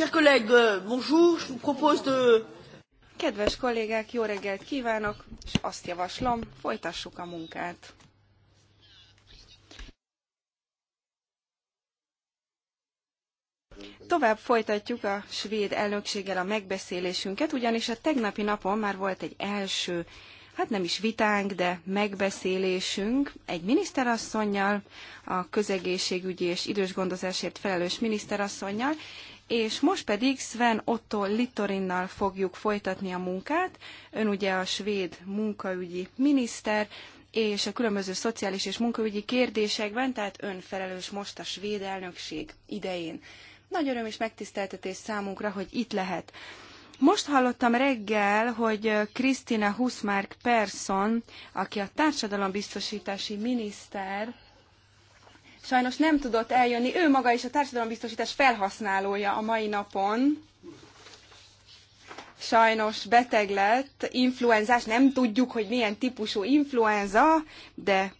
Euh, Kedves kollégák, jó reggelt kívánok, és azt javaslom, folytassuk a munkát. Tovább folytatjuk a svéd elnökséggel a megbeszélésünket, ugyanis a tegnapi napon már volt egy első, hát nem is vitánk, de megbeszélésünk egy miniszterasszonynal, a közegészségügyi és idősgondozásért felelős miniszterasszonynal, és most pedig Sven Otto Littorinnal fogjuk folytatni a munkát. Ön ugye a svéd munkaügyi miniszter, és a különböző szociális és munkaügyi kérdésekben, tehát ön felelős most a svéd elnökség idején. Nagy öröm és megtiszteltetés számunkra, hogy itt lehet. Most hallottam reggel, hogy Kristina Huszmark Persson, aki a társadalombiztosítási miniszter, sajnos nem tudott eljönni. Ő maga is a társadalombiztosítás felhasználója a mai napon. Sajnos beteg lett, influenzás, nem tudjuk, hogy milyen típusú influenza, de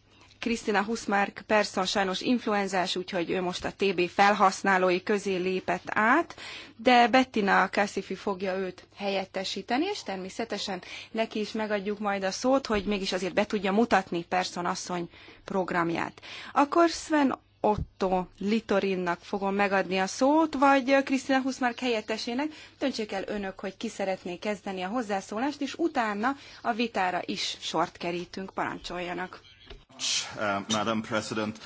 Krisztina Huszmárk Persson sajnos influenzás, úgyhogy ő most a TB felhasználói közé lépett át, de Bettina Kassifi fogja őt helyettesíteni, és természetesen neki is megadjuk majd a szót, hogy mégis azért be tudja mutatni Persson asszony programját. Akkor Sven Otto Litorinnak fogom megadni a szót, vagy Krisztina Huszmark helyettesének. Töntsék el önök, hogy ki szeretné kezdeni a hozzászólást, és utána a vitára is sort kerítünk, parancsoljanak. Uh, Madam President.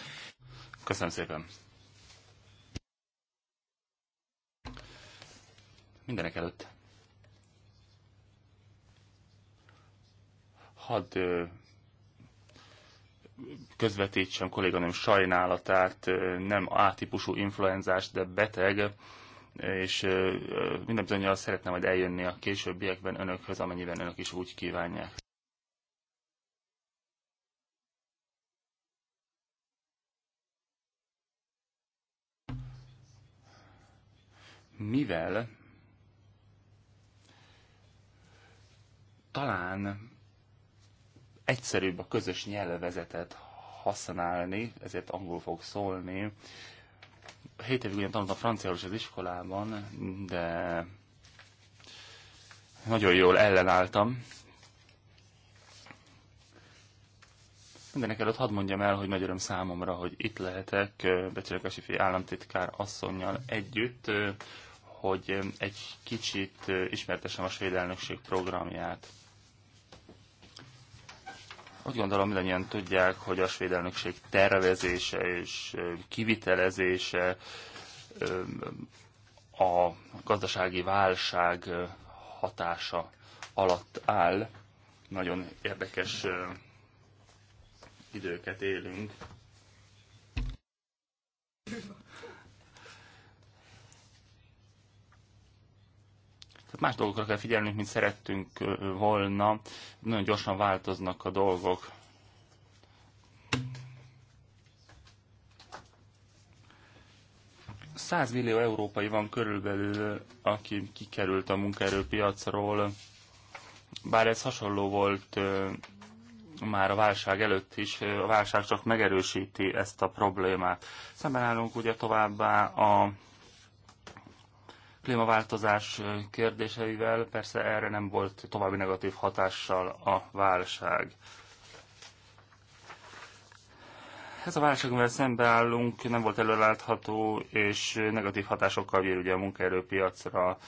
Köszönöm szépen. Mindenek előtt. Hadd közvetítsem kolléganőm sajnálatát, nem A-típusú influenzás, de beteg, és minden bizonyal szeretne majd eljönni a későbbiekben önökhöz, amennyiben önök is úgy kívánják. mivel talán egyszerűbb a közös nyelvezetet használni, ezért angol fog szólni. Hét évig ugyan tanultam franciául is az iskolában, de nagyon jól ellenálltam. Mindenek előtt hadd mondjam el, hogy nagy öröm számomra, hogy itt lehetek Becserekesi államtitkár asszonynal együtt hogy egy kicsit ismertesem a svéd elnökség programját. Úgy gondolom, mindannyian tudják, hogy a svéd elnökség tervezése és kivitelezése a gazdasági válság hatása alatt áll. Nagyon érdekes időket élünk. Tehát más dolgokra kell figyelnünk, mint szerettünk volna. Nagyon gyorsan változnak a dolgok. millió európai van körülbelül, aki kikerült a munkaerőpiacról. Bár ez hasonló volt már a válság előtt is, a válság csak megerősíti ezt a problémát. Szemben állunk ugye továbbá a klímaváltozás kérdéseivel, persze erre nem volt további negatív hatással a válság. Ez a válság, amivel szembeállunk, nem volt előlátható, és negatív hatásokkal bír ugye a munkaerőpiacra,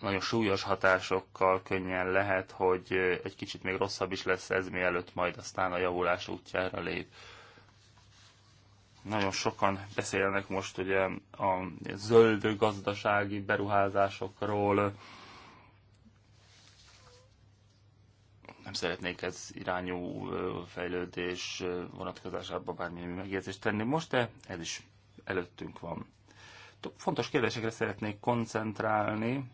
nagyon súlyos hatásokkal könnyen lehet, hogy egy kicsit még rosszabb is lesz ez, mielőtt majd aztán a javulás útjára lép. Nagyon sokan beszélnek most ugye a zöld gazdasági beruházásokról. Nem szeretnék ez irányú fejlődés vonatkozásában bármilyen megjegyzést tenni most, de ez is előttünk van. Fontos kérdésekre szeretnék koncentrálni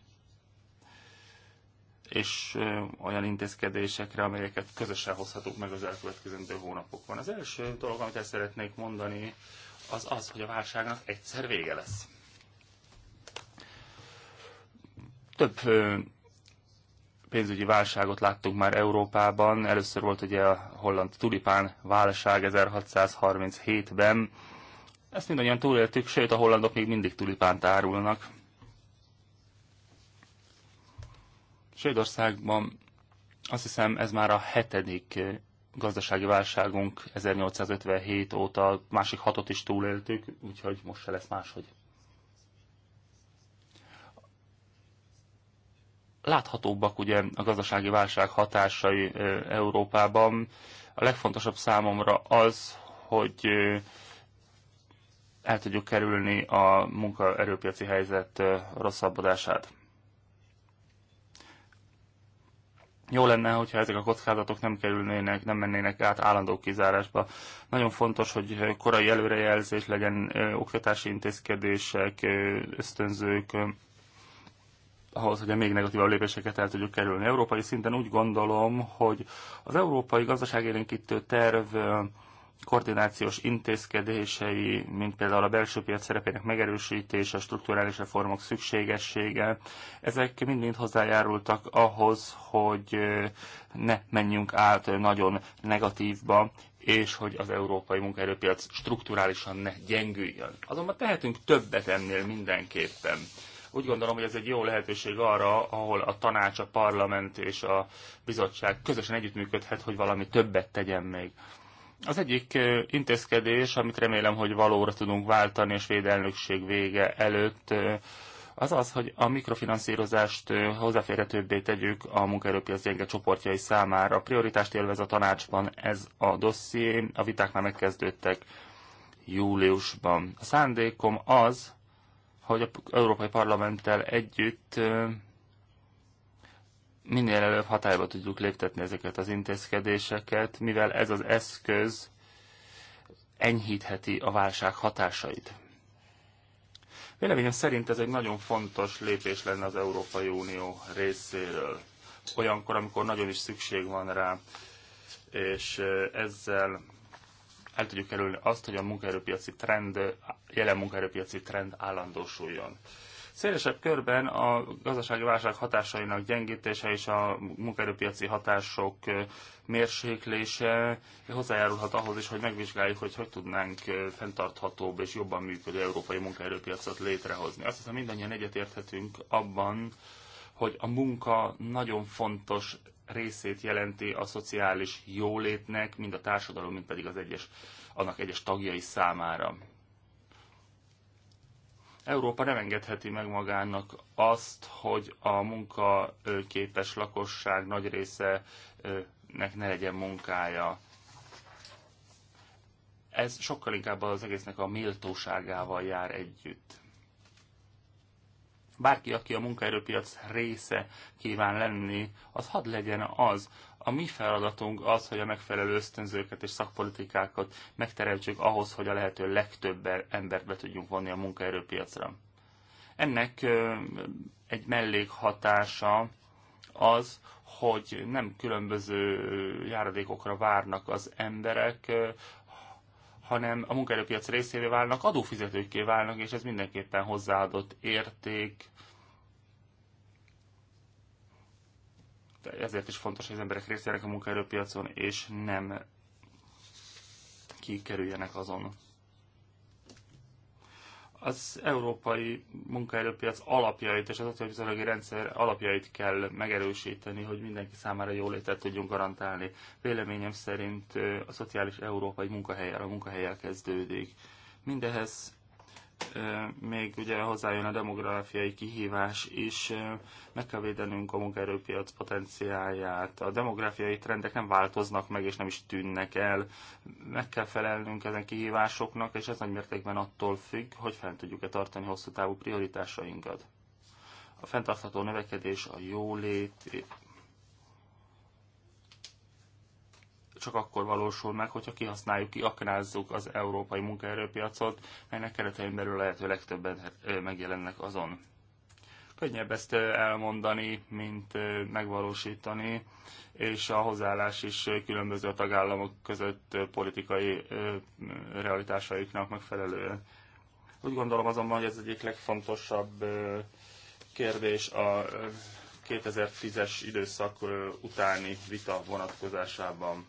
és olyan intézkedésekre, amelyeket közösen hozhatunk meg az elkövetkezendő hónapokban. Az első dolog, amit el szeretnék mondani, az az, hogy a válságnak egyszer vége lesz. Több pénzügyi válságot láttunk már Európában. Először volt ugye a holland tulipán válság 1637-ben. Ezt mindannyian túléltük, sőt a hollandok még mindig tulipánt árulnak. Svédországban azt hiszem ez már a hetedik eh, gazdasági válságunk 1857 óta, másik hatot is túléltük, úgyhogy most se lesz máshogy. Láthatóbbak ugye a gazdasági válság hatásai eh, Európában. A legfontosabb számomra az, hogy eh, el tudjuk kerülni a munkaerőpiaci helyzet rosszabbodását. Jó lenne, hogyha ezek a kockázatok nem kerülnének, nem mennének át állandó kizárásba. Nagyon fontos, hogy korai előrejelzés legyen, oktatási intézkedések, ösztönzők, ahhoz, hogy a még negatívabb lépéseket el tudjuk kerülni. Európai szinten úgy gondolom, hogy az európai gazdaságélénkítő terv koordinációs intézkedései, mint például a belső piac szerepének megerősítése, a strukturális reformok szükségessége, ezek mind-mind hozzájárultak ahhoz, hogy ne menjünk át nagyon negatívba, és hogy az európai munkaerőpiac strukturálisan ne gyengüljön. Azonban tehetünk többet ennél mindenképpen. Úgy gondolom, hogy ez egy jó lehetőség arra, ahol a tanács, a parlament és a bizottság közösen együttműködhet, hogy valami többet tegyen még. Az egyik intézkedés, amit remélem, hogy valóra tudunk váltani a svéd elnökség vége előtt, az az, hogy a mikrofinanszírozást hozzáférhetőbbé tegyük a munkaerőpiac gyenge csoportjai számára. A prioritást élvez a tanácsban ez a dosszié, a viták már megkezdődtek júliusban. A szándékom az, hogy a Európai Parlamenttel együtt minél előbb hatályba tudjuk léptetni ezeket az intézkedéseket, mivel ez az eszköz enyhítheti a válság hatásait. Véleményem szerint ez egy nagyon fontos lépés lenne az Európai Unió részéről. Olyankor, amikor nagyon is szükség van rá, és ezzel el tudjuk kerülni azt, hogy a munkaerőpiaci trend, jelen munkaerőpiaci trend állandósuljon. Szélesebb körben a gazdasági válság hatásainak gyengítése és a munkaerőpiaci hatások mérséklése hozzájárulhat ahhoz is, hogy megvizsgáljuk, hogy hogy tudnánk fenntarthatóbb és jobban működő európai munkaerőpiacot létrehozni. Azt hiszem mindannyian egyetérthetünk abban, hogy a munka nagyon fontos részét jelenti a szociális jólétnek, mind a társadalom, mind pedig az egyes, annak egyes tagjai számára. Európa nem engedheti meg magának azt, hogy a munkaképes lakosság nagy része nek ne legyen munkája. Ez sokkal inkább az egésznek a méltóságával jár együtt. Bárki, aki a munkaerőpiac része kíván lenni, az hadd legyen az, a mi feladatunk az, hogy a megfelelő ösztönzőket és szakpolitikákat megteremtsük ahhoz, hogy a lehető legtöbb er- embert be tudjunk vonni a munkaerőpiacra. Ennek egy mellékhatása az, hogy nem különböző járadékokra várnak az emberek, hanem a munkaerőpiac részévé válnak, adófizetőkké válnak, és ez mindenképpen hozzáadott érték ezért is fontos, hogy az emberek részt a munkaerőpiacon, és nem kikerüljenek azon. Az európai munkaerőpiac alapjait és az adatbiztonsági rendszer alapjait kell megerősíteni, hogy mindenki számára jólétet tudjunk garantálni. Véleményem szerint a szociális európai munkahelyel, a munkahelyel kezdődik. Mindehez még ugye hozzájön a demográfiai kihívás is, meg kell védenünk a munkaerőpiac potenciáját. A demográfiai trendek nem változnak meg, és nem is tűnnek el. Meg kell felelnünk ezen kihívásoknak, és ez nagy mértékben attól függ, hogy fent tudjuk-e tartani hosszú távú prioritásainkat. A fenntartható növekedés, a jólét csak akkor valósul meg, hogyha kihasználjuk, kiaknázzuk az európai munkaerőpiacot, melynek keretein belül lehető legtöbben hát, megjelennek azon. Könnyebb ezt elmondani, mint megvalósítani, és a hozzáállás is különböző a tagállamok között politikai realitásaiknak megfelelően. Úgy gondolom azonban, hogy ez egyik legfontosabb kérdés a 2010-es időszak utáni vita vonatkozásában.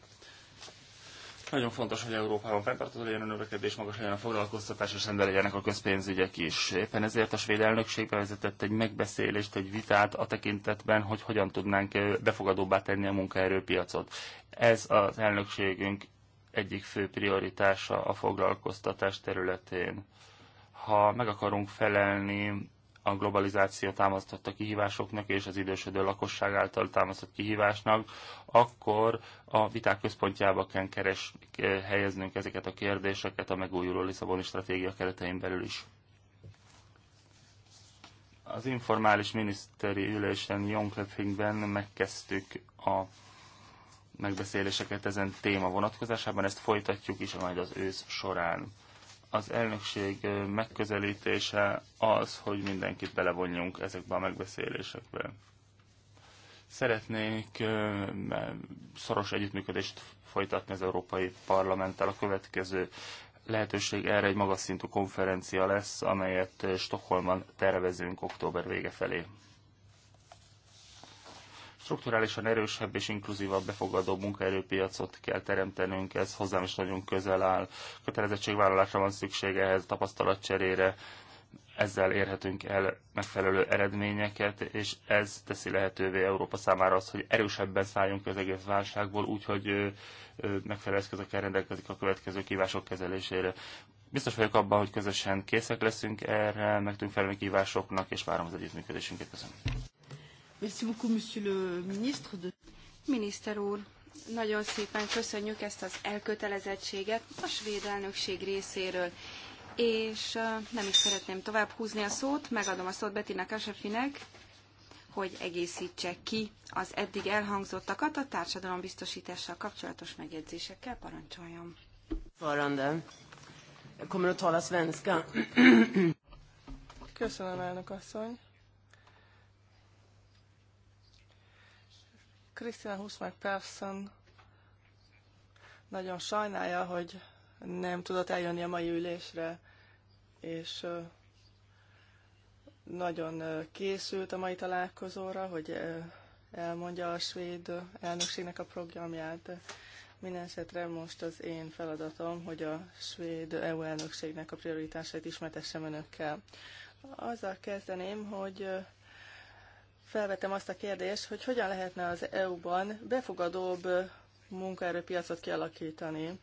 Nagyon fontos, hogy Európában fenntartható legyen a növekedés, magas legyen a foglalkoztatás, és rendben legyenek a közpénzügyek is. Éppen ezért a svéd elnökség bevezetett egy megbeszélést, egy vitát a tekintetben, hogy hogyan tudnánk befogadóbbá tenni a munkaerőpiacot. Ez az elnökségünk egyik fő prioritása a foglalkoztatás területén. Ha meg akarunk felelni a globalizáció támasztotta kihívásoknak és az idősödő lakosság által támasztott kihívásnak, akkor a viták központjába kell keres, helyeznünk ezeket a kérdéseket a megújuló Lisszaboni stratégia keretein belül is. Az informális miniszteri ülésen Jonklefingben megkezdtük a megbeszéléseket ezen téma vonatkozásában, ezt folytatjuk is majd az ősz során az elnökség megközelítése az, hogy mindenkit belevonjunk ezekbe a megbeszélésekbe. Szeretnénk szoros együttműködést folytatni az Európai Parlamenttel. A következő lehetőség erre egy magas szintű konferencia lesz, amelyet Stockholmban tervezünk október vége felé. Strukturálisan erősebb és inkluzívabb befogadó munkaerőpiacot kell teremtenünk, ez hozzám is nagyon közel áll. Kötelezettségvállalásra van szüksége, ehhez, tapasztalatcserére, ezzel érhetünk el megfelelő eredményeket, és ez teszi lehetővé Európa számára azt, hogy erősebben szálljunk az egész válságból, úgyhogy megfelelő eszközökkel rendelkezik a következő kívások kezelésére. Biztos vagyok abban, hogy közösen készek leszünk erre, meg tudunk felelni kívásoknak, és várom az együttműködésünket. Köszönöm. Merci beaucoup, monsieur le ministre. De... Miniszter úr, nagyon szépen köszönjük ezt az elkötelezettséget a svéd elnökség részéről. És nem is szeretném tovább húzni a szót, megadom a szót Bettina Kasefinek, hogy egészítse ki az eddig elhangzottakat a biztosítással kapcsolatos megjegyzésekkel. Parancsoljon! Köszönöm, elnök asszony. Krisztina Huszmák Persson nagyon sajnálja, hogy nem tudott eljönni a mai ülésre, és nagyon készült a mai találkozóra, hogy elmondja a svéd elnökségnek a programját. Minden esetre most az én feladatom, hogy a svéd EU elnökségnek a prioritásait ismertessem önökkel. Azzal kezdeném, hogy felvetem azt a kérdést, hogy hogyan lehetne az EU-ban befogadóbb munkaerőpiacot kialakítani.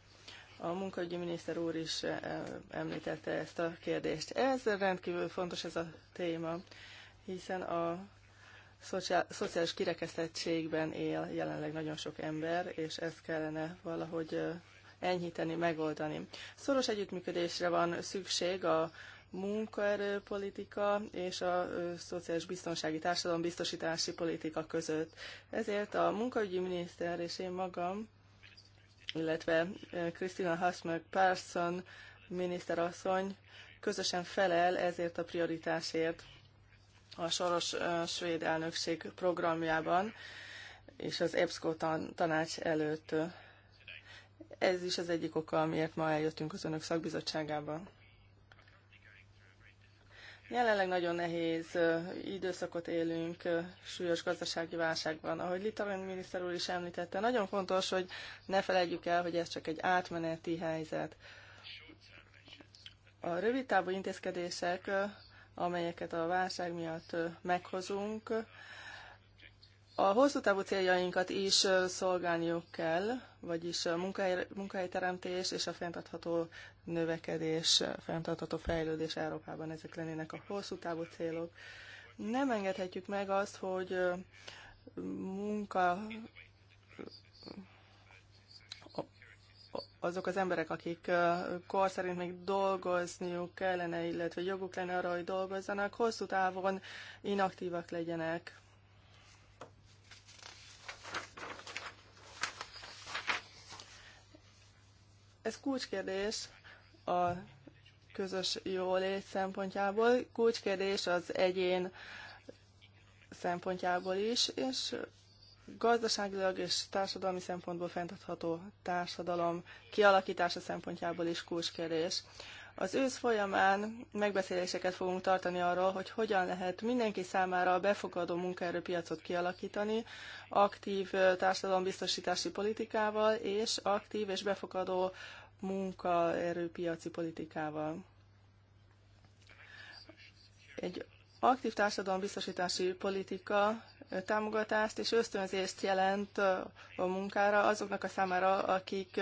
A munkaügyi miniszter úr is említette ezt a kérdést. Ez rendkívül fontos ez a téma, hiszen a szociális kirekesztettségben él jelenleg nagyon sok ember, és ezt kellene valahogy enyhíteni, megoldani. Szoros együttműködésre van szükség a munkaerőpolitika és a szociális biztonsági biztosítási politika között. Ezért a munkaügyi miniszter és én magam, illetve Krisztina Hasmerg Parson miniszterasszony közösen felel ezért a prioritásért a soros svéd elnökség programjában és az EBSCO tan tanács előtt. Ez is az egyik oka, miért ma eljöttünk az önök szakbizottságába. Jelenleg nagyon nehéz időszakot élünk, súlyos gazdasági válság van. Ahogy Litalin miniszter úr is említette, nagyon fontos, hogy ne felejtjük el, hogy ez csak egy átmeneti helyzet. A rövid távú intézkedések, amelyeket a válság miatt meghozunk, a hosszú távú céljainkat is szolgálniuk kell, vagyis a munkahely, munkahelyteremtés és a fenntartható növekedés, fenntartható fejlődés Európában ezek lennének a hosszú távú célok. Nem engedhetjük meg azt, hogy munka azok az emberek, akik kor szerint még dolgozniuk kellene, illetve joguk lenne arra, hogy dolgozzanak, hosszú távon inaktívak legyenek Ez kulcskérdés a közös jólét szempontjából, kulcskérdés az egyén szempontjából is, és gazdaságilag és társadalmi szempontból fenntartható társadalom kialakítása szempontjából is kulcskérdés. Az ősz folyamán megbeszéléseket fogunk tartani arról, hogy hogyan lehet mindenki számára a befogadó munkaerőpiacot kialakítani, aktív társadalombiztosítási politikával és aktív és befogadó munkaerőpiaci politikával. Egy aktív társadalombiztosítási politika támogatást és ösztönzést jelent a munkára azoknak a számára, akik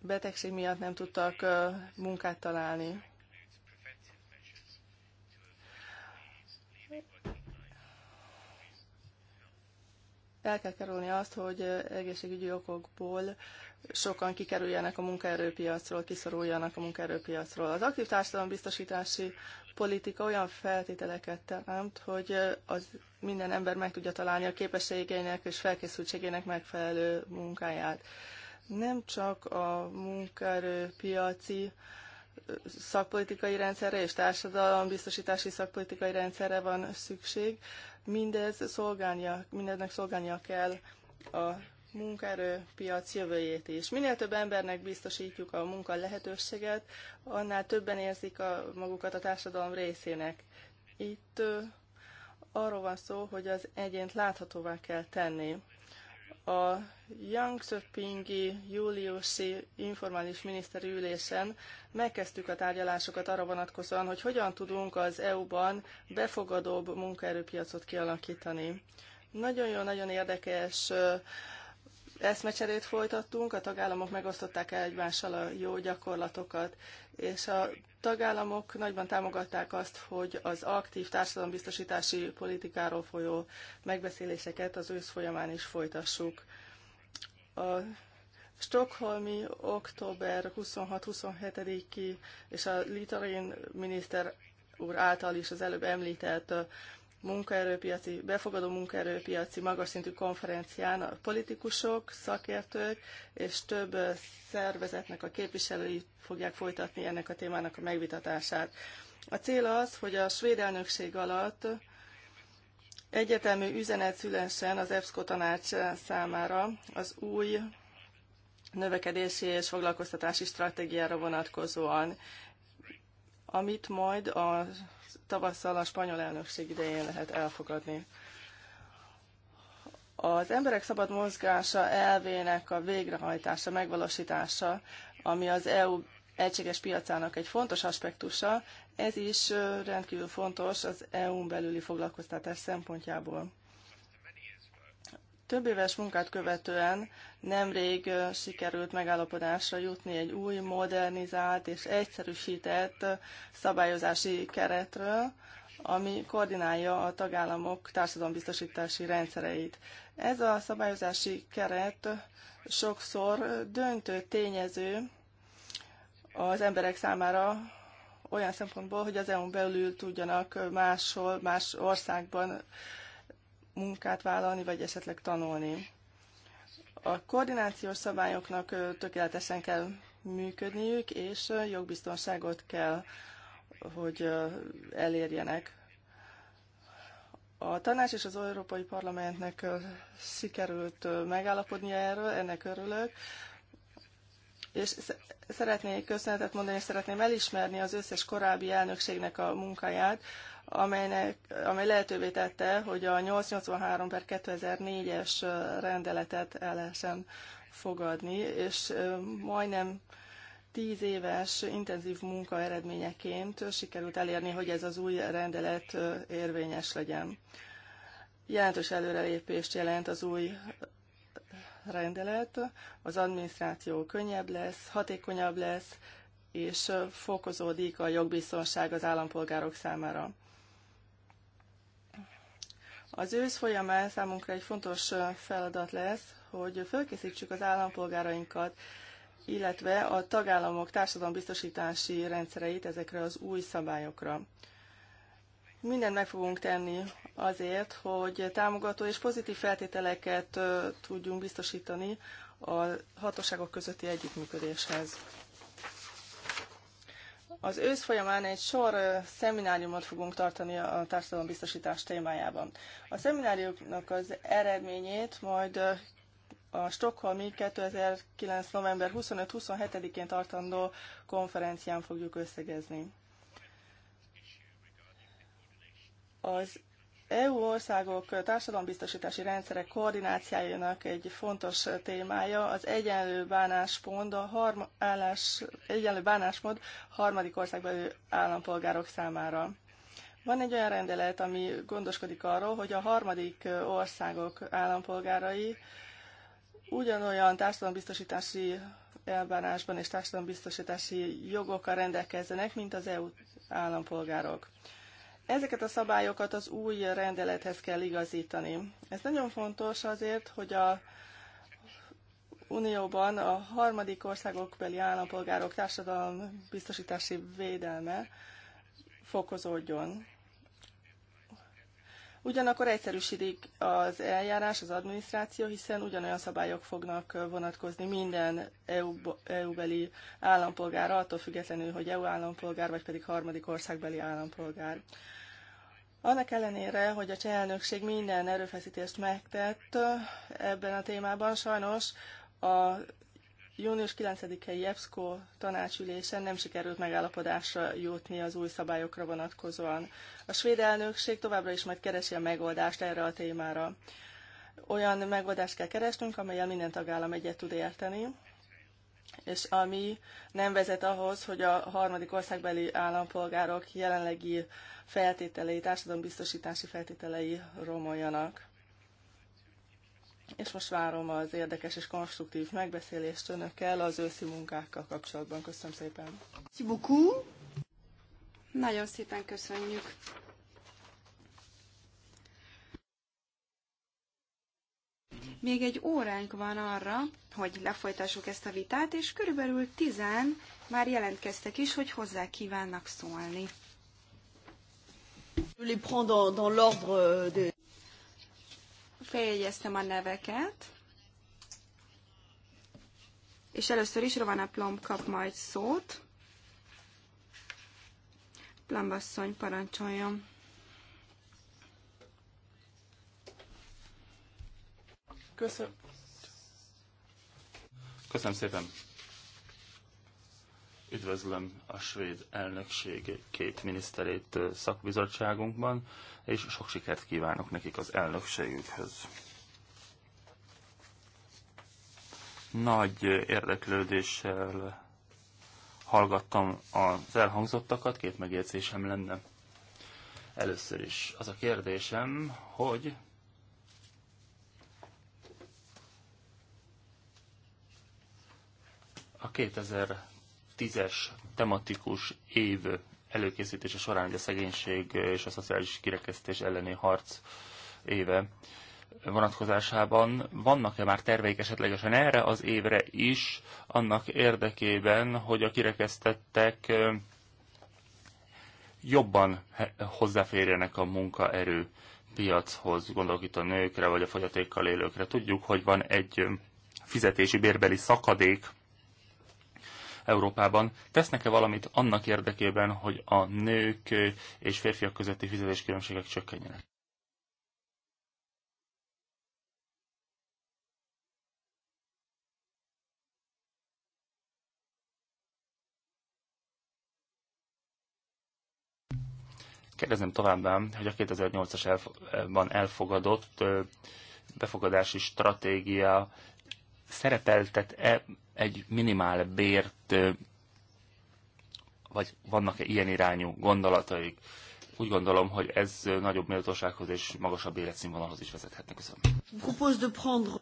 betegség miatt nem tudtak munkát találni. El kell kerülni azt, hogy egészségügyi okokból sokan kikerüljenek a munkaerőpiacról, kiszoruljanak a munkaerőpiacról. Az aktív társadalombiztosítási politika olyan feltételeket teremt, hogy az minden ember meg tudja találni a képességeinek és felkészültségének megfelelő munkáját nem csak a munkaerőpiaci szakpolitikai rendszerre és társadalombiztosítási szakpolitikai rendszerre van szükség. Mindez szolgálnia, mindeznek szolgálnia kell a munkaerőpiac jövőjét is. Minél több embernek biztosítjuk a munka lehetőséget, annál többen érzik a, magukat a társadalom részének. Itt arról van szó, hogy az egyént láthatóvá kell tenni. A Yangtze-Pingi júliusi informális miniszteri ülésen megkezdtük a tárgyalásokat arra vonatkozóan, hogy hogyan tudunk az EU-ban befogadóbb munkaerőpiacot kialakítani. Nagyon jó, nagyon érdekes eszmecserét folytattunk, a tagállamok megosztották el egymással a jó gyakorlatokat, és a tagállamok nagyban támogatták azt, hogy az aktív társadalombiztosítási politikáról folyó megbeszéléseket az ősz folyamán is folytassuk. A Stockholmi október 26-27-i és a Litarin miniszter úr által is az előbb említett munkaerőpiaci, befogadó munkaerőpiaci magas szintű konferencián a politikusok, szakértők és több szervezetnek a képviselői fogják folytatni ennek a témának a megvitatását. A cél az, hogy a svéd elnökség alatt egyetemű üzenet szülessen az EBSZKO tanács számára az új növekedési és foglalkoztatási stratégiára vonatkozóan, amit majd a tavasszal a spanyol elnökség idején lehet elfogadni. Az emberek szabad mozgása elvének a végrehajtása, megvalósítása, ami az EU egységes piacának egy fontos aspektusa, ez is rendkívül fontos az EU-n belüli foglalkoztatás szempontjából. Több éves munkát követően nemrég sikerült megállapodásra jutni egy új, modernizált és egyszerűsített szabályozási keretről, ami koordinálja a tagállamok társadalombiztosítási rendszereit. Ez a szabályozási keret sokszor döntő tényező az emberek számára olyan szempontból, hogy az EU-n belül tudjanak máshol, más országban munkát vállalni, vagy esetleg tanulni. A koordinációs szabályoknak tökéletesen kell működniük, és jogbiztonságot kell, hogy elérjenek. A tanács és az Európai Parlamentnek sikerült megállapodnia erről, ennek örülök és szeretnék köszönetet mondani, és szeretném elismerni az összes korábbi elnökségnek a munkáját, amelynek, amely lehetővé tette, hogy a 883 per 2004-es rendeletet el lehessen fogadni, és majdnem tíz éves intenzív munka eredményeként sikerült elérni, hogy ez az új rendelet érvényes legyen. Jelentős előrelépést jelent az új rendelet, az adminisztráció könnyebb lesz, hatékonyabb lesz, és fokozódik a jogbiztonság az állampolgárok számára. Az ősz folyamán számunkra egy fontos feladat lesz, hogy felkészítsük az állampolgárainkat, illetve a tagállamok társadalombiztosítási rendszereit ezekre az új szabályokra. Mindent meg fogunk tenni azért, hogy támogató és pozitív feltételeket tudjunk biztosítani a hatóságok közötti együttműködéshez. Az ősz folyamán egy sor szemináriumot fogunk tartani a társadalombiztosítás témájában. A szemináriumnak az eredményét majd a Stockholmi 2009. november 25-27-én tartandó konferencián fogjuk összegezni. Az EU országok társadalombiztosítási rendszerek koordinációjának egy fontos témája az egyenlő bánáspont, a harm, állás, egyenlő bánásmód harmadik országbeli állampolgárok számára. Van egy olyan rendelet, ami gondoskodik arról, hogy a harmadik országok állampolgárai ugyanolyan társadalombiztosítási elbánásban és társadalombiztosítási jogokkal rendelkezzenek, mint az EU állampolgárok. Ezeket a szabályokat az új rendelethez kell igazítani. Ez nagyon fontos azért, hogy a Unióban a harmadik országokbeli állampolgárok társadalom biztosítási védelme fokozódjon. Ugyanakkor egyszerűsítik az eljárás, az adminisztráció, hiszen ugyanolyan szabályok fognak vonatkozni minden EU-beli állampolgára, attól függetlenül, hogy EU állampolgár, vagy pedig harmadik országbeli állampolgár. Annak ellenére, hogy a cseh elnökség minden erőfeszítést megtett ebben a témában, sajnos a június 9-i EBSCO tanácsülésen nem sikerült megállapodásra jutni az új szabályokra vonatkozóan. A svéd elnökség továbbra is majd keresi a megoldást erre a témára. Olyan megoldást kell keresnünk, amelyel minden tagállam egyet tud érteni, és ami nem vezet ahhoz, hogy a harmadik országbeli állampolgárok jelenlegi feltételei, társadalombiztosítási feltételei romoljanak. És most várom az érdekes és konstruktív megbeszélést önökkel az őszi munkákkal kapcsolatban. Köszönöm szépen! Nagyon szépen köszönjük Még egy óránk van arra, hogy lefolytassuk ezt a vitát, és körülbelül tizen már jelentkeztek is, hogy hozzá kívánnak szólni. Euh, Feljegyeztem a neveket, és először is Rovana Plom kap majd szót. Plambasszony parancsoljon. Köszönöm. Köszönöm szépen. Üdvözlöm a svéd elnökség két miniszterét szakbizottságunkban, és sok sikert kívánok nekik az elnökségükhöz. Nagy érdeklődéssel hallgattam az elhangzottakat, két megjegyzésem lenne. Először is az a kérdésem, hogy A 2010-es tematikus év előkészítése során, hogy a szegénység és a szociális kirekesztés elleni harc éve vonatkozásában vannak-e már terveik esetlegesen erre az évre is, annak érdekében, hogy a kirekesztettek jobban hozzáférjenek a munkaerő piachoz, gondolok itt a nőkre vagy a fogyatékkal élőkre. Tudjuk, hogy van egy fizetési bérbeli szakadék Európában tesznek-e valamit annak érdekében, hogy a nők és férfiak közötti fizetéskülönbségek csökkenjenek? Kérdezem továbbá, hogy a 2008-asban elfogadott befogadási stratégia szerepeltet-e egy minimál bért, vagy vannak-e ilyen irányú gondolataik? Úgy gondolom, hogy ez nagyobb méltósághoz és magasabb életszínvonalhoz is vezethetne. Köszönöm.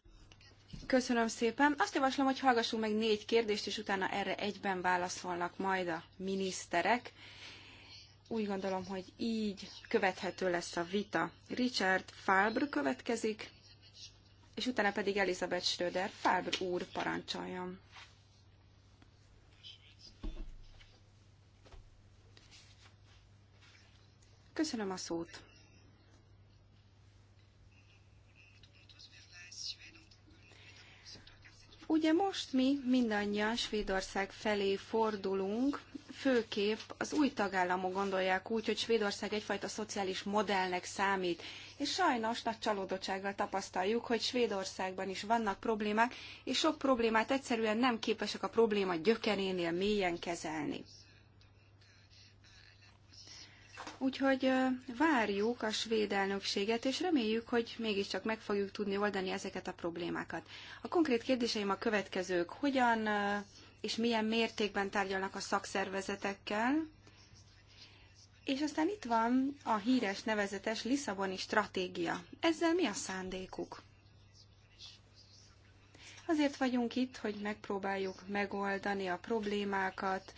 Köszönöm szépen. Azt javaslom, hogy hallgassunk meg négy kérdést, és utána erre egyben válaszolnak majd a miniszterek. Úgy gondolom, hogy így követhető lesz a vita. Richard Falbr következik és utána pedig Elizabeth Schröder. Fábr úr, parancsoljon! Köszönöm a szót! Ugye most mi mindannyian Svédország felé fordulunk, főképp az új tagállamok gondolják úgy, hogy Svédország egyfajta szociális modellnek számít. És sajnos nagy csalódottsággal tapasztaljuk, hogy Svédországban is vannak problémák, és sok problémát egyszerűen nem képesek a probléma gyökerénél mélyen kezelni. Úgyhogy várjuk a svéd elnökséget, és reméljük, hogy mégiscsak meg fogjuk tudni oldani ezeket a problémákat. A konkrét kérdéseim a következők. Hogyan és milyen mértékben tárgyalnak a szakszervezetekkel. És aztán itt van a híres nevezetes Lisszaboni stratégia. Ezzel mi a szándékuk? Azért vagyunk itt, hogy megpróbáljuk megoldani a problémákat,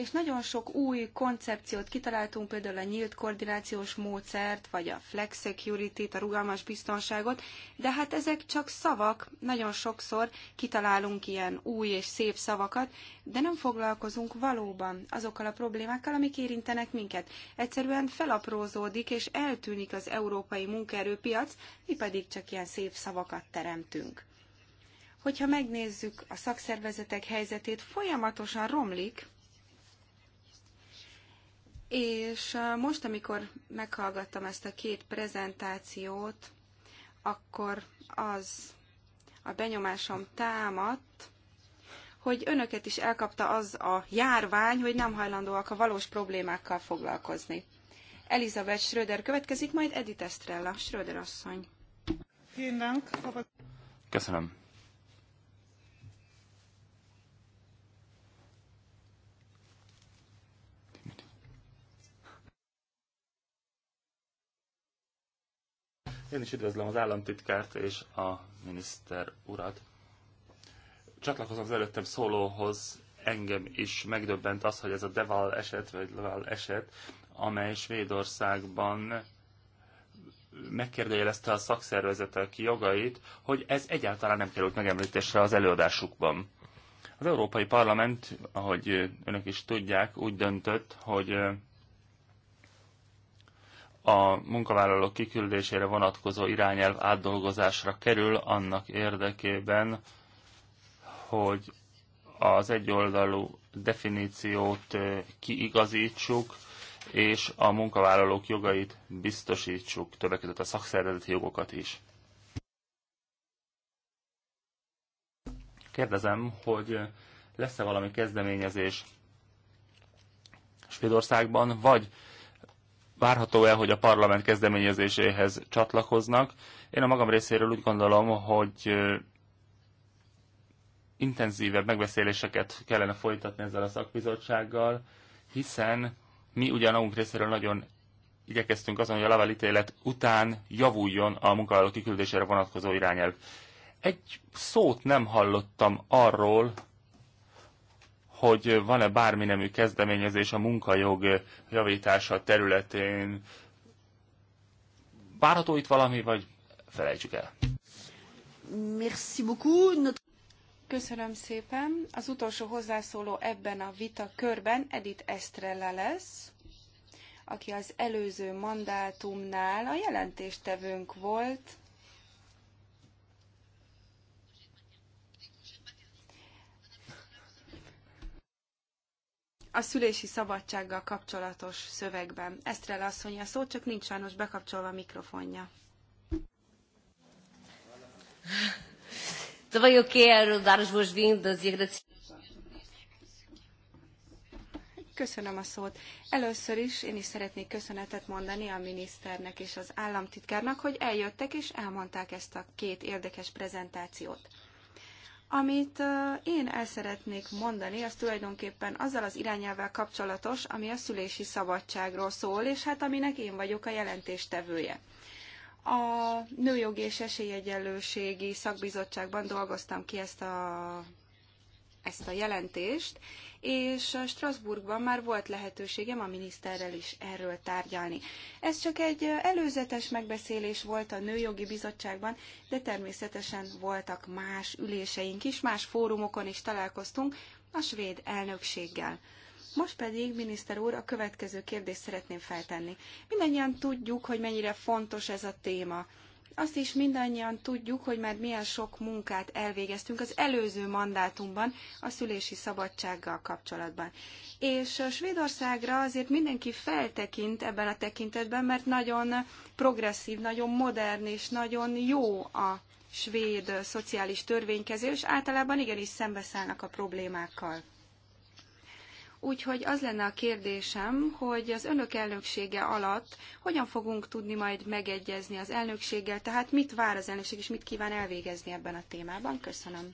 és nagyon sok új koncepciót kitaláltunk, például a nyílt koordinációs módszert, vagy a flex security a rugalmas biztonságot, de hát ezek csak szavak, nagyon sokszor kitalálunk ilyen új és szép szavakat, de nem foglalkozunk valóban azokkal a problémákkal, amik érintenek minket. Egyszerűen felaprózódik és eltűnik az európai munkaerőpiac, mi pedig csak ilyen szép szavakat teremtünk. Hogyha megnézzük a szakszervezetek helyzetét, folyamatosan romlik, és most, amikor meghallgattam ezt a két prezentációt, akkor az a benyomásom támadt, hogy önöket is elkapta az a járvány, hogy nem hajlandóak a valós problémákkal foglalkozni. Elizabeth Schröder következik, majd Edith Estrella, Schröder asszony. Köszönöm Én is üdvözlöm az államtitkárt és a miniszter urat. Csatlakozom az előttem szólóhoz, engem is megdöbbent az, hogy ez a Deval eset, vagy Deval eset, amely Svédországban megkérdőjelezte a szakszervezetek jogait, hogy ez egyáltalán nem került megemlítésre az előadásukban. Az Európai Parlament, ahogy önök is tudják, úgy döntött, hogy a munkavállalók kiküldésére vonatkozó irányelv átdolgozásra kerül annak érdekében, hogy az egyoldalú definíciót kiigazítsuk, és a munkavállalók jogait biztosítsuk, többek között a szakszervezeti jogokat is. Kérdezem, hogy lesz-e valami kezdeményezés Svédországban, vagy várható el, hogy a parlament kezdeményezéséhez csatlakoznak. Én a magam részéről úgy gondolom, hogy intenzívebb megbeszéléseket kellene folytatni ezzel a szakbizottsággal, hiszen mi ugyan magunk részéről nagyon igyekeztünk azon, hogy a lavalítélet után javuljon a munkavállaló kiküldésére vonatkozó irányelv. Egy szót nem hallottam arról, hogy van-e bármi nemű kezdeményezés a munkajog javítása területén. Várható itt valami, vagy felejtsük el? Merci beaucoup. Köszönöm szépen. Az utolsó hozzászóló ebben a vita körben Edith Estrella lesz, aki az előző mandátumnál a jelentéstevőnk volt a szülési szabadsággal kapcsolatos szövegben. Esztrel asszony a szó, csak nincs sajnos bekapcsolva a mikrofonja. E Köszönöm a szót. Először is én is szeretnék köszönetet mondani a miniszternek és az államtitkárnak, hogy eljöttek és elmondták ezt a két érdekes prezentációt. Amit én el szeretnék mondani, az tulajdonképpen azzal az irányelvvel kapcsolatos, ami a szülési szabadságról szól, és hát aminek én vagyok a jelentéstevője. A Nőjogi és Esélyegyenlőségi Szakbizottságban dolgoztam ki ezt a ezt a jelentést, és Strasbourgban már volt lehetőségem a miniszterrel is erről tárgyalni. Ez csak egy előzetes megbeszélés volt a Nőjogi Bizottságban, de természetesen voltak más üléseink is, más fórumokon is találkoztunk a svéd elnökséggel. Most pedig, miniszter úr, a következő kérdést szeretném feltenni. Mindannyian tudjuk, hogy mennyire fontos ez a téma azt is mindannyian tudjuk, hogy már milyen sok munkát elvégeztünk az előző mandátumban a szülési szabadsággal kapcsolatban. És Svédországra azért mindenki feltekint ebben a tekintetben, mert nagyon progresszív, nagyon modern és nagyon jó a svéd szociális törvénykezés, általában igenis szembeszállnak a problémákkal. Úgyhogy az lenne a kérdésem, hogy az önök elnöksége alatt hogyan fogunk tudni majd megegyezni az elnökséggel, tehát mit vár az elnökség, és mit kíván elvégezni ebben a témában? Köszönöm.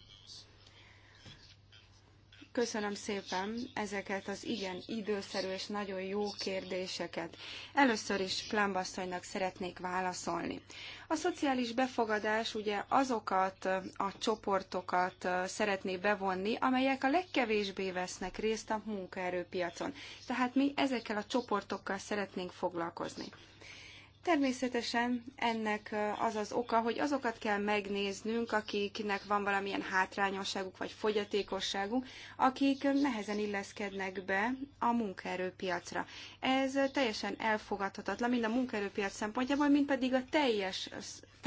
Köszönöm szépen ezeket az igen időszerű és nagyon jó kérdéseket. Először is Plámbasszonynak szeretnék válaszolni. A szociális befogadás ugye azokat a csoportokat szeretné bevonni, amelyek a legkevésbé vesznek részt a munkaerőpiacon. Tehát mi ezekkel a csoportokkal szeretnénk foglalkozni. Természetesen ennek az az oka, hogy azokat kell megnéznünk, akiknek van valamilyen hátrányosságuk vagy fogyatékosságuk, akik nehezen illeszkednek be a munkaerőpiacra. Ez teljesen elfogadhatatlan, mind a munkaerőpiac szempontjából, mind pedig a teljes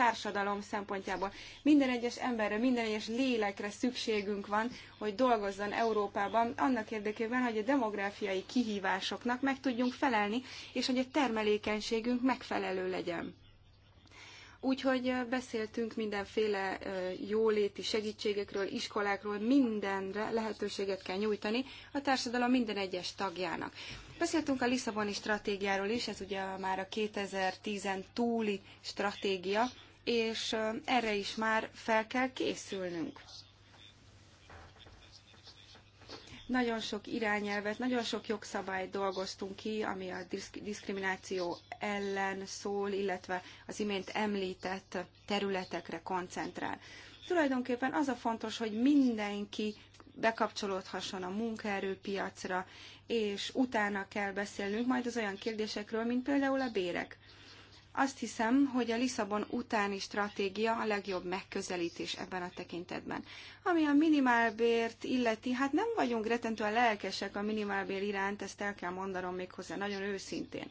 társadalom szempontjából. Minden egyes emberre, minden egyes lélekre szükségünk van, hogy dolgozzon Európában, annak érdekében, hogy a demográfiai kihívásoknak meg tudjunk felelni, és hogy a termelékenységünk megfelelő legyen. Úgyhogy beszéltünk mindenféle jóléti segítségekről, iskolákról, mindenre lehetőséget kell nyújtani a társadalom minden egyes tagjának. Beszéltünk a Lisszaboni stratégiáról is, ez ugye már a 2010-en túli stratégia, és erre is már fel kell készülnünk. Nagyon sok irányelvet, nagyon sok jogszabályt dolgoztunk ki, ami a diszk diszkrimináció ellen szól, illetve az imént említett területekre koncentrál. Tulajdonképpen az a fontos, hogy mindenki bekapcsolódhasson a munkaerőpiacra, és utána kell beszélnünk majd az olyan kérdésekről, mint például a bérek. Azt hiszem, hogy a Lisszabon utáni stratégia a legjobb megközelítés ebben a tekintetben. Ami a minimálbért illeti, hát nem vagyunk retentően lelkesek a minimálbér iránt, ezt el kell mondanom méghozzá nagyon őszintén.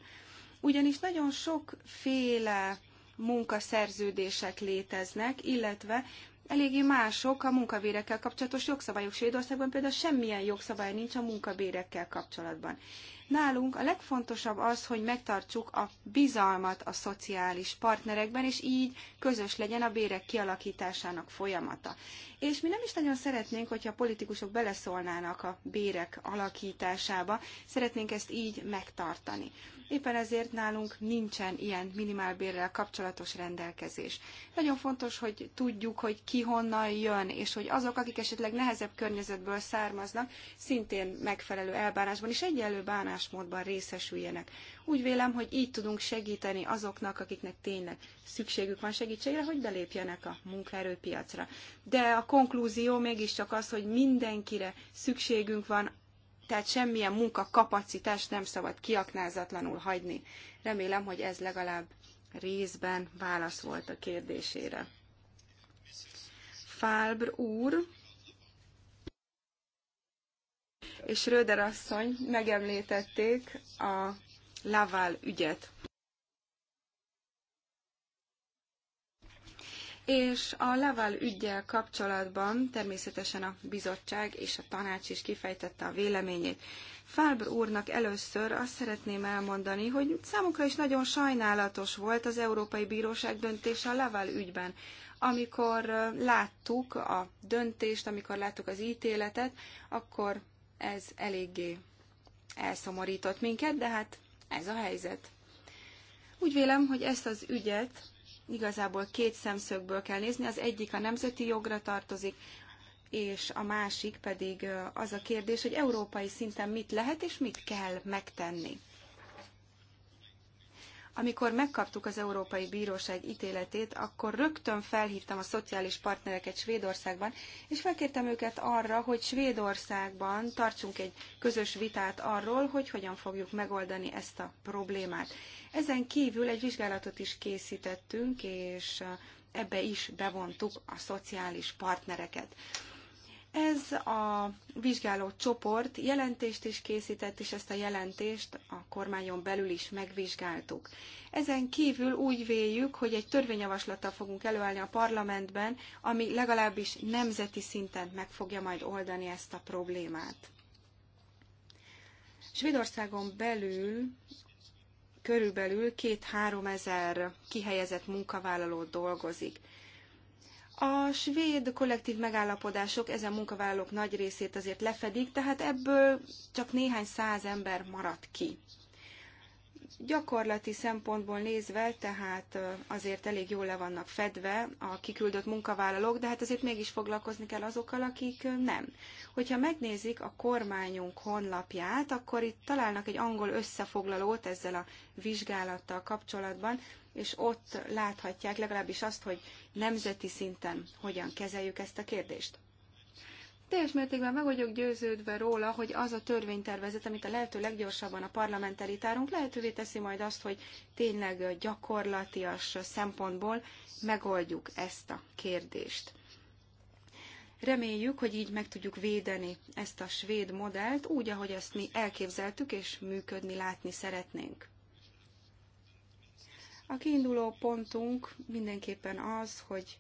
Ugyanis nagyon sokféle munkaszerződések léteznek, illetve eléggé mások a munkabérekkel kapcsolatos jogszabályok. Svédországban például semmilyen jogszabály nincs a munkabérekkel kapcsolatban. Nálunk a legfontosabb az, hogy megtartsuk a bizalmat a szociális partnerekben, és így közös legyen a bérek kialakításának folyamata. És mi nem is nagyon szeretnénk, hogyha a politikusok beleszólnának a bérek alakításába, szeretnénk ezt így megtartani. Éppen ezért nálunk nincsen ilyen minimálbérrel kapcsolatos rendelkezés. Nagyon fontos, hogy tudjuk, hogy ki honnan jön, és hogy azok, akik esetleg nehezebb környezetből származnak, szintén megfelelő elbánásban és egyenlő bánásmódban részesüljenek. Úgy vélem, hogy így tudunk segíteni azoknak, akiknek tényleg szükségük van segítségre, hogy belépjenek a munkaerőpiacra. De a konklúzió mégiscsak az, hogy mindenkire szükségünk van, tehát semmilyen munkakapacitást nem szabad kiaknázatlanul hagyni. Remélem, hogy ez legalább részben válasz volt a kérdésére. Fálbr úr és Röder asszony megemlítették a Laval ügyet. és a Laval ügyjel kapcsolatban természetesen a bizottság és a tanács is kifejtette a véleményét. Fábr úrnak először azt szeretném elmondani, hogy számukra is nagyon sajnálatos volt az Európai Bíróság döntése a Laval ügyben. Amikor láttuk a döntést, amikor láttuk az ítéletet, akkor ez eléggé elszomorított minket, de hát ez a helyzet. Úgy vélem, hogy ezt az ügyet Igazából két szemszögből kell nézni, az egyik a nemzeti jogra tartozik, és a másik pedig az a kérdés, hogy európai szinten mit lehet és mit kell megtenni. Amikor megkaptuk az Európai Bíróság ítéletét, akkor rögtön felhívtam a szociális partnereket Svédországban, és felkértem őket arra, hogy Svédországban tartsunk egy közös vitát arról, hogy hogyan fogjuk megoldani ezt a problémát. Ezen kívül egy vizsgálatot is készítettünk, és ebbe is bevontuk a szociális partnereket. Ez a vizsgáló csoport jelentést is készített, és ezt a jelentést a kormányon belül is megvizsgáltuk. Ezen kívül úgy véljük, hogy egy törvényjavaslattal fogunk előállni a parlamentben, ami legalábbis nemzeti szinten meg fogja majd oldani ezt a problémát. Svédországon belül körülbelül két-három ezer kihelyezett munkavállaló dolgozik. A svéd kollektív megállapodások ezen munkavállalók nagy részét azért lefedik, tehát ebből csak néhány száz ember marad ki. Gyakorlati szempontból nézve, tehát azért elég jól le vannak fedve a kiküldött munkavállalók, de hát azért mégis foglalkozni kell azokkal, akik nem. Hogyha megnézik a kormányunk honlapját, akkor itt találnak egy angol összefoglalót ezzel a vizsgálattal kapcsolatban, és ott láthatják legalábbis azt, hogy nemzeti szinten hogyan kezeljük ezt a kérdést. Teljes mértékben meg vagyok győződve róla, hogy az a törvénytervezet, amit a lehető leggyorsabban a parlament elitárunk, lehetővé teszi majd azt, hogy tényleg gyakorlatias szempontból megoldjuk ezt a kérdést. Reméljük, hogy így meg tudjuk védeni ezt a svéd modellt, úgy, ahogy ezt mi elképzeltük és működni, látni szeretnénk. A kiinduló pontunk mindenképpen az, hogy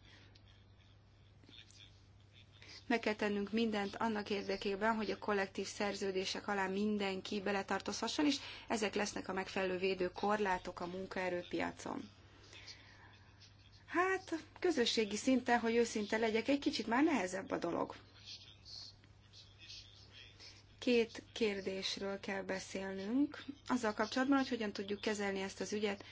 meg kell tennünk mindent annak érdekében, hogy a kollektív szerződések alá mindenki beletartozhasson, és ezek lesznek a megfelelő védő korlátok a munkaerőpiacon. Hát, közösségi szinten, hogy őszinte legyek, egy kicsit már nehezebb a dolog. Két kérdésről kell beszélnünk, azzal kapcsolatban, hogy hogyan tudjuk kezelni ezt az ügyet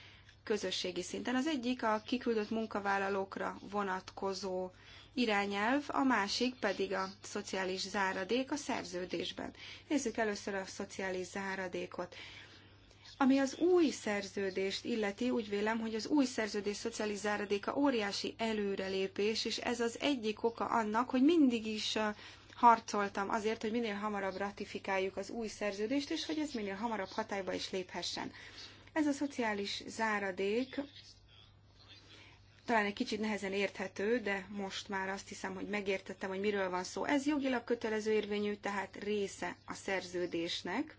közösségi szinten. Az egyik a kiküldött munkavállalókra vonatkozó irányelv, a másik pedig a szociális záradék a szerződésben. Nézzük először a szociális záradékot. Ami az új szerződést illeti, úgy vélem, hogy az új szerződés szociális záradéka óriási előrelépés, és ez az egyik oka annak, hogy mindig is harcoltam azért, hogy minél hamarabb ratifikáljuk az új szerződést, és hogy ez minél hamarabb hatályba is léphessen. Ez a szociális záradék talán egy kicsit nehezen érthető, de most már azt hiszem, hogy megértettem, hogy miről van szó. Ez jogilag kötelező érvényű, tehát része a szerződésnek.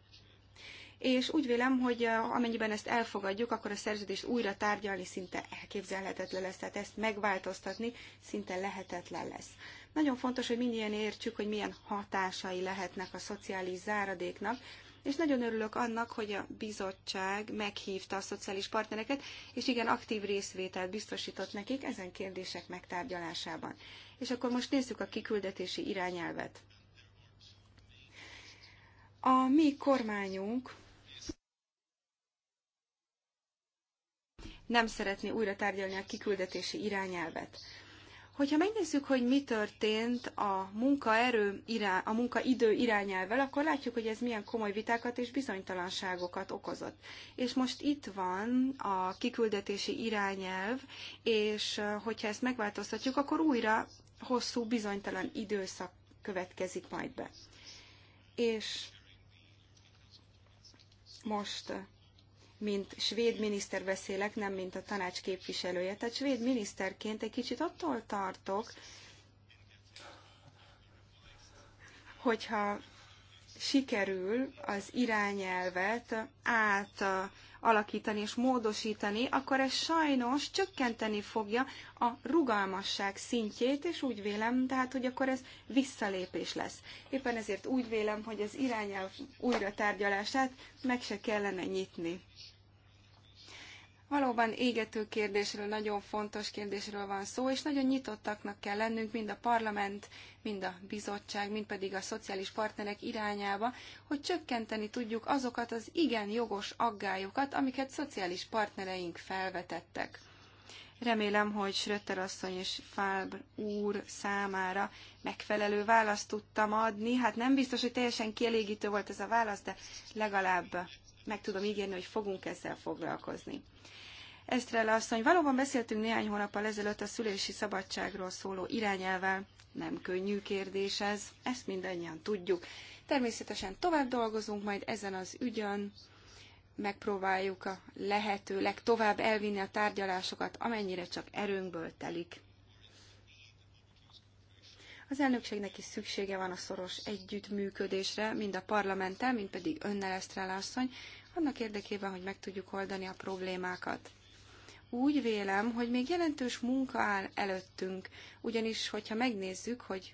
És úgy vélem, hogy eh, amennyiben ezt elfogadjuk, akkor a szerződést újra tárgyalni szinte elképzelhetetlen lesz, tehát ezt megváltoztatni szinte lehetetlen lesz. Nagyon fontos, hogy mindjárt értsük, hogy milyen hatásai lehetnek a szociális záradéknak, és nagyon örülök annak, hogy a bizottság meghívta a szociális partnereket, és igen, aktív részvételt biztosított nekik ezen kérdések megtárgyalásában. És akkor most nézzük a kiküldetési irányelvet. A mi kormányunk nem szeretné újra tárgyalni a kiküldetési irányelvet. Hogyha megnézzük, hogy mi történt a munkaerő irány, a munkaidő irányelvel, akkor látjuk, hogy ez milyen komoly vitákat és bizonytalanságokat okozott. És most itt van a kiküldetési irányelv, és hogyha ezt megváltoztatjuk, akkor újra hosszú, bizonytalan időszak következik majd be. És most mint svéd miniszter beszélek, nem mint a tanács képviselője. Tehát svéd miniszterként egy kicsit attól tartok, hogyha sikerül az irányelvet át alakítani és módosítani, akkor ez sajnos csökkenteni fogja a rugalmasság szintjét, és úgy vélem, tehát, hogy akkor ez visszalépés lesz. Éppen ezért úgy vélem, hogy az irányelv újra tárgyalását meg se kellene nyitni. Valóban égető kérdésről, nagyon fontos kérdésről van szó, és nagyon nyitottaknak kell lennünk mind a parlament, mind a bizottság, mind pedig a szociális partnerek irányába, hogy csökkenteni tudjuk azokat az igen jogos aggályokat, amiket szociális partnereink felvetettek. Remélem, hogy Schröter asszony és Fálb úr számára megfelelő választ tudtam adni. Hát nem biztos, hogy teljesen kielégítő volt ez a válasz, de legalább meg tudom ígérni, hogy fogunk ezzel foglalkozni. Esztrella asszony, valóban beszéltünk néhány hónappal ezelőtt a szülési szabadságról szóló irányelvel. Nem könnyű kérdés ez, ezt mindannyian tudjuk. Természetesen tovább dolgozunk majd ezen az ügyön, megpróbáljuk a lehető legtovább elvinni a tárgyalásokat, amennyire csak erőnkből telik. Az elnökségnek is szüksége van a szoros együttműködésre, mind a parlamenttel, mind pedig önnel, Esztrella asszony, annak érdekében, hogy meg tudjuk oldani a problémákat. Úgy vélem, hogy még jelentős munka áll előttünk, ugyanis, hogyha megnézzük, hogy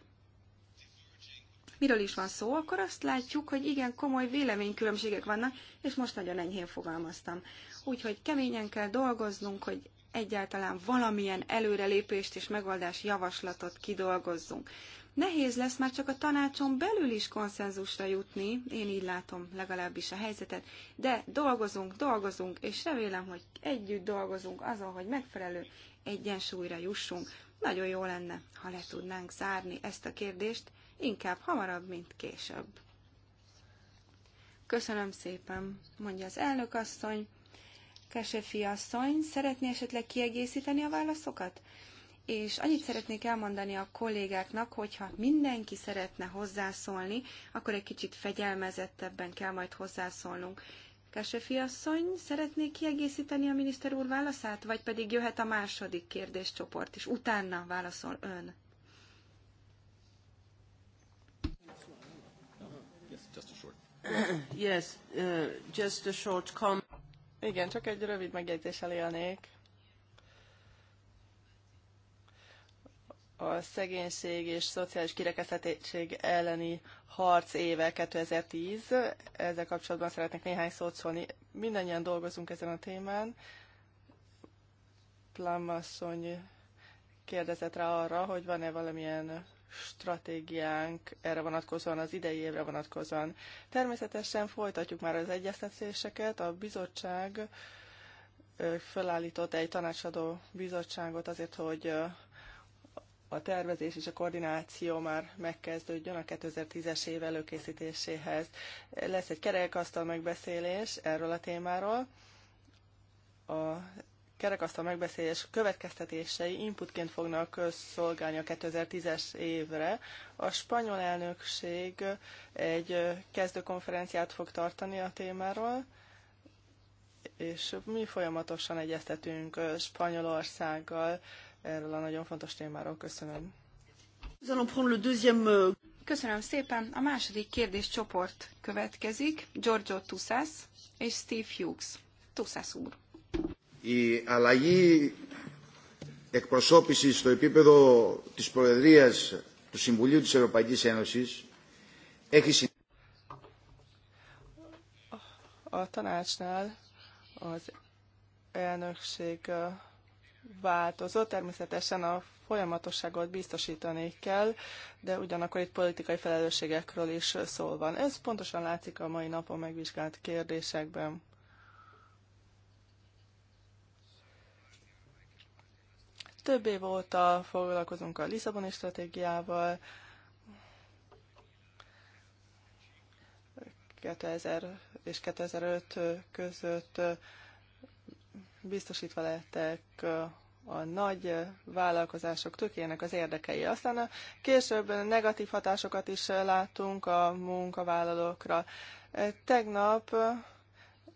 miről is van szó, akkor azt látjuk, hogy igen komoly véleménykülönbségek vannak, és most nagyon enyhén fogalmaztam. Úgyhogy keményen kell dolgoznunk, hogy egyáltalán valamilyen előrelépést és megoldás javaslatot kidolgozzunk nehéz lesz már csak a tanácson belül is konszenzusra jutni, én így látom legalábbis a helyzetet, de dolgozunk, dolgozunk, és remélem, hogy együtt dolgozunk azon, hogy megfelelő egyensúlyra jussunk. Nagyon jó lenne, ha le tudnánk zárni ezt a kérdést, inkább hamarabb, mint később. Köszönöm szépen, mondja az elnök asszony. Kesefi asszony, szeretné esetleg kiegészíteni a válaszokat? és annyit szeretnék elmondani a kollégáknak, hogyha mindenki szeretne hozzászólni, akkor egy kicsit fegyelmezettebben kell majd hozzászólnunk. Kesefi asszony, szeretné kiegészíteni a miniszter úr válaszát, vagy pedig jöhet a második kérdéscsoport, és utána válaszol ön? Yes, just a short uh, Igen, csak egy rövid megjegyzéssel élnék. a szegénység és szociális kirekesztettség elleni harc éve 2010. Ezzel kapcsolatban szeretnék néhány szót szólni. Mindannyian dolgozunk ezen a témán. Plamasszony kérdezett rá arra, hogy van-e valamilyen stratégiánk erre vonatkozóan, az idei évre vonatkozóan. Természetesen folytatjuk már az egyeztetéseket. A bizottság fölállított egy tanácsadó bizottságot azért, hogy a tervezés és a koordináció már megkezdődjön a 2010-es év előkészítéséhez. Lesz egy kerekasztal megbeszélés erről a témáról. A kerekasztal megbeszélés következtetései inputként fognak szolgálni a 2010-es évre. A spanyol elnökség egy kezdőkonferenciát fog tartani a témáról, és mi folyamatosan egyeztetünk Spanyolországgal, erről a nagyon fontos témáról. Köszönöm. Euh, Köszönöm szépen. A második kérdés csoport következik. Giorgio Tussas és Steve Hughes. Tussas úr. Η αλλαγή εκπροσώπησης στο επίπεδο της Προεδρίας του Συμβουλίου της Ευρωπαϊκής Ένωσης έχει A tanácsnál az elnökség változó. Természetesen a folyamatosságot biztosítani kell, de ugyanakkor itt politikai felelősségekről is szó van. Ez pontosan látszik a mai napon megvizsgált kérdésekben. Több év óta foglalkozunk a Lisszaboni stratégiával, 2000 és 2005 között biztosítva lettek a nagy vállalkozások tökének az érdekei. Aztán később negatív hatásokat is láttunk a munkavállalókra. Tegnap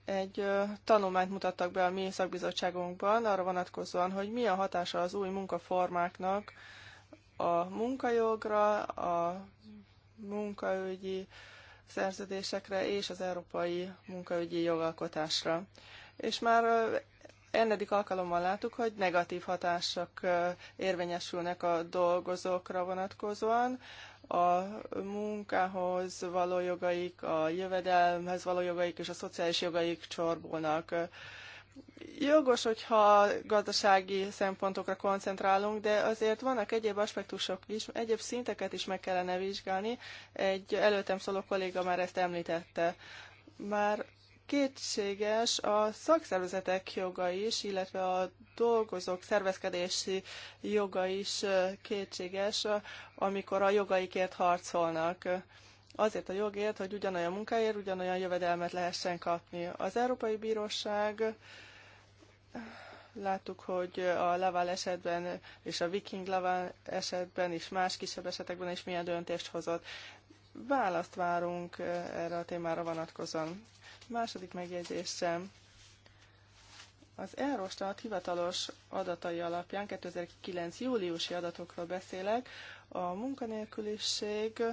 egy tanulmányt mutattak be a mi szakbizottságunkban arra vonatkozóan, hogy mi a hatása az új munkaformáknak a munkajogra, a munkaügyi szerződésekre és az európai munkaügyi jogalkotásra. És már ennedik alkalommal láttuk, hogy negatív hatások érvényesülnek a dolgozókra vonatkozóan, a munkához való jogaik, a jövedelmhez való jogaik és a szociális jogaik csorbulnak. Jogos, hogyha gazdasági szempontokra koncentrálunk, de azért vannak egyéb aspektusok is, egyéb szinteket is meg kellene vizsgálni. Egy előttem szóló kolléga már ezt említette. Már kétséges a szakszervezetek joga is, illetve a dolgozók szervezkedési joga is kétséges, amikor a jogaikért harcolnak. Azért a jogért, hogy ugyanolyan munkáért, ugyanolyan jövedelmet lehessen kapni. Az Európai Bíróság láttuk, hogy a Laval esetben és a Viking Laval esetben és más kisebb esetekben is milyen döntést hozott. Választ várunk erre a témára vonatkozóan. Második megjegyzésem. Az Eurostat hivatalos adatai alapján, 2009. júliusi adatokról beszélek, a munkanélküliség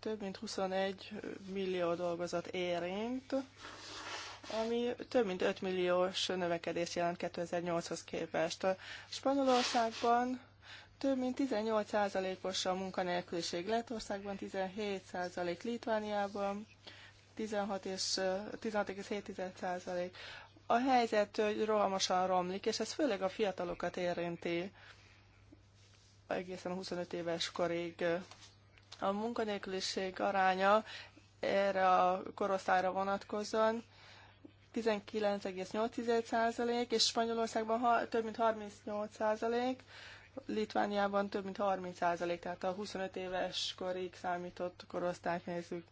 több mint 21 millió dolgozat érint, ami több mint 5 milliós növekedés jelent 2008-hoz képest. Spanyolországban több mint 18%-os a munkanélküliség Lettországban, 17% Litvániában, 16 és 16,7%. A helyzet rohamosan romlik, és ez főleg a fiatalokat érinti egészen 25 éves korig. A munkanélküliség aránya erre a korosztályra vonatkozóan 19,8% és Spanyolországban ha, több mint 38%, Litvániában több mint 30%, tehát a 25 éves korig számított korosztályt nézzük.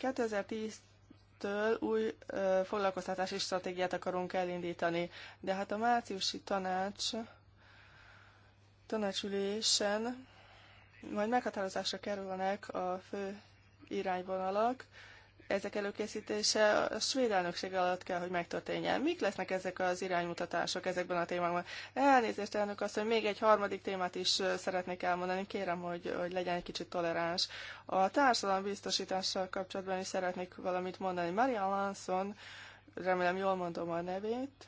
2010-től új ö, foglalkoztatási stratégiát akarunk elindítani, de hát a márciusi tanács tanácsülésen majd meghatározásra kerülnek a fő irányvonalak, ezek előkészítése a svéd elnökség alatt kell, hogy megtörténjen. Mik lesznek ezek az iránymutatások ezekben a témákban? Elnézést, elnök azt, hogy még egy harmadik témát is szeretnék elmondani. Kérem, hogy, hogy legyen egy kicsit toleráns. A biztosítással kapcsolatban is szeretnék valamit mondani. Maria Lanson, remélem jól mondom a nevét,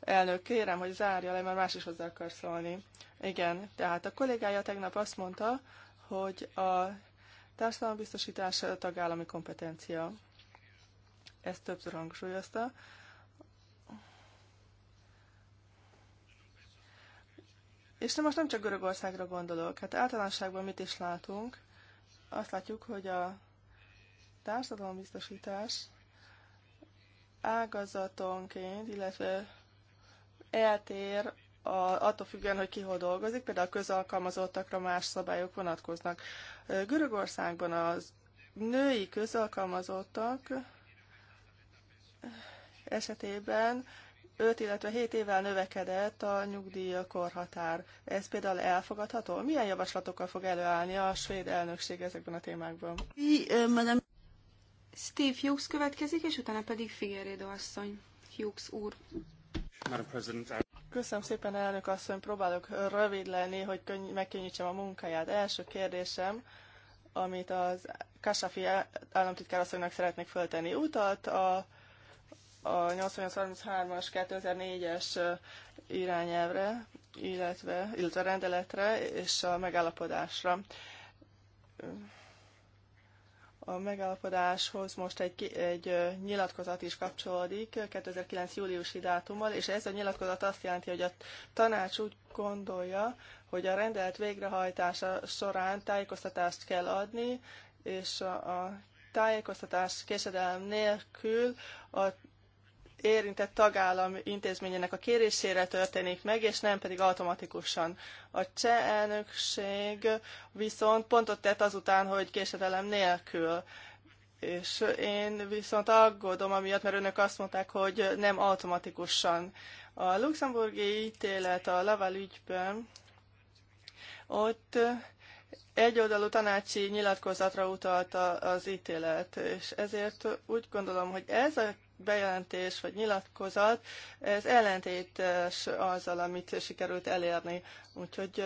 Elnök, kérem, hogy zárja le, mert más is hozzá akar szólni. Igen, tehát a kollégája tegnap azt mondta, hogy a Társadalombiztosítás tagállami kompetencia. Ezt többször hangsúlyozta. És most nem csak Görögországra gondolok, hát általánosságban mit is látunk? Azt látjuk, hogy a társadalombiztosítás ágazatonként, illetve eltér a, attól függően, hogy ki hol dolgozik, például a közalkalmazottakra más szabályok vonatkoznak. Görögországban az női közalkalmazottak esetében 5, illetve 7 évvel növekedett a nyugdíjkorhatár. Ez például elfogadható? Milyen javaslatokkal fog előállni a svéd elnökség ezekben a témákban? Steve Hughes következik, és utána pedig Figueredo asszony. Hughes úr. Madam President, I Köszönöm szépen, elnök asszony, próbálok rövid lenni, hogy könny- megkönnyítsem a munkáját. Első kérdésem, amit az Kasafi államtitkár asszonynak szeretnék föltenni. Utalt a, a 8833-as 2004-es irányelvre, illetve, illetve rendeletre és a megállapodásra a megállapodáshoz most egy, egy nyilatkozat is kapcsolódik 2009. júliusi dátummal, és ez a nyilatkozat azt jelenti, hogy a tanács úgy gondolja, hogy a rendelet végrehajtása során tájékoztatást kell adni, és a tájékoztatás késedelem nélkül a érintett tagállam intézményének a kérésére történik meg, és nem pedig automatikusan. A cseh elnökség viszont pontot tett azután, hogy késedelem nélkül. És én viszont aggódom amiatt, mert önök azt mondták, hogy nem automatikusan. A luxemburgi ítélet a Laval ügyben, ott egyoldalú tanácsi nyilatkozatra utalt az ítélet, és ezért úgy gondolom, hogy ez a bejelentés vagy nyilatkozat, ez ellentétes azzal, amit sikerült elérni. Úgyhogy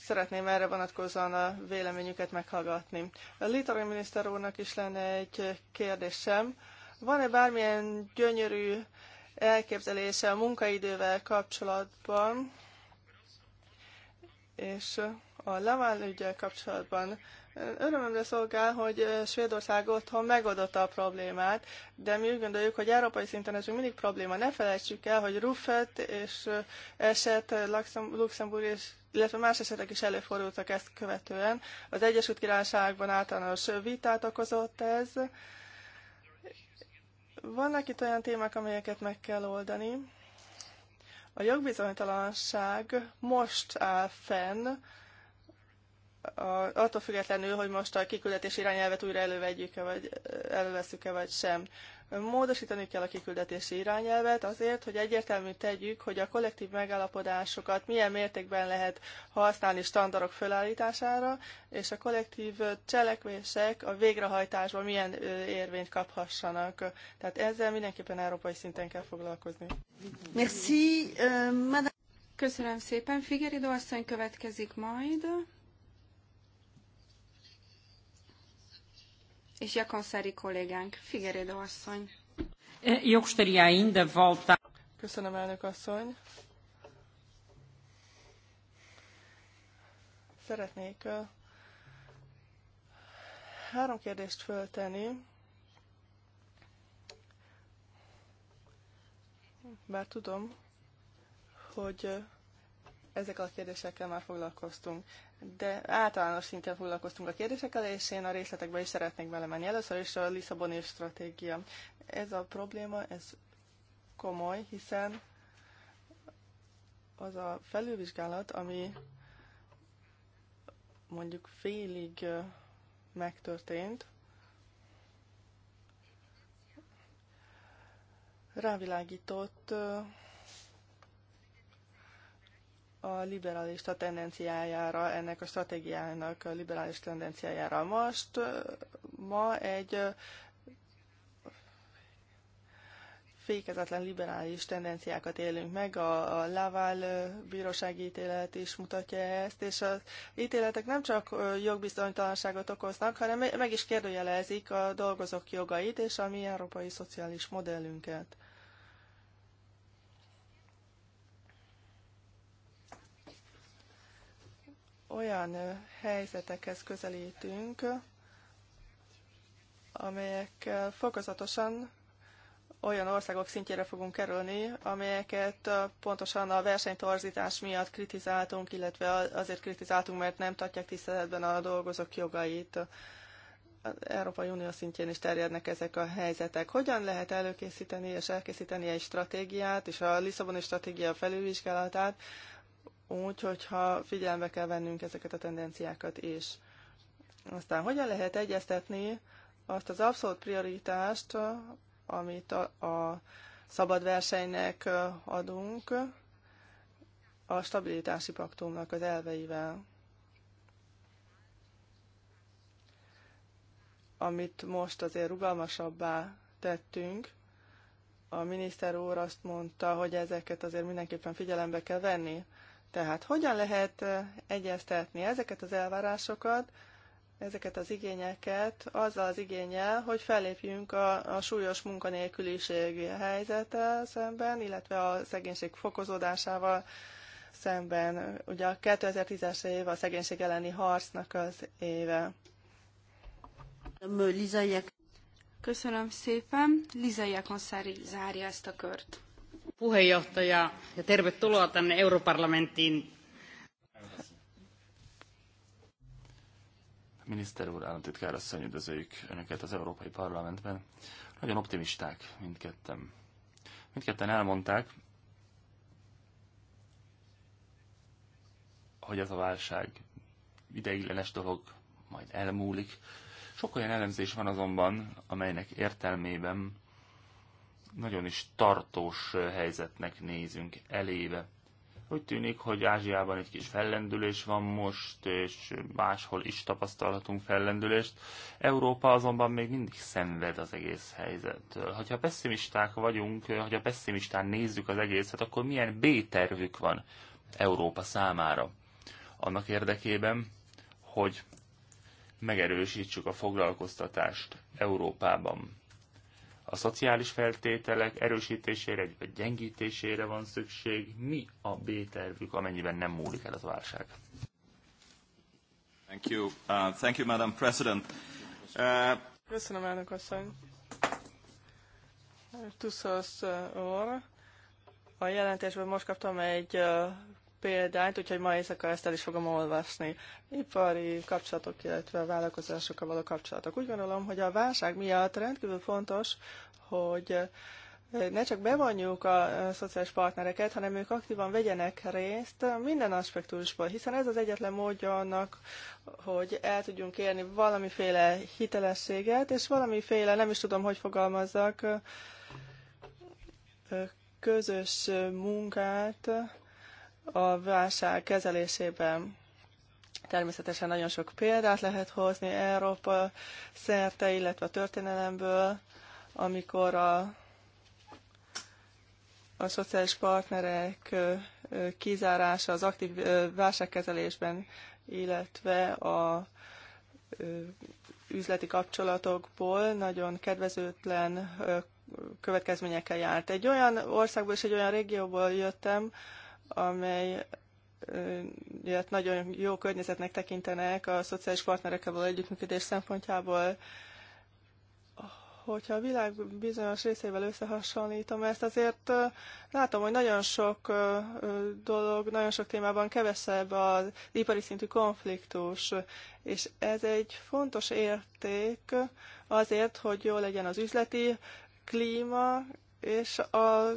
szeretném erre vonatkozóan a véleményüket meghallgatni. A Litori miniszter úrnak is lenne egy kérdésem. Van-e bármilyen gyönyörű elképzelése a munkaidővel kapcsolatban, és a Laván ügyel kapcsolatban Örömömre szolgál, hogy Svédország otthon megoldotta a problémát, de mi úgy gondoljuk, hogy európai szinten ez mindig probléma. Ne felejtsük el, hogy Ruffet és eset Luxemburg és illetve más esetek is előfordultak ezt követően. Az Egyesült Királyságban általános vitát okozott ez. Vannak itt olyan témák, amelyeket meg kell oldani. A jogbizonytalanság most áll fenn, a, attól függetlenül, hogy most a kiküldetés irányelvet újra elővegyük-e, vagy előveszük-e, vagy sem. Módosítani kell a kiküldetési irányelvet azért, hogy egyértelmű tegyük, hogy a kollektív megállapodásokat milyen mértékben lehet használni standardok felállítására, és a kollektív cselekvések a végrehajtásban milyen érvényt kaphassanak. Tehát ezzel mindenképpen európai szinten kell foglalkozni. Euh, Köszönöm szépen. Figerido asszony következik majd. és Jakonszári kollégánk, Figueredo asszony. Eh, eu gostaria ainda Köszönöm, elnök asszony. Szeretnék eh, három kérdést föltenni. Bár tudom, hogy eh, ezekkel a kérdésekkel már foglalkoztunk. De általános szinten foglalkoztunk a kérdésekkel, és én a részletekbe is szeretnék belemenni. Először is a Lisszaboni stratégia. Ez a probléma, ez komoly, hiszen az a felülvizsgálat, ami mondjuk félig megtörtént, rávilágított a liberalista tendenciájára, ennek a stratégiának a liberális tendenciájára. Most ma egy fékezetlen liberális tendenciákat élünk meg, a, a Laval bírósági ítélet is mutatja ezt, és az ítéletek nem csak jogbiztonytalanságot okoznak, hanem meg is kérdőjelezik a dolgozók jogait és a mi európai szociális modellünket. olyan helyzetekhez közelítünk, amelyekkel fokozatosan olyan országok szintjére fogunk kerülni, amelyeket pontosan a versenytorzítás miatt kritizáltunk, illetve azért kritizáltunk, mert nem tartják tiszteletben a dolgozók jogait. Az Európai Unió szintjén is terjednek ezek a helyzetek. Hogyan lehet előkészíteni és elkészíteni egy stratégiát, és a Lisszaboni stratégia felülvizsgálatát, úgy, hogyha figyelme kell vennünk ezeket a tendenciákat is. Aztán hogyan lehet egyeztetni azt az abszolút prioritást, amit a, a szabad versenynek adunk, a stabilitási paktumnak az elveivel, amit most azért rugalmasabbá tettünk. A miniszter úr azt mondta, hogy ezeket azért mindenképpen figyelembe kell venni. Tehát hogyan lehet egyeztetni ezeket az elvárásokat, ezeket az igényeket azzal az igényel, hogy fellépjünk a, a súlyos munkanélküliség helyzettel szemben, illetve a szegénység fokozódásával szemben. Ugye a 2010-es év a szegénység elleni harcnak az éve. Köszönöm szépen. Liza Jakonszári zárja ezt a kört puheenjohtaja ja tervetuloa tänne Europarlamenttiin. Miniszter úr, államtitkár asszony, üdvözöljük Önöket az Európai Parlamentben. Nagyon optimisták mindketten. Mindketten elmondták, hogy ez a válság ideiglenes dolog, majd elmúlik. Sok olyan elemzés van azonban, amelynek értelmében nagyon is tartós helyzetnek nézünk elébe. Úgy tűnik, hogy Ázsiában egy kis fellendülés van most, és máshol is tapasztalhatunk fellendülést. Európa azonban még mindig szenved az egész helyzettől. Hogyha pessimisták vagyunk, hogyha pessimistán nézzük az egészet, akkor milyen B-tervük van Európa számára? Annak érdekében, hogy megerősítsük a foglalkoztatást Európában a szociális feltételek erősítésére vagy gyengítésére van szükség. Mi a B-tervük, amennyiben nem múlik el az válság? Thank you. Uh, thank you, Madam President. Uh... Köszönöm, elnök asszony. Tuszosz uh, úr, a jelentésben most kaptam egy uh, példányt, úgyhogy ma éjszaka ezt el is fogom olvasni. Ipari kapcsolatok, illetve a vállalkozásokkal való kapcsolatok. Úgy gondolom, hogy a válság miatt rendkívül fontos, hogy ne csak bevonjuk a szociális partnereket, hanem ők aktívan vegyenek részt minden aspektusból, hiszen ez az egyetlen módja annak, hogy el tudjunk érni valamiféle hitelességet, és valamiféle, nem is tudom, hogy fogalmazzak, közös munkát, a válság kezelésében. Természetesen nagyon sok példát lehet hozni Európa szerte, illetve a történelemből, amikor a, a szociális partnerek kizárása az aktív válságkezelésben, illetve a üzleti kapcsolatokból nagyon kedvezőtlen következményekkel járt. Egy olyan országból és egy olyan régióból jöttem, amelyet hát nagyon jó környezetnek tekintenek a szociális partnerekkel való együttműködés szempontjából. Hogyha a világ bizonyos részével összehasonlítom ezt, azért látom, hogy nagyon sok dolog, nagyon sok témában kevesebb az ipari szintű konfliktus, és ez egy fontos érték azért, hogy jó legyen az üzleti klíma, és a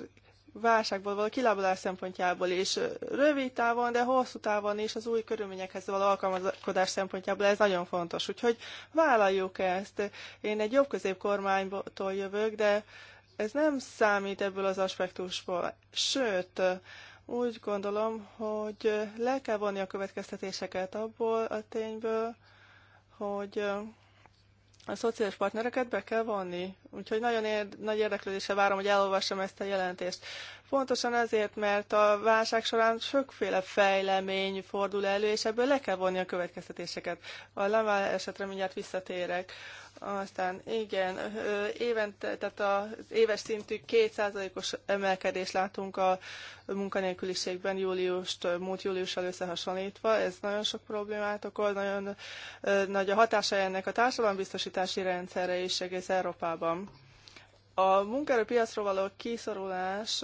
válságból való kilábalás szempontjából is, rövid távon, de hosszú távon is az új körülményekhez való alkalmazkodás szempontjából ez nagyon fontos. Úgyhogy vállaljuk ezt. Én egy jobb középkormánytól jövök, de ez nem számít ebből az aspektusból. Sőt, úgy gondolom, hogy le kell vonni a következtetéseket abból a tényből, hogy a szociális partnereket be kell vonni. Úgyhogy nagyon ér- nagy érdeklődése várom, hogy elolvassam ezt a jelentést. Pontosan azért, mert a válság során sokféle fejlemény fordul elő, és ebből le kell vonni a következtetéseket. A Laval esetre mindjárt visszatérek. Aztán igen, évente, tehát az éves szintű kétszázalékos os emelkedést látunk a munkanélküliségben júliust, múlt júliussal összehasonlítva. Ez nagyon sok problémát okoz, nagyon nagy a hatása ennek a társadalombiztosítási rendszerre is egész Európában. A munkaerőpiacról való kiszorulás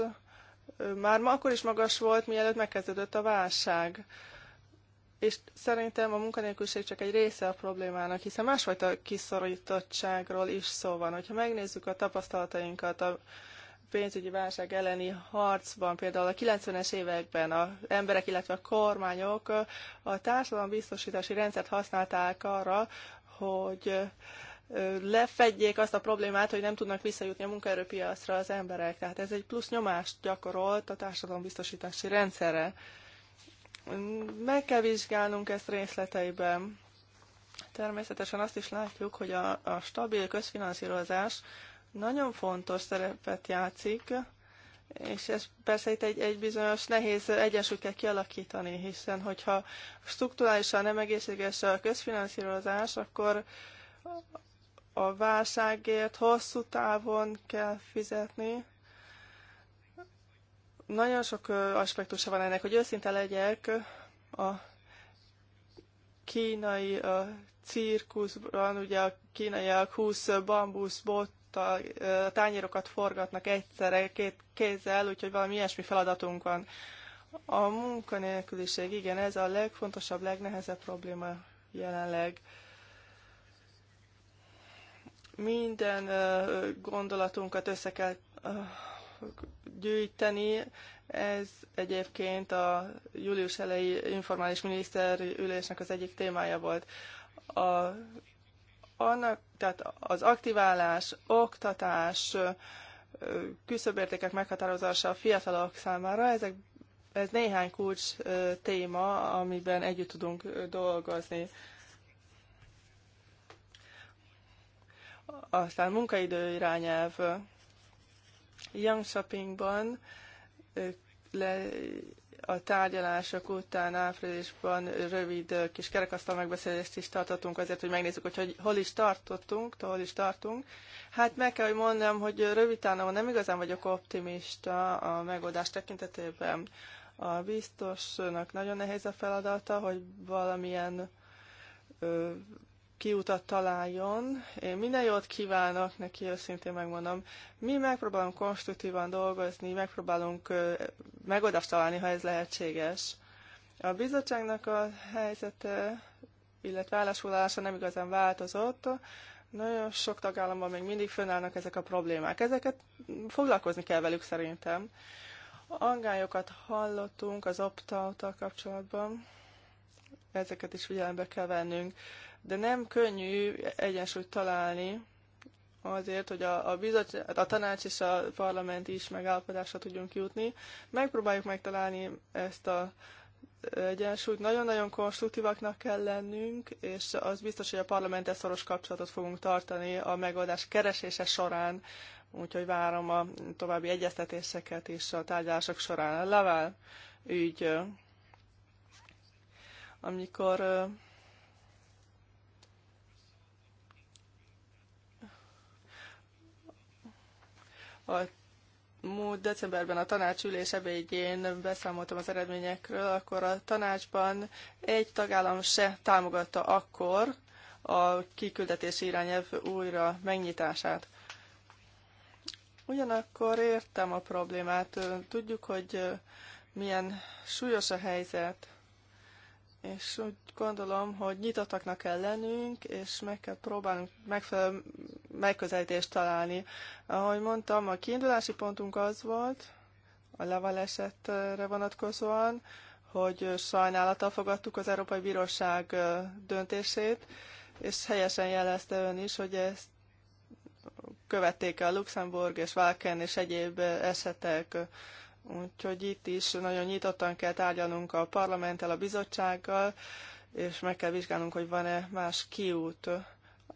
már ma akkor is magas volt, mielőtt megkezdődött a válság és szerintem a munkanélküliség csak egy része a problémának, hiszen másfajta kiszorítottságról is szó van. Hogyha megnézzük a tapasztalatainkat a pénzügyi válság elleni harcban, például a 90-es években az emberek, illetve a kormányok a társadalombiztosítási rendszert használták arra, hogy lefedjék azt a problémát, hogy nem tudnak visszajutni a munkaerőpiacra az emberek. Tehát ez egy plusz nyomást gyakorolt a társadalombiztosítási rendszerre. Meg kell vizsgálnunk ezt részleteiben. Természetesen azt is látjuk, hogy a, a stabil közfinanszírozás nagyon fontos szerepet játszik, és ez persze itt egy, egy bizonyos nehéz egyensúlyt kell kialakítani, hiszen hogyha struktúrálisan nem egészséges a közfinanszírozás, akkor a válságért hosszú távon kell fizetni, nagyon sok aspektusa van ennek, hogy őszinte legyek, a kínai a cirkuszban, ugye a kínaiak 20 bambusz bot a tányérokat forgatnak egyszerre két kézzel, úgyhogy valami ilyesmi feladatunk van. A munkanélküliség, igen, ez a legfontosabb, legnehezebb probléma jelenleg. Minden gondolatunkat össze kell gyűjteni. Ez egyébként a július elejé informális miniszteri ülésnek az egyik témája volt. A, annak, tehát az aktiválás, oktatás, küszöbértékek meghatározása a fiatalok számára, ezek, ez néhány kulcs téma, amiben együtt tudunk dolgozni. Aztán munkaidő irányelv, Young Shoppingban le, a tárgyalások után áprilisban rövid kis kerekasztal megbeszélést is tartottunk azért, hogy megnézzük, hogy, hol is tartottunk, hol is tartunk. Hát meg kell, hogy mondjam, hogy rövid távon nem igazán vagyok optimista a megoldás tekintetében. A biztosnak nagyon nehéz a feladata, hogy valamilyen ö, kiutat találjon. Én minden jót kívánok neki, őszintén megmondom. Mi megpróbálunk konstruktívan dolgozni, megpróbálunk megoldást találni, ha ez lehetséges. A bizottságnak a helyzete, illetve állásfoglalása nem igazán változott. Nagyon sok tagállamban még mindig fönnállnak ezek a problémák. Ezeket foglalkozni kell velük szerintem. Angályokat hallottunk az opt kapcsolatban. Ezeket is figyelembe kell vennünk de nem könnyű egyensúlyt találni azért, hogy a, a, bizottság, a tanács és a parlament is megállapodásra tudjunk jutni. Megpróbáljuk megtalálni ezt a egyensúlyt. Nagyon-nagyon konstruktívaknak kell lennünk, és az biztos, hogy a parlamenttel szoros kapcsolatot fogunk tartani a megoldás keresése során, úgyhogy várom a további egyeztetéseket és a tárgyalások során. A Laval ügy, amikor A múlt decemberben a tanácsülés végén beszámoltam az eredményekről, akkor a tanácsban egy tagállam se támogatta akkor a kiküldetési irányelv újra megnyitását. Ugyanakkor értem a problémát. Tudjuk, hogy milyen súlyos a helyzet és úgy gondolom, hogy nyitottaknak kell lennünk, és meg kell próbálnunk megfelelő megközelítést találni. Ahogy mondtam, a kiindulási pontunk az volt, a levalesetre vonatkozóan, hogy sajnálattal fogadtuk az Európai Bíróság döntését, és helyesen jelezte ön is, hogy ezt követték a Luxemburg és Váken és egyéb esetek Úgyhogy itt is nagyon nyitottan kell tárgyalnunk a parlamenttel, a bizottsággal, és meg kell vizsgálnunk, hogy van-e más kiút.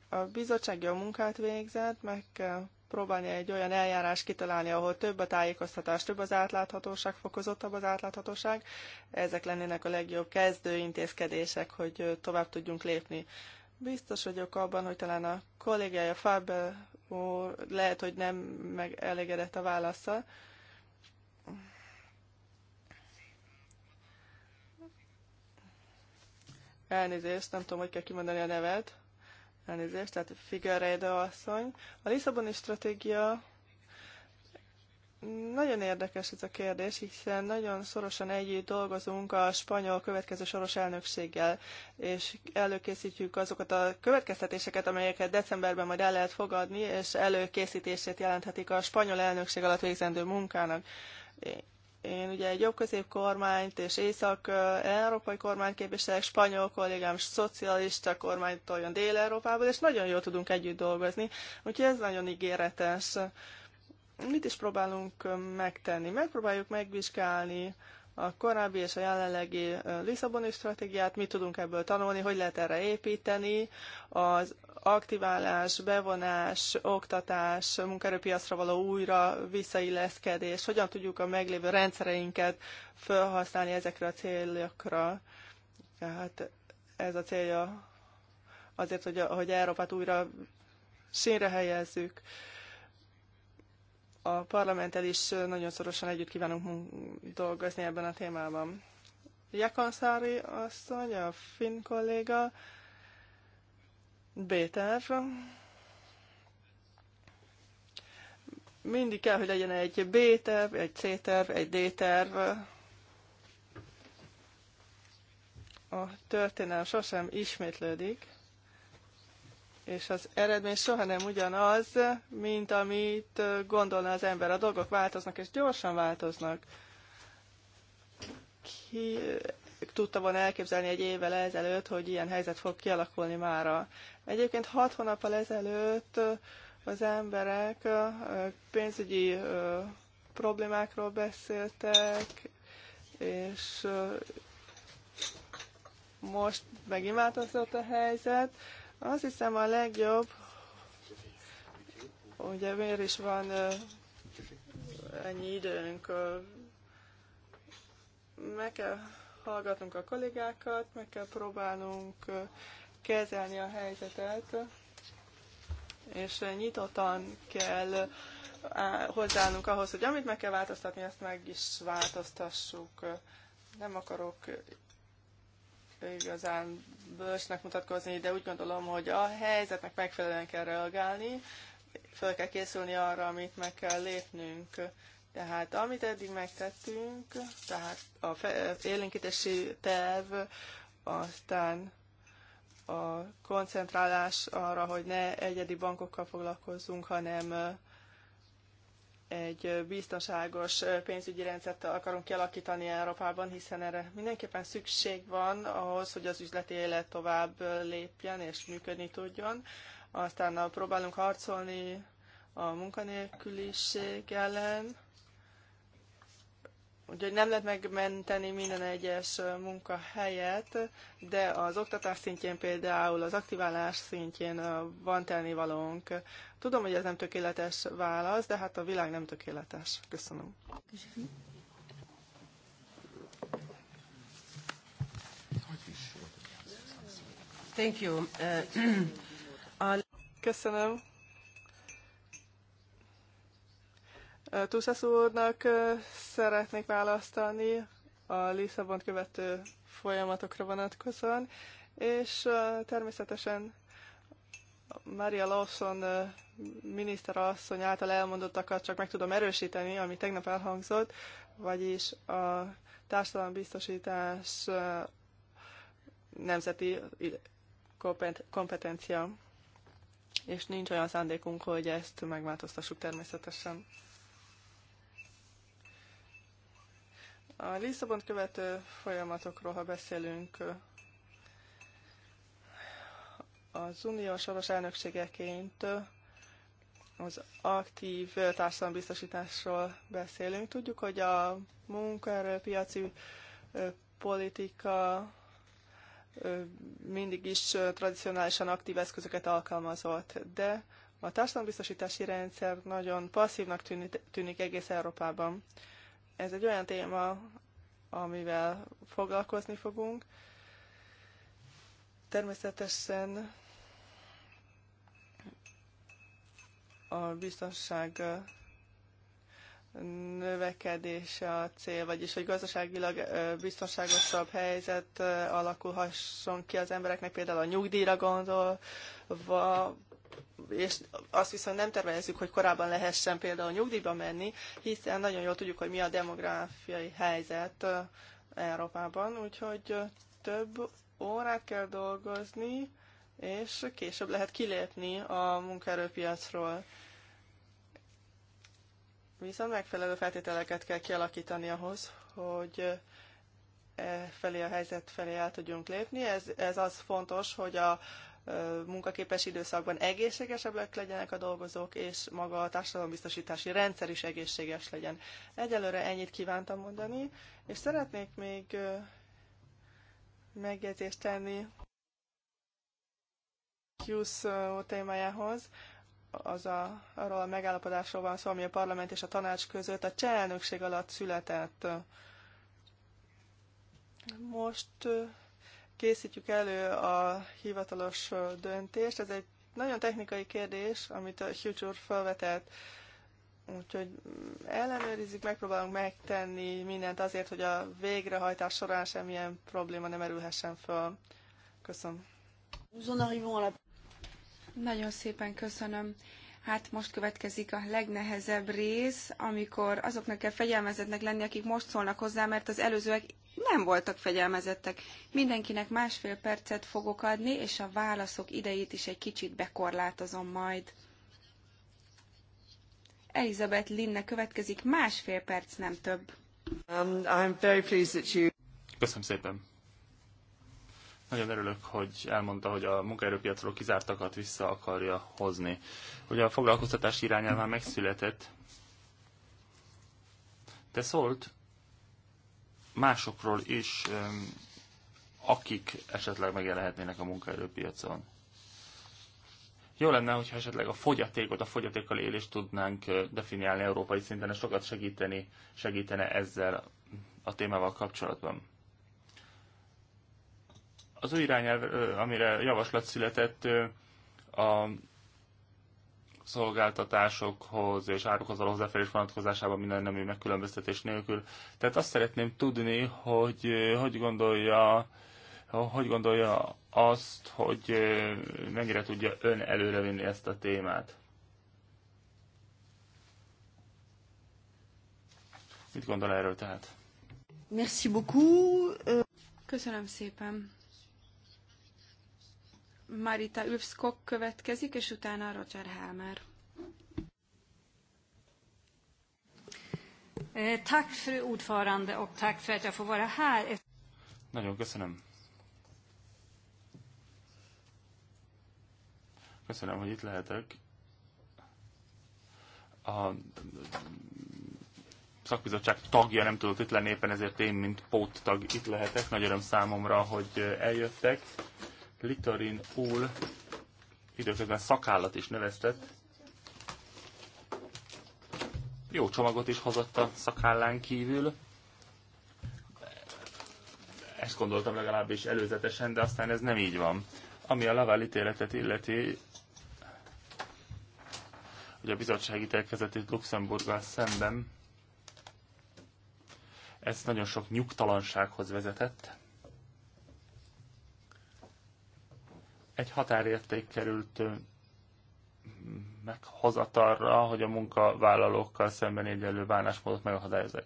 A bizottság jó munkát végzett, meg kell próbálni egy olyan eljárás kitalálni, ahol több a tájékoztatás, több az átláthatóság, fokozottabb az átláthatóság. Ezek lennének a legjobb kezdő intézkedések, hogy tovább tudjunk lépni. Biztos vagyok abban, hogy talán a kollégája Fábel lehet, hogy nem megelégedett a válaszsal, elnézést, nem tudom, hogy kell kimondani a nevet, elnézést, tehát Figueiredo asszony. A Lisszaboni stratégia nagyon érdekes ez a kérdés, hiszen nagyon szorosan együtt dolgozunk a spanyol következő soros elnökséggel, és előkészítjük azokat a következtetéseket, amelyeket decemberben majd el lehet fogadni, és előkészítését jelenthetik a spanyol elnökség alatt végzendő munkának én ugye egy jobb kormányt és észak-európai kormányt képviselek, spanyol kollégám szocialista kormányt olyan Dél-Európából, és nagyon jól tudunk együtt dolgozni, úgyhogy ez nagyon ígéretes. Mit is próbálunk megtenni? Megpróbáljuk megvizsgálni a korábbi és a jelenlegi Lisszaboni stratégiát, mit tudunk ebből tanulni, hogy lehet erre építeni, az aktiválás, bevonás, oktatás, munkaerőpiacra való újra visszailleszkedés, hogyan tudjuk a meglévő rendszereinket felhasználni ezekre a célokra. Tehát ez a célja azért, hogy, hogy Európát újra sínre helyezzük. A parlamenttel is nagyon szorosan együtt kívánunk dolgozni ebben a témában. Jakonszári asszony, a finn kolléga, B-terv. Mindig kell, hogy legyen egy B-terv, egy C-terv, egy D-terv. A történelem sosem ismétlődik, és az eredmény soha nem ugyanaz, mint amit gondolna az ember. A dolgok változnak, és gyorsan változnak ki tudta volna elképzelni egy évvel ezelőtt, hogy ilyen helyzet fog kialakulni mára. Egyébként hat hónappal ezelőtt az emberek pénzügyi problémákról beszéltek, és most megint változott a helyzet. Azt hiszem a legjobb, ugye miért is van ennyi időnk, meg kell Hallgatunk a kollégákat, meg kell próbálnunk kezelni a helyzetet, és nyitottan kell hozzáállnunk ahhoz, hogy amit meg kell változtatni, ezt meg is változtassuk. Nem akarok igazán bősnek mutatkozni, de úgy gondolom, hogy a helyzetnek megfelelően kell reagálni, föl kell készülni arra, amit meg kell lépnünk. Tehát amit eddig megtettünk, tehát a élénkítési terv, aztán a koncentrálás arra, hogy ne egyedi bankokkal foglalkozzunk, hanem egy biztonságos pénzügyi rendszert akarunk kialakítani Európában, hiszen erre mindenképpen szükség van ahhoz, hogy az üzleti élet tovább lépjen és működni tudjon. Aztán próbálunk harcolni a munkanélküliség ellen, Úgyhogy nem lehet megmenteni minden egyes munkahelyet, de az oktatás szintjén például, az aktiválás szintjén van tennivalónk. Tudom, hogy ez nem tökéletes válasz, de hát a világ nem tökéletes. Köszönöm. Thank you. Uh, Köszönöm. Tuszasz úrnak szeretnék választani a Lisszabont követő folyamatokra vonatkozóan, és természetesen Maria Lawson asszony által elmondottakat csak meg tudom erősíteni, ami tegnap elhangzott, vagyis a társadalombiztosítás nemzeti kompetencia, és nincs olyan szándékunk, hogy ezt megváltoztassuk természetesen. A Lisszabont követő folyamatokról, ha beszélünk, az uniós soros elnökségeként az aktív társadalombiztosításról beszélünk. Tudjuk, hogy a munkaerőpiaci politika mindig is tradicionálisan aktív eszközöket alkalmazott, de a társadalombiztosítási rendszer nagyon passzívnak tűnik egész Európában. Ez egy olyan téma, amivel foglalkozni fogunk. Természetesen a biztonság növekedése a cél, vagyis hogy gazdaságilag biztonságosabb helyzet alakulhasson ki az embereknek, például a nyugdíjra gondolva, és azt viszont nem tervezzük, hogy korábban lehessen például nyugdíjba menni, hiszen nagyon jól tudjuk, hogy mi a demográfiai helyzet Európában, úgyhogy több órát kell dolgozni, és később lehet kilépni a munkaerőpiacról. Viszont megfelelő feltételeket kell kialakítani ahhoz, hogy e felé a helyzet felé el tudjunk lépni. Ez, ez az fontos, hogy a munkaképes időszakban egészségesebbek legyenek a dolgozók, és maga a társadalombiztosítási rendszer is egészséges legyen. Egyelőre ennyit kívántam mondani, és szeretnék még megjegyzést tenni Hughes témájához, az a, arról a megállapodásról van szó, ami a parlament és a tanács között a cseh alatt született. Most készítjük elő a hivatalos döntést. Ez egy nagyon technikai kérdés, amit a Future felvetett. Úgyhogy mm, ellenőrizzük, megpróbálunk megtenni mindent azért, hogy a végrehajtás során semmilyen probléma nem erülhessen föl. Köszönöm. Nagyon szépen köszönöm. Hát most következik a legnehezebb rész, amikor azoknak kell fegyelmezetnek lenni, akik most szólnak hozzá, mert az előzőek nem voltak fegyelmezettek. Mindenkinek másfél percet fogok adni, és a válaszok idejét is egy kicsit bekorlátozom majd. Elizabeth Linne következik, másfél perc, nem több. Um, I'm very pleased that you... Köszönöm szépen. Nagyon örülök, hogy elmondta, hogy a munkaerőpiacról kizártakat vissza akarja hozni. Ugye a foglalkoztatás irányelván megszületett, Te szólt másokról is, akik esetleg megjelenhetnének a munkaerőpiacon. Jó lenne, hogyha esetleg a fogyatékot, a fogyatékkal élést tudnánk definiálni európai szinten, és sokat segíteni, segítene ezzel a témával kapcsolatban. Az új irányelv, amire javaslat született, a szolgáltatásokhoz és árukhoz való hozzáférés vonatkozásában minden nemű megkülönböztetés nélkül. Tehát azt szeretném tudni, hogy hogy gondolja, hogy gondolja azt, hogy mennyire tudja ön előrevinni ezt a témát. Mit gondol erről tehát? Merci beaucoup. Köszönöm szépen. Marita Ülfskog következik, és utána Roger Helmer. Eh, tack fru ordförande och tack för att jag får vara här. Nagyon köszönöm. Köszönöm, hogy itt lehetek. A szakbizottság tagja nem tudott itt lenni, éppen ezért én, mint póttag itt lehetek. Nagy öröm számomra, hogy eljöttek Litarin Pool időközben szakállat is növesztett. Jó csomagot is hozott a szakállán kívül. Ezt gondoltam legalábbis előzetesen, de aztán ez nem így van. Ami a Laval ítéletet illeti, hogy a bizottság ítélkezetét Luxemburggal szemben, ez nagyon sok nyugtalansághoz vezetett. Egy határérték került meghozatarra, hogy a munkavállalókkal szemben egyenlő bánásmódot megakadályozzák.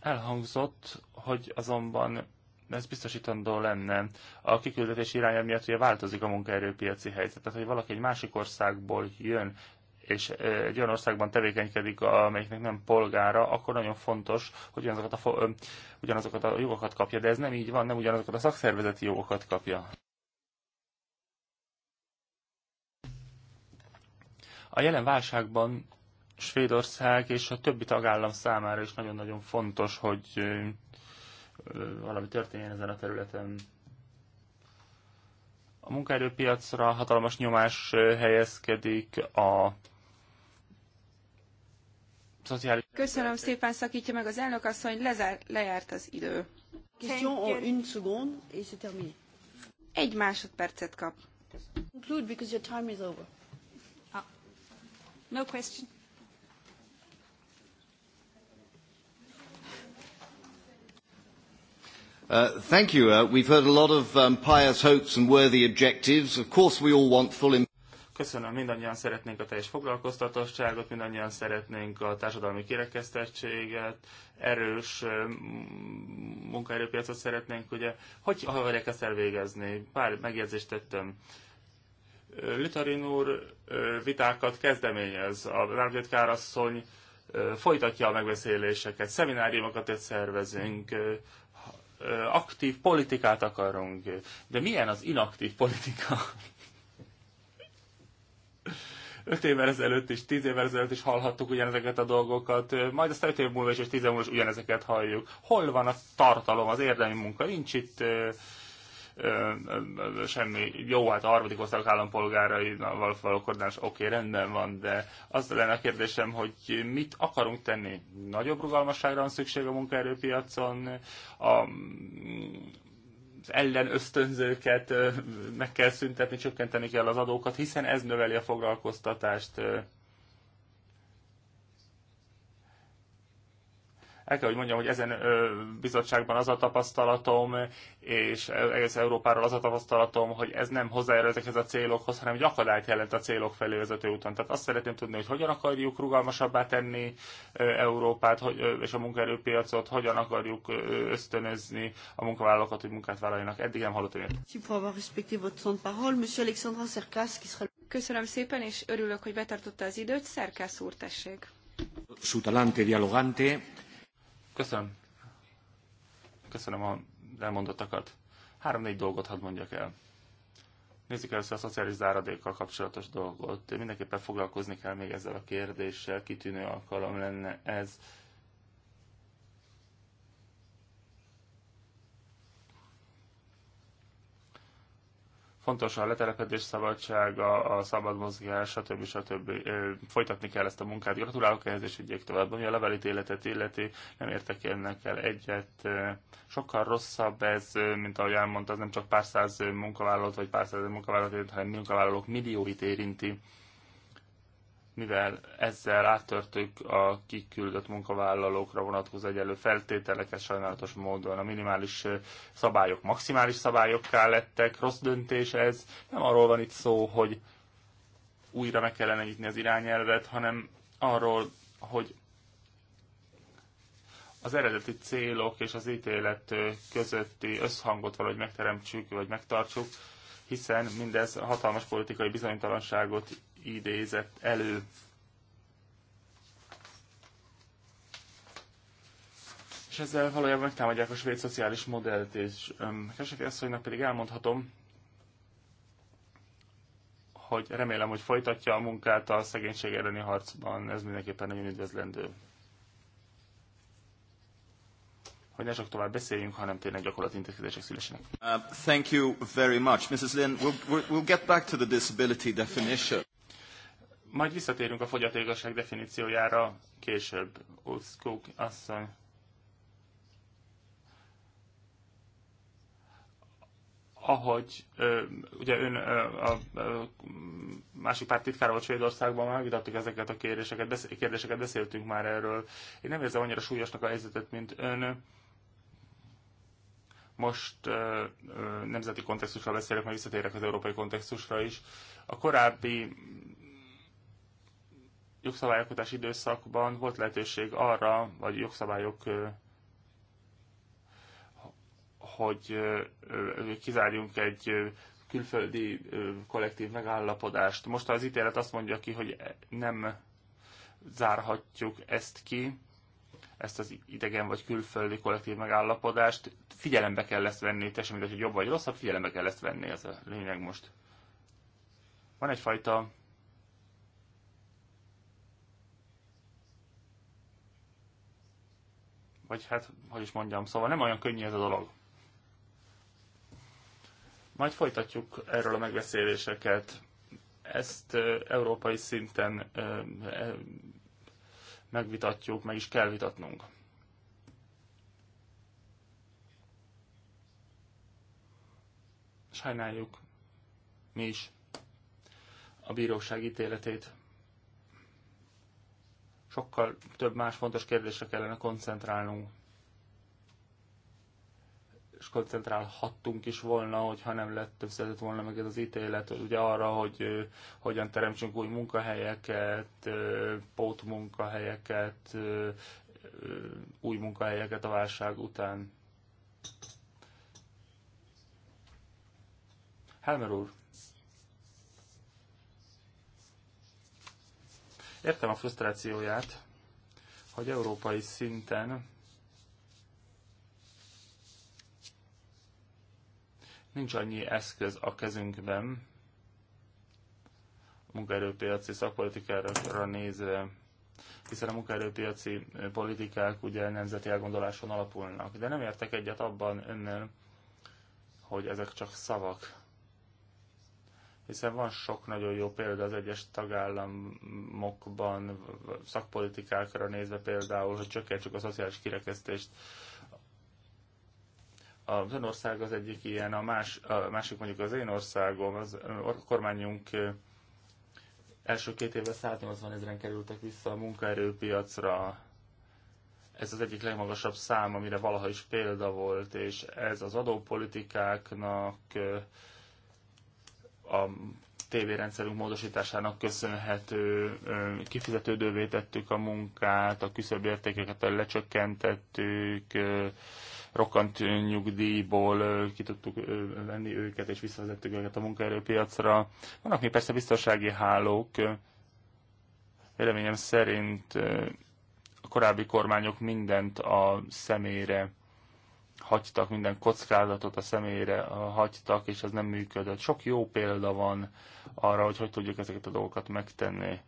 Elhangzott, hogy azonban ez biztosítandó lenne. A kiküldetés irányelv miatt hogy változik a munkaerőpiaci helyzet. Tehát, hogy valaki egy másik országból jön, és egy olyan országban tevékenykedik, amelyiknek nem polgára, akkor nagyon fontos, hogy ugyanazokat a, ugyanazokat a jogokat kapja, de ez nem így van, nem ugyanazokat a szakszervezeti jogokat kapja. A jelen válságban Svédország és a többi tagállam számára is nagyon-nagyon fontos, hogy valami történjen ezen a területen. A munkaerőpiacra hatalmas nyomás helyezkedik, a szociális... Köszönöm szépen, szakítja meg az elnök asszony, lezár, lejárt az idő. Egy másodpercet kap. Conclude because your time is over. Ah. No question. Uh, thank you. Uh, we've heard a lot of um, pious hopes and worthy objectives. Of course, we all want full employment. Köszönöm, mindannyian szeretnénk a teljes foglalkoztatottságot, mindannyian szeretnénk a társadalmi kirekesztettséget, erős munkaerőpiacot szeretnénk, ugye. Hogy akarják ezt elvégezni? Pár megjegyzést tettem. Litarin úr vitákat kezdeményez, a Lárvét Kárasszony folytatja a megbeszéléseket, szemináriumokat szervezünk, aktív politikát akarunk. De milyen az inaktív politika? 5 évvel ezelőtt is, 10 évvel ezelőtt is hallhattuk ugyanezeket a dolgokat, majd aztán 5 év múlva is, és 10 év múlva is ugyanezeket halljuk. Hol van a tartalom, az érdemi munka? Nincs itt ö, ö, ö, semmi jó, hát a harmadik ország állampolgáraival való koordinás oké, okay, rendben van, de az lenne a kérdésem, hogy mit akarunk tenni? Nagyobb rugalmasságra van szükség a munkaerőpiacon, a az ellen ösztönzőket meg kell szüntetni, csökkenteni kell az adókat, hiszen ez növeli a foglalkoztatást, El kell, hogy mondjam, hogy ezen bizottságban az a tapasztalatom, és e, egész Európáról az a tapasztalatom, hogy ez nem hozzájárul ezekhez a célokhoz, hanem egy akadályt jelent a célok felé vezető úton. Tehát azt szeretném tudni, hogy hogyan akarjuk rugalmasabbá tenni Európát hogy, és a munkaerőpiacot, hogyan akarjuk ösztönözni a munkavállalókat, hogy munkát vállaljanak. Eddig nem hallottam ilyet. Köszönöm szépen, és örülök, hogy betartotta az időt. Szerkász úr, tessék! Su talante dialogante Köszönöm. Köszönöm a elmondottakat. Három-négy dolgot hadd mondjak el. Nézzük először a szociális záradékkal kapcsolatos dolgot. Mindenképpen foglalkozni kell még ezzel a kérdéssel, kitűnő alkalom lenne ez Fontos a letelepedés szabadsága, a szabad mozgás, stb. stb. Folytatni kell ezt a munkát. Gratulálok ehhez, és ügyek tovább. Ami a levelit életet illeti, nem értek ennek el egyet. Sokkal rosszabb ez, mint ahogy elmondta, az nem csak pár száz munkavállalót, vagy pár száz munkavállalót, hanem munkavállalók millióit érinti mivel ezzel áttörtük a kiküldött munkavállalókra vonatkozó egyenlő feltételeket sajnálatos módon. A minimális szabályok maximális szabályokká lettek, rossz döntés ez. Nem arról van itt szó, hogy újra meg kellene nyitni az irányelvet, hanem arról, hogy az eredeti célok és az ítélet közötti összhangot valahogy megteremtsük, vagy megtartsuk, hiszen mindez hatalmas politikai bizonytalanságot idézett elő. És ezzel valójában megtámadják a svéd szociális modellt, és Kesefi asszonynak pedig elmondhatom, hogy remélem, hogy folytatja a munkát a szegénység elleni harcban, ez mindenképpen nagyon üdvözlendő. Hogy ne csak tovább beszéljünk, hanem tényleg gyakorlati intézkedések szülesenek. Uh, thank you very much, Mrs. Lynn. we'll, we'll get back to the disability definition. Majd visszatérünk a fogyatékosság definíciójára később. Uszkuk asszony. Ahogy ö, ugye ön ö, a ö, másik párt titkára volt Svédországban, már vitattuk ezeket a kérdéseket, besz, kérdéseket, beszéltünk már erről. Én nem érzem annyira súlyosnak a helyzetet, mint ön most ö, ö, nemzeti kontextusra beszélek, majd visszatérek az európai kontextusra is. A korábbi jogszabályalkotási időszakban volt lehetőség arra, vagy jogszabályok, hogy kizárjunk egy külföldi kollektív megállapodást. Most az ítélet azt mondja ki, hogy nem zárhatjuk ezt ki, ezt az idegen vagy külföldi kollektív megállapodást. Figyelembe kell ezt venni, te sem mindegy, hogy jobb vagy rosszabb, figyelembe kell ezt venni, ez a lényeg most. Van egyfajta vagy hát, hogy is mondjam, szóval nem olyan könnyű ez a dolog. Majd folytatjuk erről a megbeszéléseket. Ezt e, európai szinten e, e, megvitatjuk, meg is kell vitatnunk. Sajnáljuk mi is a bíróság ítéletét sokkal több más fontos kérdésre kellene koncentrálnunk. És koncentrálhattunk is volna, hogyha nem lett több volna meg ez az ítélet, ugye arra, hogy ö, hogyan teremtsünk új munkahelyeket, ö, pótmunkahelyeket, ö, ö, új munkahelyeket a válság után. Helmer úr, Értem a frusztrációját, hogy európai szinten nincs annyi eszköz a kezünkben, munkaerőpiaci szakpolitikára nézve, hiszen a munkaerőpiaci politikák ugye nemzeti elgondoláson alapulnak. De nem értek egyet abban önnel, hogy ezek csak szavak hiszen van sok nagyon jó példa az egyes tagállamokban, szakpolitikákra nézve például, hogy csökkentsük a szociális kirekesztést. Az ország az egyik ilyen, a, más, a másik mondjuk az én országom, az a kormányunk első két évben 180 ezeren kerültek vissza a munkaerőpiacra. Ez az egyik legmagasabb szám, amire valaha is példa volt, és ez az adópolitikáknak a tévérendszerünk módosításának köszönhető, kifizetődővé tettük a munkát, a küszöbértékeket lecsökkentettük, rokkant nyugdíjból ki tudtuk venni őket, és visszavezettük őket a munkaerőpiacra. Vannak még persze biztonsági hálók, véleményem szerint a korábbi kormányok mindent a személyre hagytak minden kockázatot a személyre, hagytak, és ez nem működött. Sok jó példa van arra, hogy hogy tudjuk ezeket a dolgokat megtenni.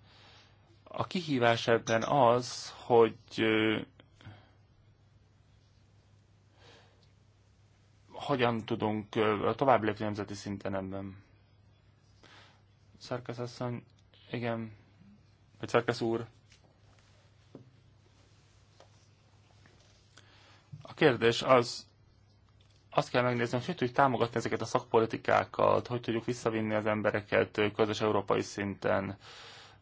A kihívás ebben az, hogy hogyan tudunk tovább lépni nemzeti szinten ebben. Szerkesz asszony, igen, vagy Szerkesz úr, kérdés az, azt kell megnézni, hogy hogy tudjuk támogatni ezeket a szakpolitikákat, hogy tudjuk visszavinni az embereket közös európai szinten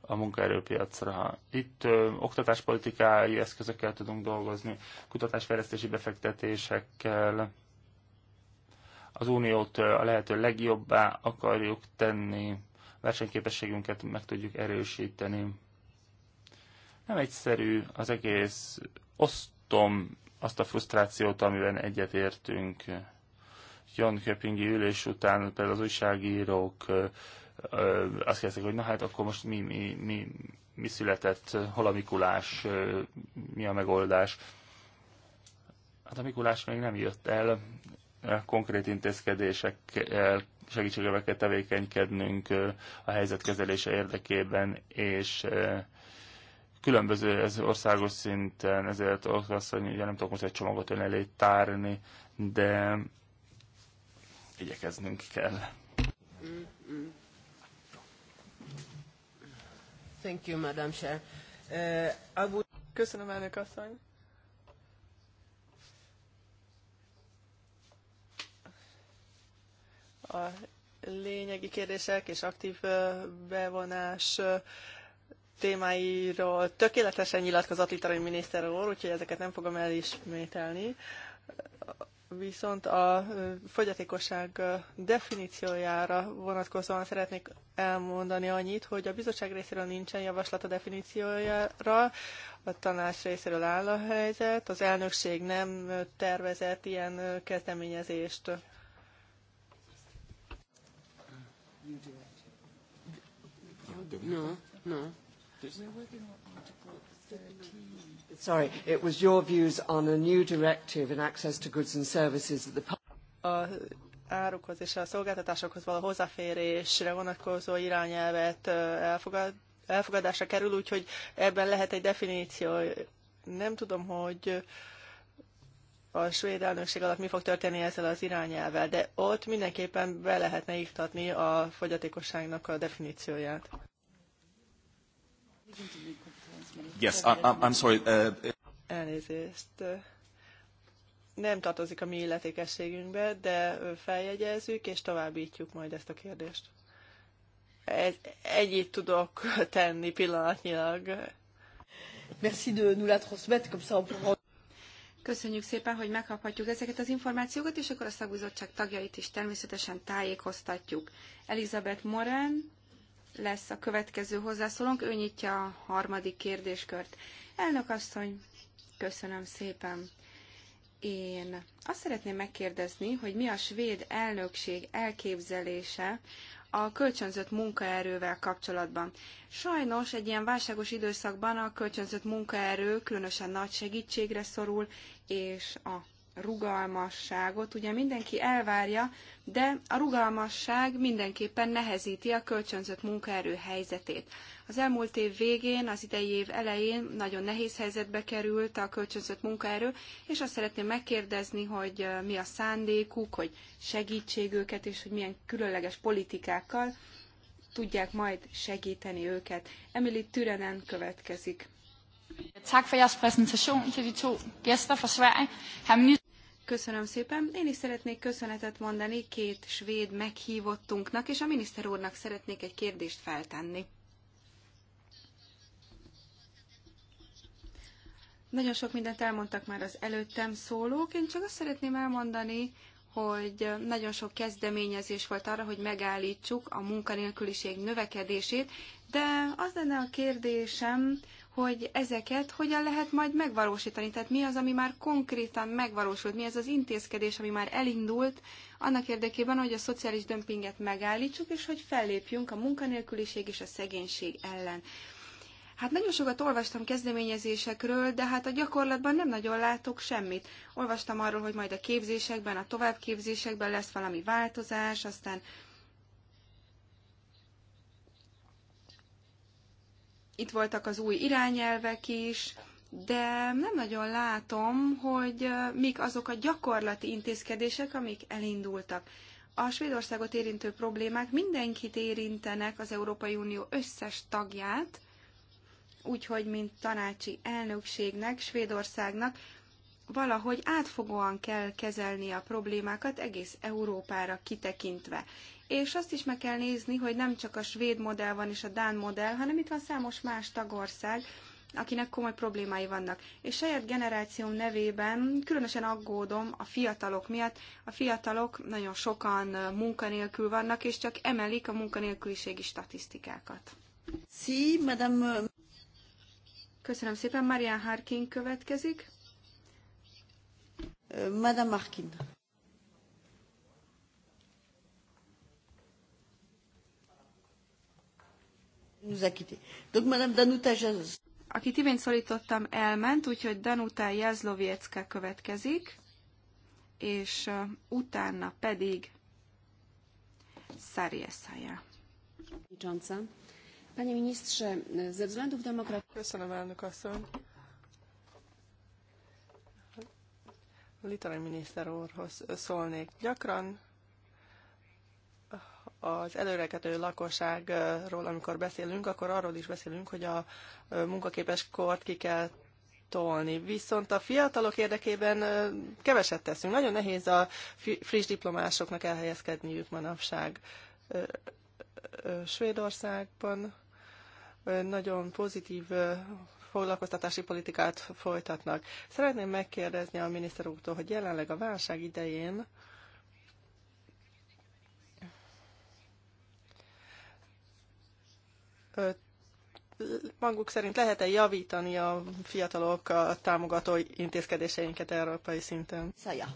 a munkaerőpiacra. Itt ö, oktatáspolitikai eszközökkel tudunk dolgozni, kutatásfejlesztési befektetésekkel. Az uniót a lehető legjobbá akarjuk tenni, versenyképességünket meg tudjuk erősíteni. Nem egyszerű az egész, osztom azt a frusztrációt, amiben egyetértünk. John Köpingi ülés után például az újságírók azt kérdezik, hogy na hát akkor most mi, mi, mi, mi született, hol a Mikulás, mi a megoldás. Hát a Mikulás még nem jött el, konkrét intézkedésekkel, segítségével kell tevékenykednünk a helyzet kezelése érdekében, és különböző ez országos szinten, ezért azt hogy ugye nem tudok most egy csomagot ön elé tárni, de igyekeznünk kell. Thank you, Madam Chair. Uh, Abu... Köszönöm, elnök asszony. A lényegi kérdések és aktív uh, bevonás uh, témáiról tökéletesen nyilatkozott itt a miniszter úr, úgyhogy ezeket nem fogom elismételni. Viszont a fogyatékosság definíciójára vonatkozóan szeretnék elmondani annyit, hogy a bizottság részéről nincsen javaslat a definíciójára, a tanács részéről áll a helyzet, az elnökség nem tervezett ilyen kezdeményezést. No, no because we're working on Article 13. Sorry, it was your views on a new directive in access to goods and services that the a árukhoz és a szolgáltatásokhoz való hozzáférésre vonatkozó irányelvet elfogad, elfogadásra kerül, úgyhogy ebben lehet egy definíció. Nem tudom, hogy a svéd elnökség alatt mi fog történni ezzel az irányelvel, de ott mindenképpen be lehetne iktatni a fogyatékosságnak a definícióját. Yes, I, I'm sorry. Uh, Elnézést. Nem tartozik a mi illetékességünkbe, de feljegyezzük és továbbítjuk majd ezt a kérdést. Egy, egyit tudok tenni pillanatnyilag. Merci de nous la transmettre, comme ça on pourra... Köszönjük szépen, hogy megkaphatjuk ezeket az információkat, és akkor a szakbizottság tagjait is természetesen tájékoztatjuk. Elizabeth Morán, lesz a következő hozzászólónk, ő nyitja a harmadik kérdéskört. Elnök asszony, köszönöm szépen. Én azt szeretném megkérdezni, hogy mi a svéd elnökség elképzelése a kölcsönzött munkaerővel kapcsolatban. Sajnos egy ilyen válságos időszakban a kölcsönzött munkaerő különösen nagy segítségre szorul, és a rugalmasságot. Ugye mindenki elvárja, de a rugalmasság mindenképpen nehezíti a kölcsönzött munkaerő helyzetét. Az elmúlt év végén, az idei év elején nagyon nehéz helyzetbe került a kölcsönzött munkaerő, és azt szeretném megkérdezni, hogy mi a szándékuk, hogy segítség őket, és hogy milyen különleges politikákkal tudják majd segíteni őket. Emily Türenen következik. Tak for jeres præsentation til de to gæster fra Sverige. Köszönöm szépen. Én is szeretnék köszönetet mondani két svéd meghívottunknak, és a miniszter úrnak szeretnék egy kérdést feltenni. Nagyon sok mindent elmondtak már az előttem szólók, én csak azt szeretném elmondani, hogy nagyon sok kezdeményezés volt arra, hogy megállítsuk a munkanélküliség növekedését, de az lenne a kérdésem, hogy ezeket hogyan lehet majd megvalósítani. Tehát mi az, ami már konkrétan megvalósult, mi az az intézkedés, ami már elindult, annak érdekében, hogy a szociális dömpinget megállítsuk, és hogy fellépjünk a munkanélküliség és a szegénység ellen. Hát nagyon sokat olvastam kezdeményezésekről, de hát a gyakorlatban nem nagyon látok semmit. Olvastam arról, hogy majd a képzésekben, a továbbképzésekben lesz valami változás, aztán itt voltak az új irányelvek is, de nem nagyon látom, hogy mik azok a gyakorlati intézkedések, amik elindultak. A Svédországot érintő problémák mindenkit érintenek, az Európai Unió összes tagját, úgyhogy mint tanácsi elnökségnek, Svédországnak valahogy átfogóan kell kezelni a problémákat egész Európára kitekintve. És azt is meg kell nézni, hogy nem csak a svéd modell van és a dán modell, hanem itt van számos más tagország, akinek komoly problémái vannak. És saját generációm nevében különösen aggódom a fiatalok miatt. A fiatalok nagyon sokan munkanélkül vannak, és csak emelik a munkanélküliségi statisztikákat. Sí, madame. Köszönöm szépen, Marian Harkin következik. Euh, Madame Harkin. Nous a quitté. Donc Madame Danuta Akit imént szólítottam, elment, úgyhogy Danuta Jazloviecka következik, és utána pedig Szárieszája. Panie ministrze, ze względów demokratycznych... Köszönöm, elnök asszony. Litani miniszter úrhoz szólnék. Gyakran az előregető lakosságról, amikor beszélünk, akkor arról is beszélünk, hogy a munkaképes kort ki kell tolni. Viszont a fiatalok érdekében keveset teszünk. Nagyon nehéz a friss diplomásoknak elhelyezkedniük manapság. Svédországban nagyon pozitív foglalkoztatási politikát folytatnak. Szeretném megkérdezni a miniszter úrtól, hogy jelenleg a válság idején maguk szerint lehet-e javítani a fiatalok a támogató intézkedéseinket európai szinten? Szaja.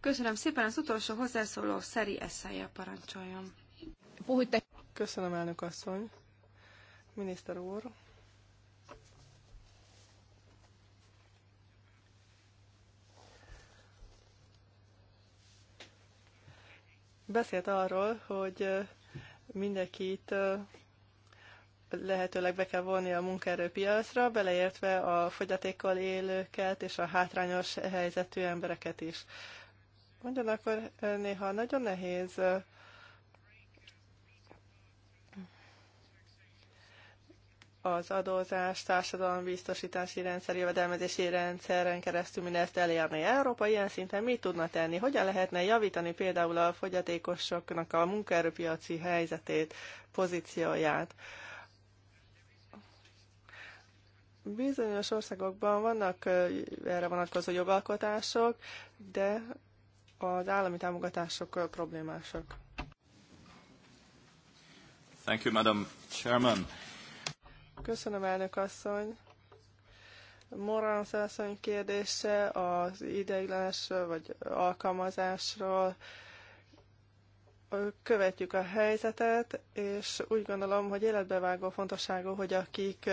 Köszönöm szépen, az utolsó hozzászóló Szeri Eszája parancsoljon. Köszönöm, elnök asszony. Miniszter úr. beszélt arról, hogy mindenkit lehetőleg be kell vonni a munkaerőpiacra, beleértve a fogyatékkal élőket és a hátrányos helyzetű embereket is. Ugyanakkor néha nagyon nehéz az adózás, biztosítási rendszer, jövedelmezési rendszeren keresztül mindezt elérni. Európa ilyen szinten mit tudna tenni? Hogyan lehetne javítani például a fogyatékosoknak a munkaerőpiaci helyzetét, pozícióját? Bizonyos országokban vannak erre vonatkozó jogalkotások, de az állami támogatások problémásak. Thank you, Madam Chairman. Köszönöm, elnök asszony. Morán asszony kérdése az ideiglenes vagy alkalmazásról. Követjük a helyzetet, és úgy gondolom, hogy életbevágó fontosságú, hogy akik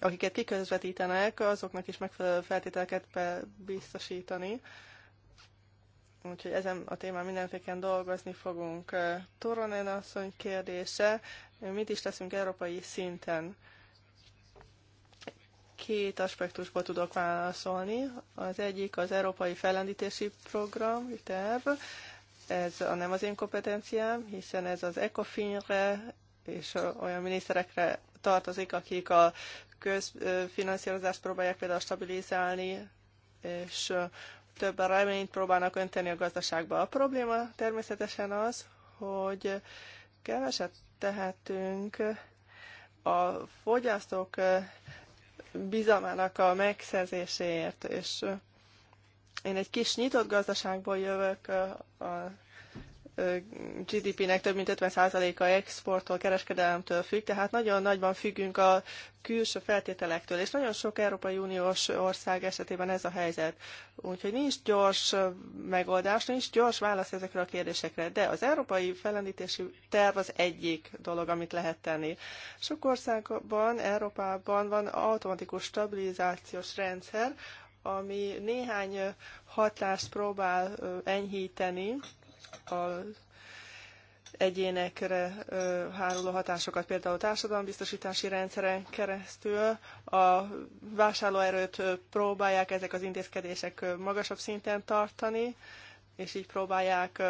akiket kiközvetítenek, azoknak is megfelelő feltételeket kell biztosítani Úgyhogy ezen a témán mindenféleképpen dolgozni fogunk. Toronen asszony kérdése, mit is teszünk európai szinten? Két aspektusból tudok válaszolni. Az egyik az Európai Fellendítési Program, terv. Ez a nem az én kompetenciám, hiszen ez az ECOFIN-re és olyan miniszterekre tartozik, akik a közfinanszírozást próbálják például stabilizálni, és több reményt próbálnak önteni a gazdaságba. A probléma természetesen az, hogy keveset tehetünk a fogyasztók eh, bizalmának a megszerzéséért, és eh, én egy kis nyitott gazdaságból jövök, eh, a GDP-nek több mint 50%-a exporttól, kereskedelemtől függ, tehát nagyon nagyban függünk a külső feltételektől, és nagyon sok Európai Uniós ország esetében ez a helyzet. Úgyhogy nincs gyors megoldás, nincs gyors válasz ezekre a kérdésekre, de az európai felendítési terv az egyik dolog, amit lehet tenni. Sok országban, Európában van automatikus stabilizációs rendszer, ami néhány hatást próbál enyhíteni, az egyénekre háruló hatásokat, például társadalombiztosítási rendszeren keresztül. A vásárlóerőt próbálják ezek az intézkedések magasabb szinten tartani, és így próbálják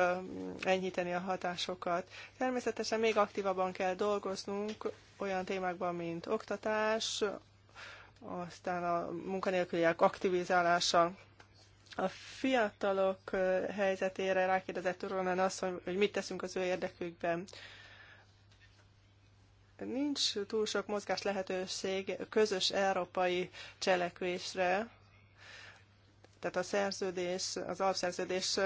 enyhíteni a hatásokat. Természetesen még aktívabban kell dolgoznunk olyan témákban, mint oktatás, aztán a munkanélküliek aktivizálása, a fiatalok helyzetére rákérdezett Turonán azt, hogy mit teszünk az ő érdekükben. Nincs túl sok mozgás lehetőség közös európai cselekvésre, tehát a szerződés, az alapszerződés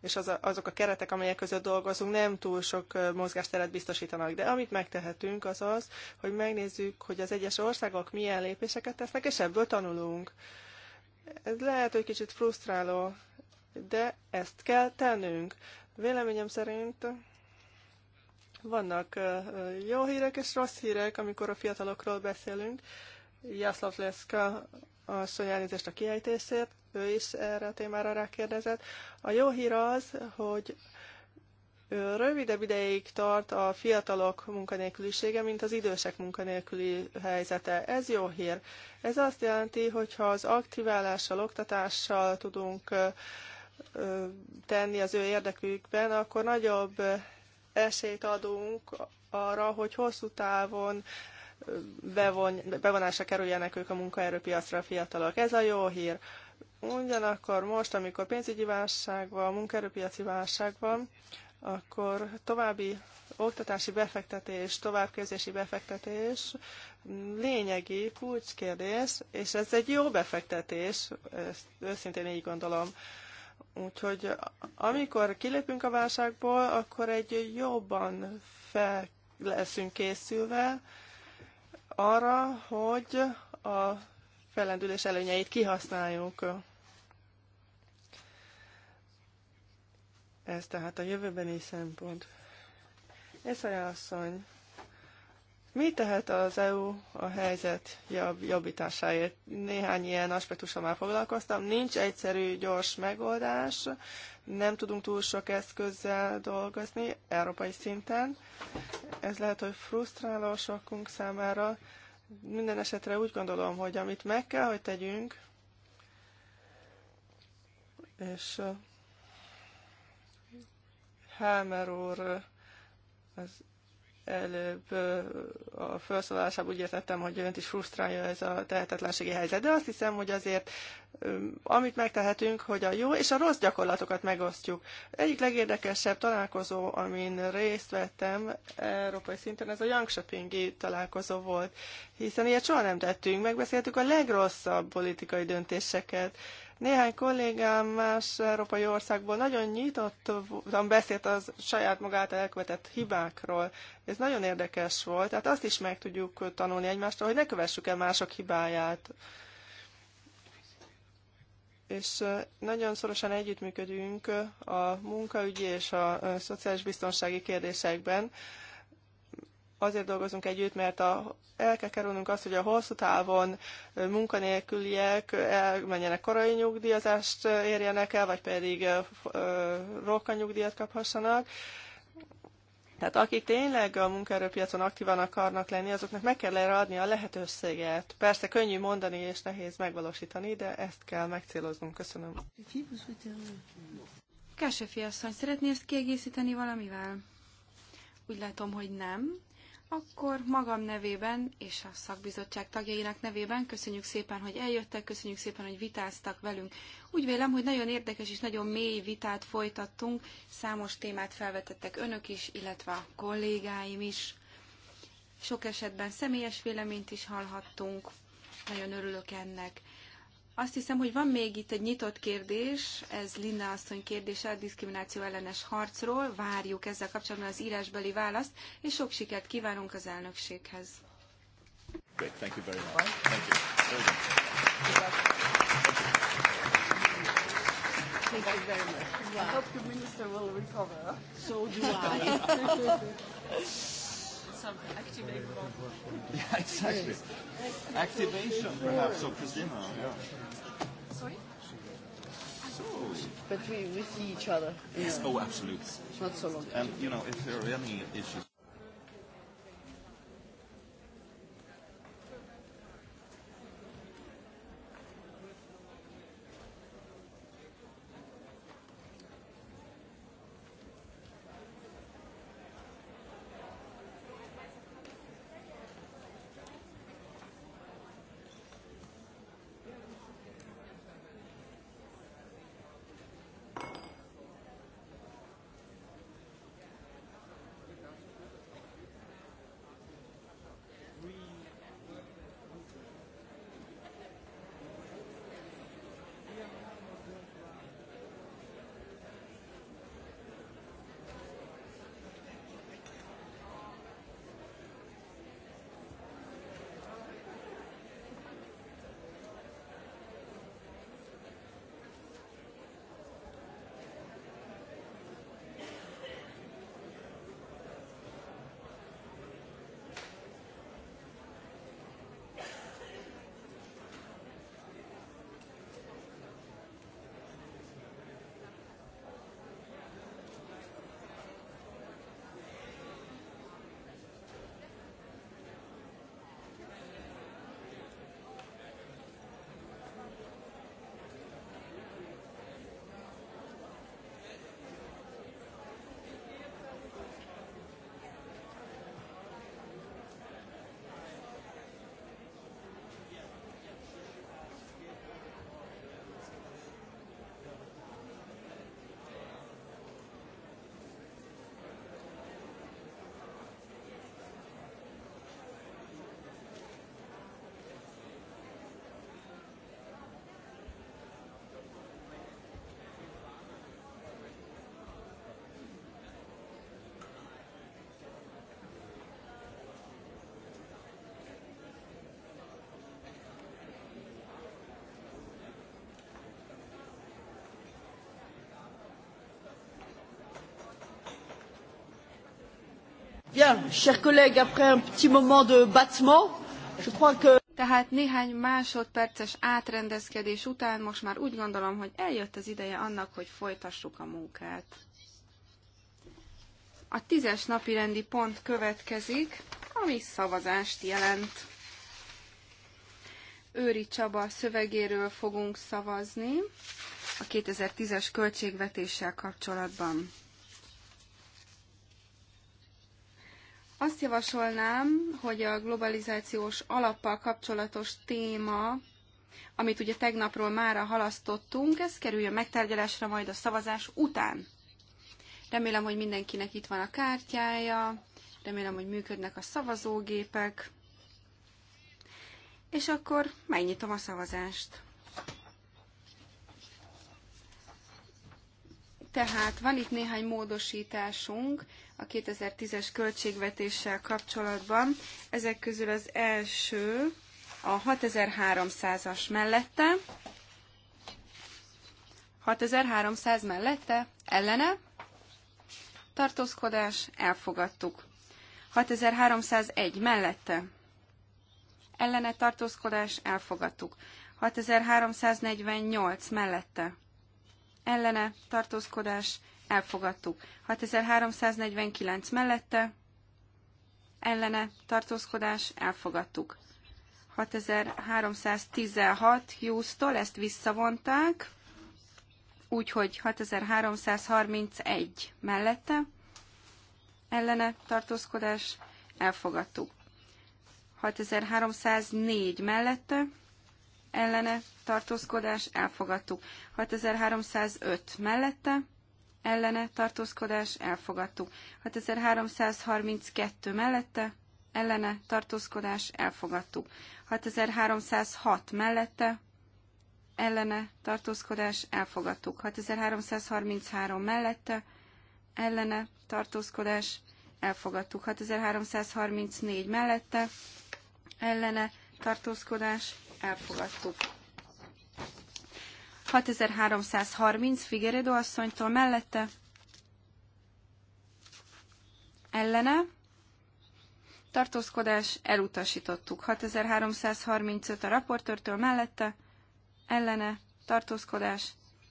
és az a, azok a keretek, amelyek között dolgozunk, nem túl sok mozgásteret biztosítanak. De amit megtehetünk, az az, hogy megnézzük, hogy az egyes országok milyen lépéseket tesznek, és ebből tanulunk. Ez lehet, hogy kicsit frusztráló, de ezt kell tennünk. Véleményem szerint vannak jó hírek és rossz hírek, amikor a fiatalokról beszélünk. Jaszlav Leszka a elnézést a kiejtésért, ő is erre a témára rákérdezett. A jó hír az, hogy rövidebb ideig tart a fiatalok munkanélkülisége, mint az idősek munkanélküli helyzete. Ez jó hír. Ez azt jelenti, hogy ha az aktiválással, oktatással tudunk tenni az ő érdekükben, akkor nagyobb esélyt adunk arra, hogy hosszú távon bevon, bevonásra kerüljenek ők a munkaerőpiacra a fiatalok. Ez a jó hír. Ugyanakkor most, amikor pénzügyi válság van, munkaerőpiaci válság van, akkor további oktatási befektetés, továbbképzési befektetés lényegi kulcskérdés, és ez egy jó befektetés, ezt őszintén így gondolom. Úgyhogy amikor kilépünk a válságból, akkor egy jobban fel leszünk készülve arra, hogy a felendülés előnyeit kihasználjuk. Ez tehát a jövőbeni szempont. Eszaja asszony, mi tehet az EU a helyzet jobb, jobbításáért? Néhány ilyen aspektusra már foglalkoztam. Nincs egyszerű, gyors megoldás, nem tudunk túl sok eszközzel dolgozni európai szinten. Ez lehet, hogy frusztráló sokunk számára. Minden esetre úgy gondolom, hogy amit meg kell, hogy tegyünk, és Helmer úr az előbb a felszólalásában úgy értettem, hogy önt is frusztrálja ez a tehetetlenségi helyzet, de azt hiszem, hogy azért amit megtehetünk, hogy a jó és a rossz gyakorlatokat megosztjuk. Egyik legérdekesebb találkozó, amin részt vettem európai szinten, ez a shopping találkozó volt, hiszen ilyet soha nem tettünk, megbeszéltük a legrosszabb politikai döntéseket, néhány kollégám más európai országból nagyon nyitottan beszélt az saját magát elkövetett hibákról. Ez nagyon érdekes volt, tehát azt is meg tudjuk tanulni egymástól, hogy ne kövessük el mások hibáját. És nagyon szorosan együttműködünk a munkaügyi és a szociális biztonsági kérdésekben azért dolgozunk együtt, mert a, el kell kerülnünk azt, hogy a hosszú távon munkanélküliek elmenjenek korai nyugdíjazást érjenek el, vagy pedig rokkanyugdíjat kaphassanak. Tehát akik tényleg a munkaerőpiacon aktívan akarnak lenni, azoknak meg kell erre adni a lehetőséget. Persze könnyű mondani és nehéz megvalósítani, de ezt kell megcéloznunk. Köszönöm. Kásefi asszony, szeretné ezt kiegészíteni valamivel? Úgy látom, hogy nem. Akkor magam nevében és a szakbizottság tagjainak nevében köszönjük szépen, hogy eljöttek, köszönjük szépen, hogy vitáztak velünk. Úgy vélem, hogy nagyon érdekes és nagyon mély vitát folytattunk, számos témát felvetettek önök is, illetve a kollégáim is. Sok esetben személyes véleményt is hallhattunk, nagyon örülök ennek. Azt hiszem, hogy van még itt egy nyitott kérdés, ez Linda asszony kérdése a diszkrimináció ellenes harcról. Várjuk ezzel kapcsolatban az írásbeli választ, és sok sikert kívánunk az elnökséghez. Great, thank you very much. Thank you. Thank you very much. Yeah. I hope the minister will recover. So do I. some activate Yeah, exactly. Activation, perhaps, of Christina. Yeah. Sorry? But we, we see each other. Yes, oh, absolutely. Not so long. And, you know, if there are any issues. chers collègues, après un petit moment de battement, je crois que... Tehát néhány másodperces átrendezkedés után most már úgy gondolom, hogy eljött az ideje annak, hogy folytassuk a munkát. A tízes napi rendi pont következik, ami szavazást jelent. Őri Csaba szövegéről fogunk szavazni a 2010-es költségvetéssel kapcsolatban. Azt javasolnám, hogy a globalizációs alappal kapcsolatos téma, amit ugye tegnapról mára halasztottunk, ez kerüljön megtárgyalásra majd a szavazás után. Remélem, hogy mindenkinek itt van a kártyája, remélem, hogy működnek a szavazógépek, és akkor megnyitom a szavazást. Tehát van itt néhány módosításunk a 2010-es költségvetéssel kapcsolatban. Ezek közül az első a 6300-as mellette. 6300 mellette ellene tartózkodás elfogadtuk. 6301 mellette ellene tartózkodás elfogadtuk. 6348 mellette ellene tartózkodás elfogadtuk. 6349 mellette ellene tartózkodás elfogadtuk. 6316 hughes ezt visszavonták, úgyhogy 6331 mellette ellene tartózkodás elfogadtuk. 6304 mellette ellene tartózkodás elfogadtuk. 6305 mellette ellene tartózkodás elfogadtuk. 6332 mellette ellene tartózkodás elfogadtuk. 6306 mellette ellene tartózkodás elfogadtuk. 6333 mellette ellene tartózkodás elfogadtuk. 6334 mellette ellene tartózkodás elfogadtuk. 6330 Figueredo asszonytól mellette ellene tartózkodás elutasítottuk. 6335 a raportőrtől mellette ellene tartózkodás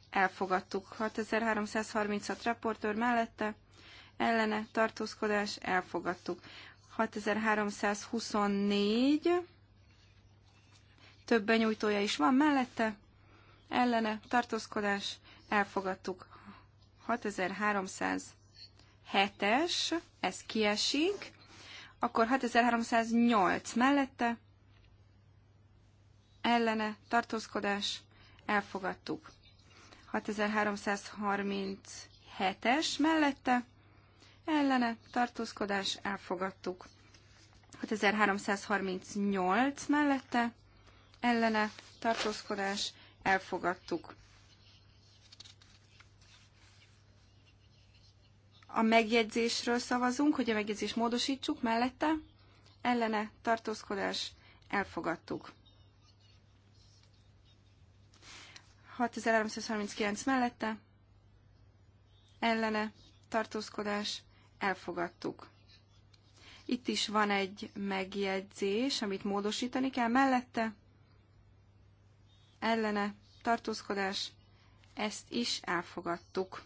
elfogadtuk. 6336 raportőr mellette ellene tartózkodás elfogadtuk. 6324 több benyújtója is van mellette, ellene tartózkodás, elfogadtuk 6307-es, ez kiesik, akkor 6308 mellette, ellene tartózkodás, elfogadtuk 6337-es mellette, ellene tartózkodás, elfogadtuk 6338 mellette, ellene tartózkodás elfogadtuk. A megjegyzésről szavazunk, hogy a megjegyzés módosítsuk mellette, ellene tartózkodás elfogadtuk. 6339 mellette, ellene tartózkodás elfogadtuk. Itt is van egy megjegyzés, amit módosítani kell mellette, ellene tartózkodás, ezt is elfogadtuk.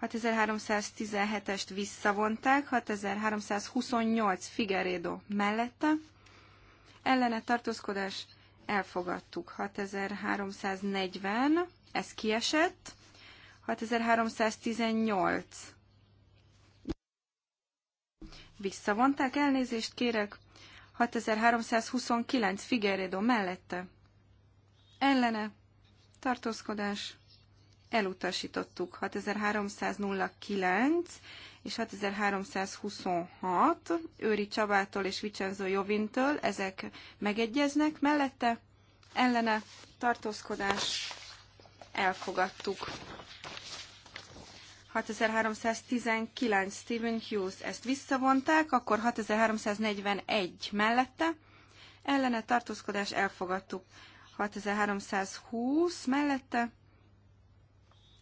6317-est visszavonták, 6328 Figueredo mellette, ellene tartózkodás, elfogadtuk. 6340, ez kiesett, 6318 visszavonták, elnézést kérek, 6329 Figueredo mellette, ellene, tartózkodás, elutasítottuk 6309 és 6326 Őri Csabától és Vicenzo Jovintől, ezek megegyeznek mellette, ellene tartózkodás elfogadtuk. 6319 Stephen Hughes ezt visszavonták, akkor 6341 mellette, ellene tartózkodás elfogadtuk. 6320 mellette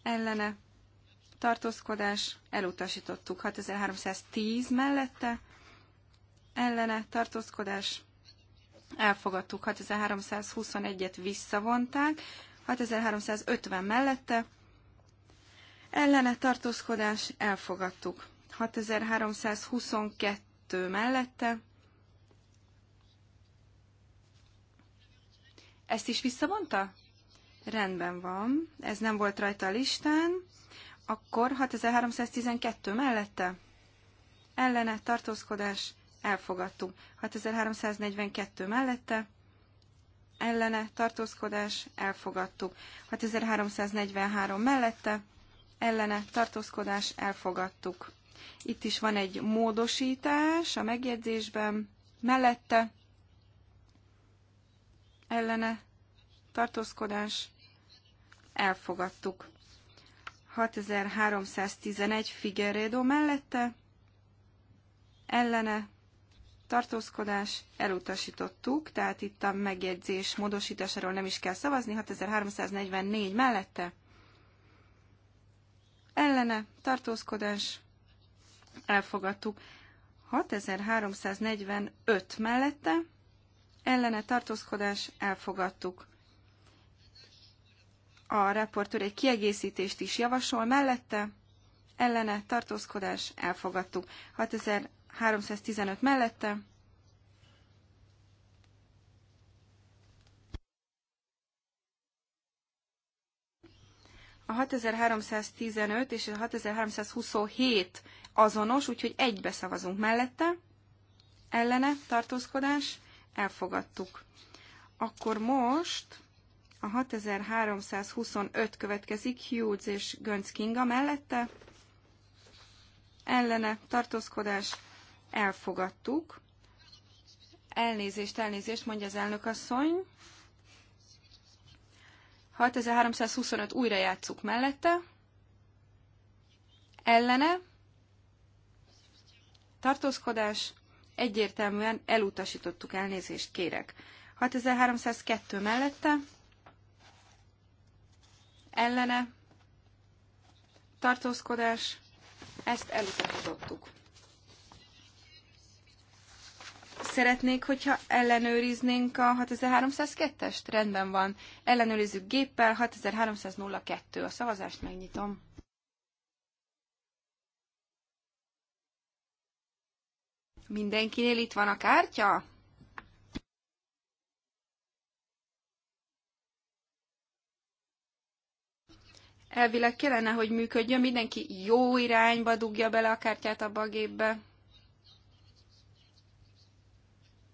ellene tartózkodás, elutasítottuk 6310 mellette, ellene tartózkodás, elfogadtuk 6321-et visszavonták, 6350 mellette, ellene tartózkodás, elfogadtuk 6322 mellette, Ezt is visszavonta? Rendben van. Ez nem volt rajta a listán. Akkor 6312 mellette? Ellene tartózkodás elfogadtuk. 6342 mellette? Ellene tartózkodás elfogadtuk. 6343 mellette? Ellene tartózkodás elfogadtuk. Itt is van egy módosítás a megjegyzésben, mellette ellene tartózkodás elfogadtuk. 6311 Figueredo mellette ellene tartózkodás elutasítottuk, tehát itt a megjegyzés módosításáról nem is kell szavazni, 6344 mellette ellene tartózkodás elfogadtuk, 6345 mellette ellene tartózkodás elfogadtuk. A reportőr egy kiegészítést is javasol mellette, ellene tartózkodás elfogadtuk. 6315 mellette, A 6315 és a 6327 azonos, úgyhogy egybe szavazunk mellette. Ellene tartózkodás elfogadtuk. Akkor most a 6325 következik Hughes és Gönc Kinga mellette. Ellene tartózkodás elfogadtuk. Elnézést, elnézést, mondja az elnök asszony. 6325 újra játsszuk mellette. Ellene tartózkodás egyértelműen elutasítottuk, elnézést kérek. 6302 mellette, ellene, tartózkodás, ezt elutasítottuk. Szeretnék, hogyha ellenőriznénk a 6302-est? Rendben van. Ellenőrizzük géppel, 6302 a szavazást megnyitom. Mindenkinél itt van a kártya? Elvileg kellene, hogy működjön, mindenki jó irányba dugja bele a kártyát abba a gépbe.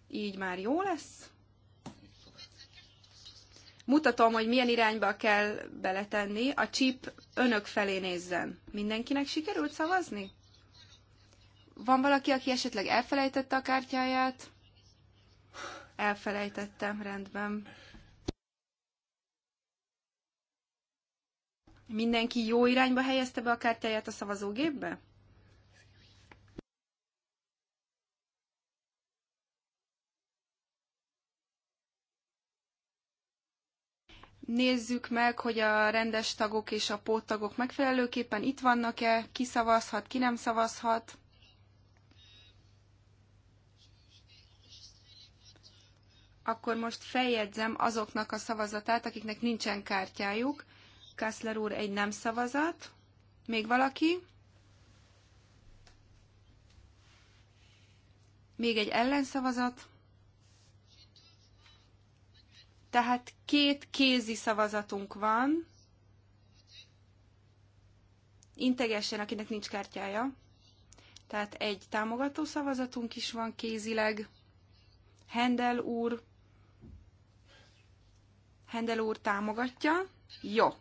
Így már jó lesz. Mutatom, hogy milyen irányba kell beletenni. A csíp önök felé nézzen. Mindenkinek sikerült szavazni? Van valaki, aki esetleg elfelejtette a kártyáját? Elfelejtettem, rendben. Mindenki jó irányba helyezte be a kártyáját a szavazógépbe? Nézzük meg, hogy a rendes tagok és a póttagok megfelelőképpen itt vannak-e, ki szavazhat, ki nem szavazhat. akkor most feljegyzem azoknak a szavazatát, akiknek nincsen kártyájuk. Kassler úr egy nem szavazat. Még valaki? Még egy ellenszavazat. Tehát két kézi szavazatunk van. Integessen, akinek nincs kártyája. Tehát egy támogató szavazatunk is van kézileg. Hendel úr, Hendel úr támogatja? Jó.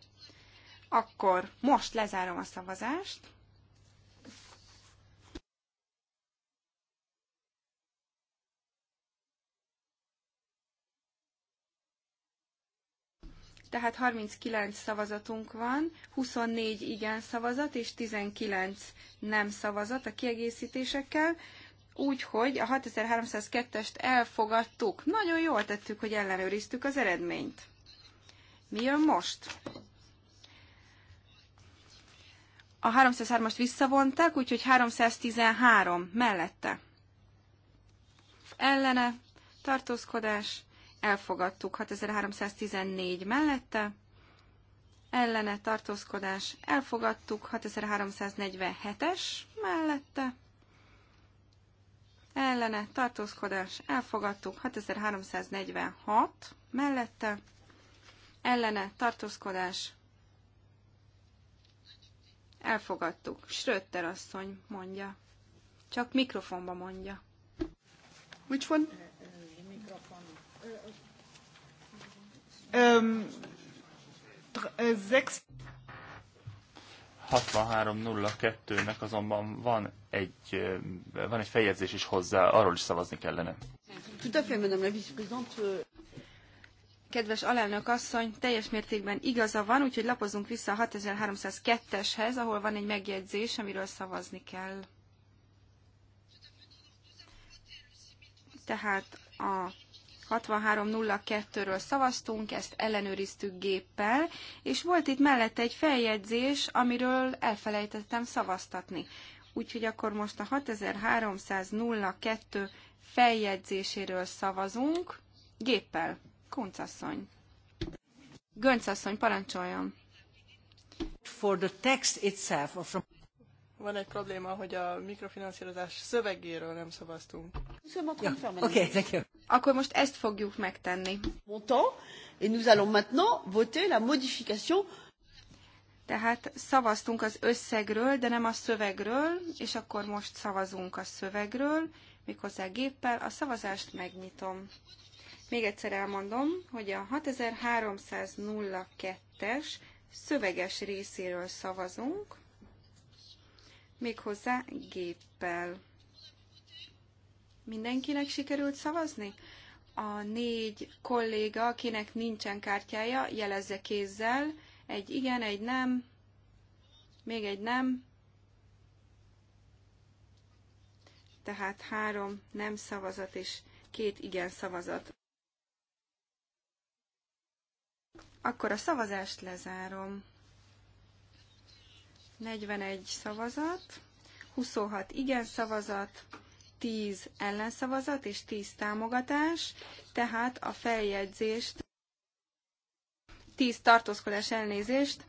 Akkor most lezárom a szavazást. tehát 39 szavazatunk van, 24 igen szavazat és 19 nem szavazat a kiegészítésekkel, úgyhogy a 6302-est elfogadtuk. Nagyon jól tettük, hogy ellenőriztük az eredményt. Mi jön most? A 303-ast visszavonták, úgyhogy 313 mellette. Ellene, tartózkodás, elfogadtuk 6314 mellette, ellene tartózkodás, elfogadtuk 6347-es mellette, ellene tartózkodás, elfogadtuk 6346 mellette, ellene tartózkodás elfogadtuk. Schröter asszony mondja. Csak mikrofonba mondja. Which one? Um, 63.02-nek azonban van egy, van egy fejezés is hozzá, arról is szavazni kellene. Tout à fait, Kedves alelnök asszony, teljes mértékben igaza van, úgyhogy lapozunk vissza a 6302-eshez, ahol van egy megjegyzés, amiről szavazni kell. Tehát a 6302-ről szavaztunk, ezt ellenőriztük géppel, és volt itt mellette egy feljegyzés, amiről elfelejtettem szavaztatni. Úgyhogy akkor most a 6302 feljegyzéséről szavazunk géppel. Kuncasszony. Göncasszony, parancsoljon. For the text itself, or from... Van egy probléma, hogy a mikrofinanszírozás szövegéről nem szavaztunk. Yeah. Okay, thank you. Akkor most ezt fogjuk megtenni. Montant, et nous allons maintenant voter la modification tehát szavaztunk az összegről, de nem a szövegről, és akkor most szavazunk a szövegről, méghozzá géppel. A szavazást megnyitom. Még egyszer elmondom, hogy a 6302-es szöveges részéről szavazunk, méghozzá géppel. Mindenkinek sikerült szavazni? A négy kolléga, akinek nincsen kártyája, jelezze kézzel. Egy igen, egy nem, még egy nem. Tehát három nem szavazat és két igen szavazat. Akkor a szavazást lezárom. 41 szavazat, 26 igen szavazat, 10 ellenszavazat és 10 támogatás, tehát a feljegyzést, 10 tartózkodás elnézést,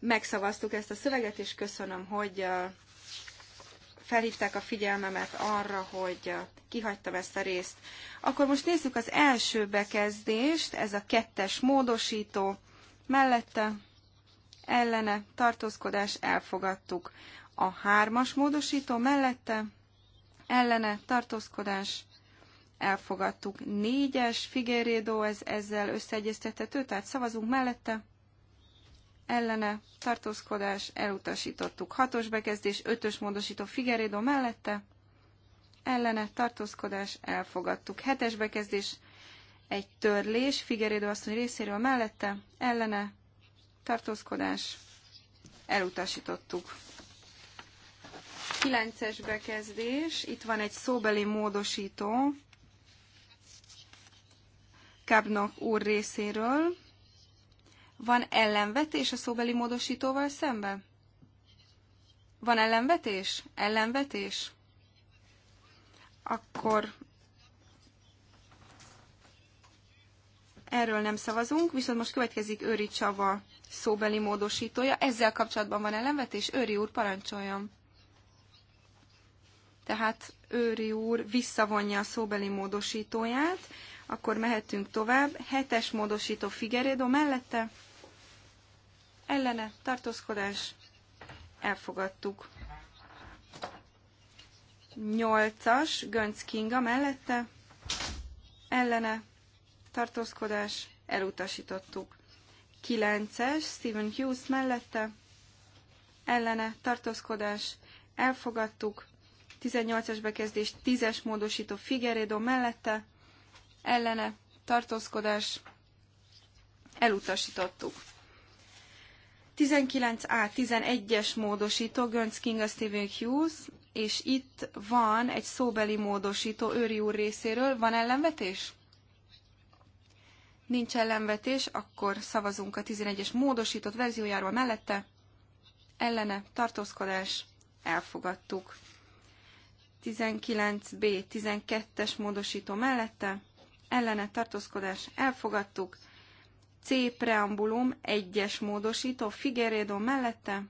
megszavaztuk ezt a szöveget, és köszönöm, hogy felhívták a figyelmemet arra, hogy kihagytam ezt a részt. Akkor most nézzük az első bekezdést, ez a kettes módosító, mellette, ellene, tartózkodás, elfogadtuk. A hármas módosító mellette, ellene, tartózkodás, elfogadtuk. Négyes, figérédó, ez ezzel összeegyeztethető, tehát szavazunk mellette, ellene tartózkodás elutasítottuk. Hatos bekezdés, ötös módosító Figueredo mellette, ellene tartózkodás elfogadtuk. Hetes bekezdés, egy törlés Figueredo asszony részéről mellette, ellene tartózkodás elutasítottuk. Kilences bekezdés, itt van egy szóbeli módosító kábnak úr részéről, van ellenvetés a szóbeli módosítóval szemben? Van ellenvetés? Ellenvetés? Akkor erről nem szavazunk, viszont most következik Őri Csava szóbeli módosítója. Ezzel kapcsolatban van ellenvetés? Őri úr, parancsoljon! Tehát Őri úr visszavonja a szóbeli módosítóját, akkor mehetünk tovább. Hetes módosító Figeredo mellette, ellene tartózkodás elfogadtuk. 8-as Gönc Kinga mellette ellene tartózkodás elutasítottuk. 9-es Stephen Hughes mellette ellene tartózkodás elfogadtuk. 18-as bekezdés 10-es módosító Figueredo mellette ellene tartózkodás elutasítottuk. 19A, 11-es módosító, Gönc Kinga Stephen Hughes, és itt van egy szóbeli módosító őri úr részéről. Van ellenvetés? Nincs ellenvetés, akkor szavazunk a 11-es módosított verziójáról mellette. Ellene, tartózkodás, elfogadtuk. 19B, 12-es módosító mellette. Ellene, tartózkodás, elfogadtuk. C preambulum, egyes módosító, Figueredo mellette,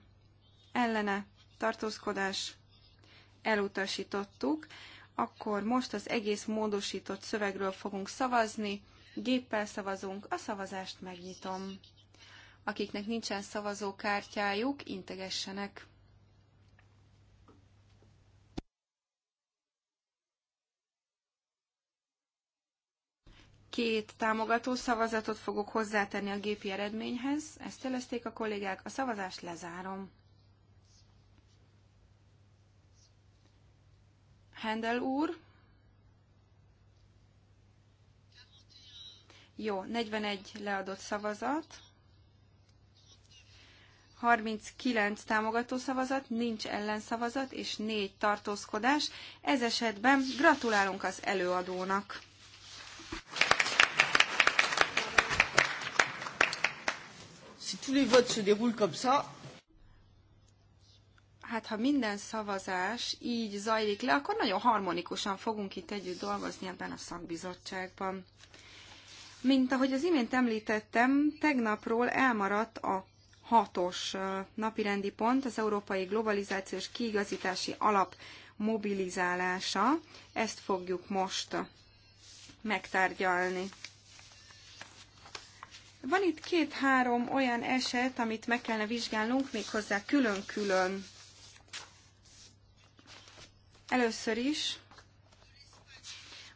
ellene, tartózkodás, elutasítottuk. Akkor most az egész módosított szövegről fogunk szavazni, géppel szavazunk, a szavazást megnyitom. Akiknek nincsen szavazókártyájuk, integessenek. két támogató szavazatot fogok hozzátenni a gépi eredményhez. Ezt jelezték a kollégák. A szavazást lezárom. Hendel úr. Jó, 41 leadott szavazat. 39 támogató szavazat, nincs ellenszavazat és 4 tartózkodás. Ez esetben gratulálunk az előadónak. Si tous les votes se déroulent comme ça, hát ha minden szavazás így zajlik le, akkor nagyon harmonikusan fogunk itt együtt dolgozni ebben a szakbizottságban. Mint ahogy az imént említettem, tegnapról elmaradt a hatos napirendi pont, az Európai Globalizációs Kiigazítási Alap mobilizálása. Ezt fogjuk most megtárgyalni. Van itt két-három olyan eset, amit meg kellene vizsgálnunk méghozzá külön-külön. Először is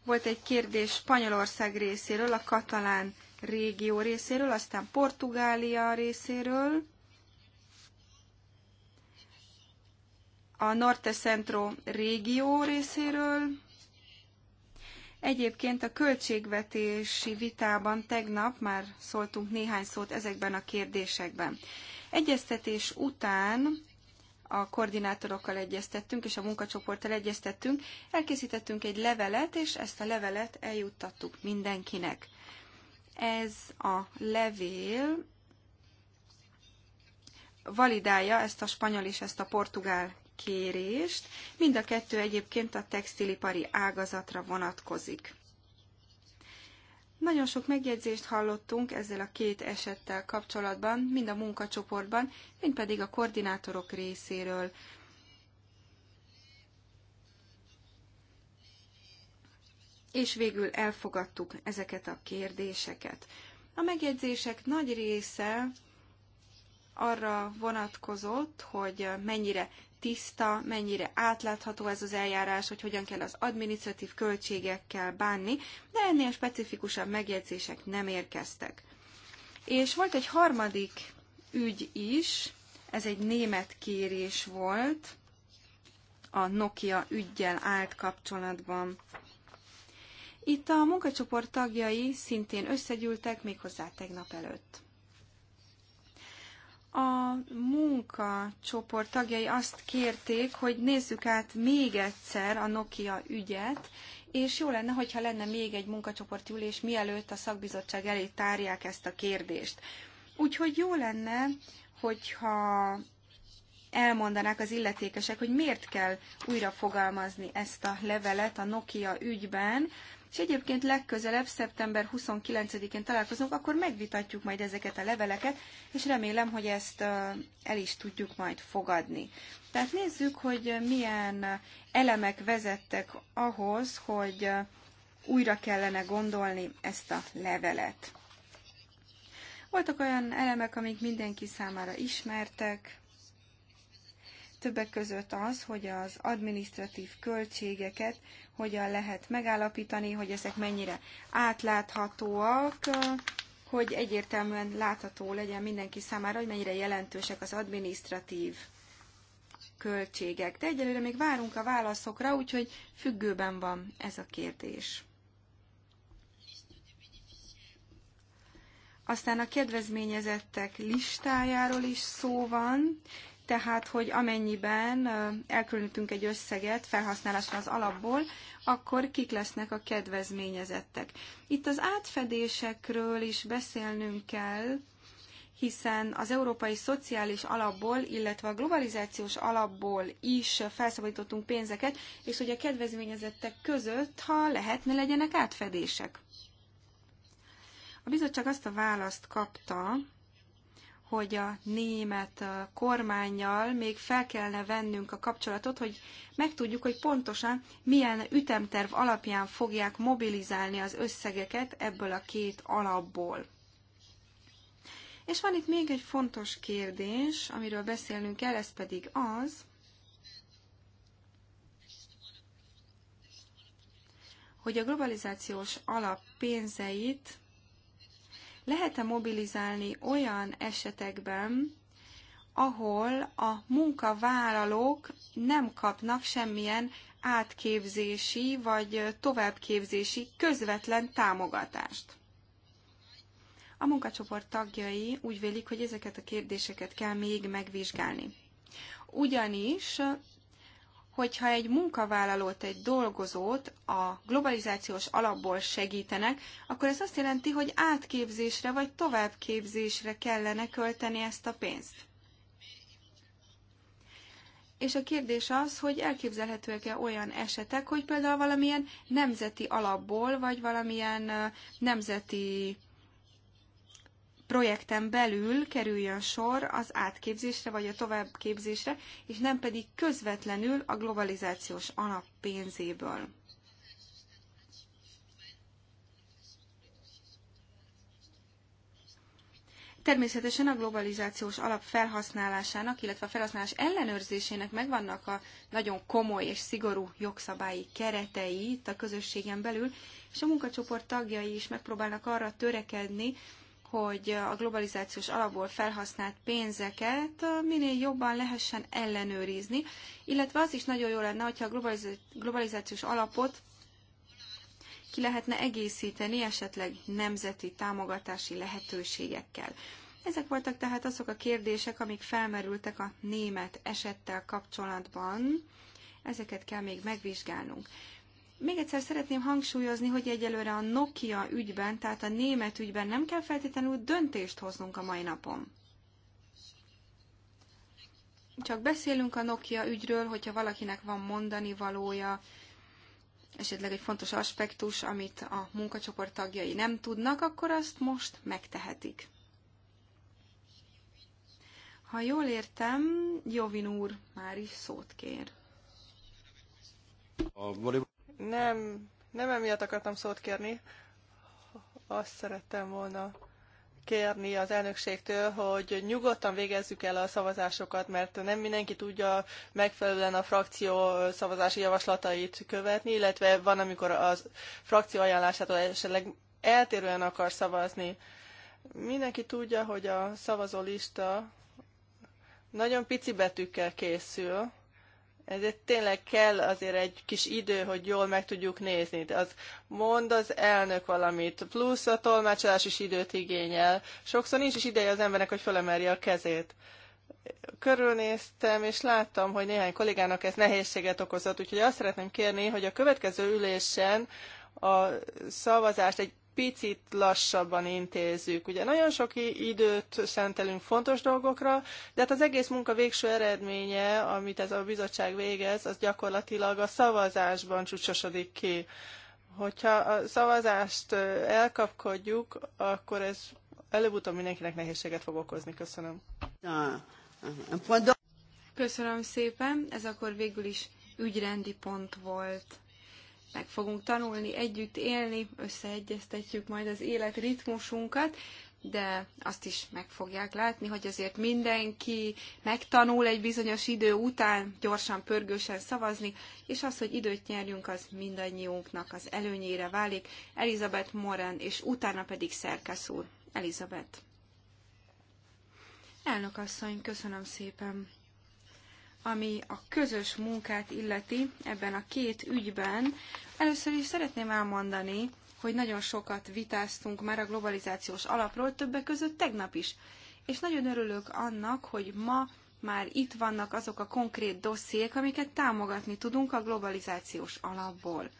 volt egy kérdés Spanyolország részéről, a katalán régió részéről, aztán Portugália részéről, a Norte Centro régió részéről, Egyébként a költségvetési vitában tegnap már szóltunk néhány szót ezekben a kérdésekben. Egyeztetés után a koordinátorokkal egyeztettünk, és a munkacsoporttal egyeztettünk, elkészítettünk egy levelet, és ezt a levelet eljuttattuk mindenkinek. Ez a levél validálja ezt a spanyol és ezt a portugál kérést. Mind a kettő egyébként a textilipari ágazatra vonatkozik. Nagyon sok megjegyzést hallottunk ezzel a két esettel kapcsolatban, mind a munkacsoportban, mind pedig a koordinátorok részéről. És végül elfogadtuk ezeket a kérdéseket. A megjegyzések nagy része arra vonatkozott, hogy mennyire tiszta, mennyire átlátható ez az eljárás, hogy hogyan kell az administratív költségekkel bánni, de ennél specifikusabb megjegyzések nem érkeztek. És volt egy harmadik ügy is, ez egy német kérés volt, a Nokia ügyjel állt kapcsolatban. Itt a munkacsoport tagjai szintén összegyűltek méghozzá tegnap előtt. A munkacsoport tagjai azt kérték, hogy nézzük át még egyszer a Nokia ügyet, és jó lenne, hogyha lenne még egy munkacsoporti ülés, mielőtt a szakbizottság elé tárják ezt a kérdést. Úgyhogy jó lenne, hogyha elmondanák az illetékesek, hogy miért kell újra fogalmazni ezt a levelet a Nokia ügyben, és egyébként legközelebb, szeptember 29-én találkozunk, akkor megvitatjuk majd ezeket a leveleket, és remélem, hogy ezt el is tudjuk majd fogadni. Tehát nézzük, hogy milyen elemek vezettek ahhoz, hogy újra kellene gondolni ezt a levelet. Voltak olyan elemek, amik mindenki számára ismertek, Többek között az, hogy az administratív költségeket hogyan lehet megállapítani, hogy ezek mennyire átláthatóak, hogy egyértelműen látható legyen mindenki számára, hogy mennyire jelentősek az administratív költségek. De egyelőre még várunk a válaszokra, úgyhogy függőben van ez a kérdés. Aztán a kedvezményezettek listájáról is szó van tehát hogy amennyiben elkülönítünk egy összeget felhasználásra az alapból, akkor kik lesznek a kedvezményezettek. Itt az átfedésekről is beszélnünk kell, hiszen az európai szociális alapból, illetve a globalizációs alapból is felszabadítottunk pénzeket, és hogy a kedvezményezettek között, ha lehetne, legyenek átfedések. A bizottság azt a választ kapta, hogy a német kormányjal még fel kellene vennünk a kapcsolatot, hogy megtudjuk, hogy pontosan milyen ütemterv alapján fogják mobilizálni az összegeket ebből a két alapból. És van itt még egy fontos kérdés, amiről beszélnünk kell, ez pedig az, hogy a globalizációs alap pénzeit lehet-e mobilizálni olyan esetekben, ahol a munkavállalók nem kapnak semmilyen átképzési vagy továbbképzési közvetlen támogatást. A munkacsoport tagjai úgy vélik, hogy ezeket a kérdéseket kell még megvizsgálni. Ugyanis hogyha egy munkavállalót, egy dolgozót a globalizációs alapból segítenek, akkor ez azt jelenti, hogy átképzésre vagy továbbképzésre kellene költeni ezt a pénzt. És a kérdés az, hogy elképzelhetőek-e olyan esetek, hogy például valamilyen nemzeti alapból, vagy valamilyen nemzeti projekten belül kerüljön sor az átképzésre vagy a továbbképzésre, és nem pedig közvetlenül a globalizációs alap pénzéből. Természetesen a globalizációs alap felhasználásának, illetve a felhasználás ellenőrzésének megvannak a nagyon komoly és szigorú jogszabályi keretei itt a közösségen belül, és a munkacsoport tagjai is megpróbálnak arra törekedni, hogy a globalizációs alapból felhasznált pénzeket minél jobban lehessen ellenőrizni, illetve az is nagyon jó lenne, hogyha a globalizációs alapot ki lehetne egészíteni esetleg nemzeti támogatási lehetőségekkel. Ezek voltak tehát azok a kérdések, amik felmerültek a német esettel kapcsolatban. Ezeket kell még megvizsgálnunk. Még egyszer szeretném hangsúlyozni, hogy egyelőre a Nokia ügyben, tehát a német ügyben nem kell feltétlenül döntést hoznunk a mai napon. Csak beszélünk a Nokia ügyről, hogyha valakinek van mondani valója, esetleg egy fontos aspektus, amit a munkacsoport tagjai nem tudnak, akkor azt most megtehetik. Ha jól értem, Jovin úr már is szót kér. Nem, nem emiatt akartam szót kérni. Azt szerettem volna kérni az elnökségtől, hogy nyugodtan végezzük el a szavazásokat, mert nem mindenki tudja megfelelően a frakció szavazási javaslatait követni, illetve van, amikor a frakció ajánlásától esetleg eltérően akar szavazni. Mindenki tudja, hogy a szavazólista nagyon pici betűkkel készül, ezért tényleg kell azért egy kis idő, hogy jól meg tudjuk nézni. De az mond az elnök valamit, plusz a tolmácsolás is időt igényel. Sokszor nincs is ideje az embernek, hogy fölemelje a kezét. Körülnéztem, és láttam, hogy néhány kollégának ez nehézséget okozott, úgyhogy azt szeretném kérni, hogy a következő ülésen a szavazást egy picit lassabban intézzük. Ugye nagyon sok időt szentelünk fontos dolgokra, de hát az egész munka végső eredménye, amit ez a bizottság végez, az gyakorlatilag a szavazásban csúcsosodik ki. Hogyha a szavazást elkapkodjuk, akkor ez előbb-utóbb mindenkinek nehézséget fog okozni. Köszönöm. Köszönöm szépen. Ez akkor végül is ügyrendi pont volt meg fogunk tanulni, együtt élni, összeegyeztetjük majd az élet ritmusunkat, de azt is meg fogják látni, hogy azért mindenki megtanul egy bizonyos idő után gyorsan, pörgősen szavazni, és az, hogy időt nyerjünk, az mindannyiunknak az előnyére válik. Elizabeth Moran, és utána pedig Szerkesz úr. Elizabeth. Elnök asszony, köszönöm szépen ami a közös munkát illeti ebben a két ügyben. Először is szeretném elmondani, hogy nagyon sokat vitáztunk már a globalizációs alapról, többek között tegnap is. És nagyon örülök annak, hogy ma már itt vannak azok a konkrét dossziék, amiket támogatni tudunk a globalizációs alapból.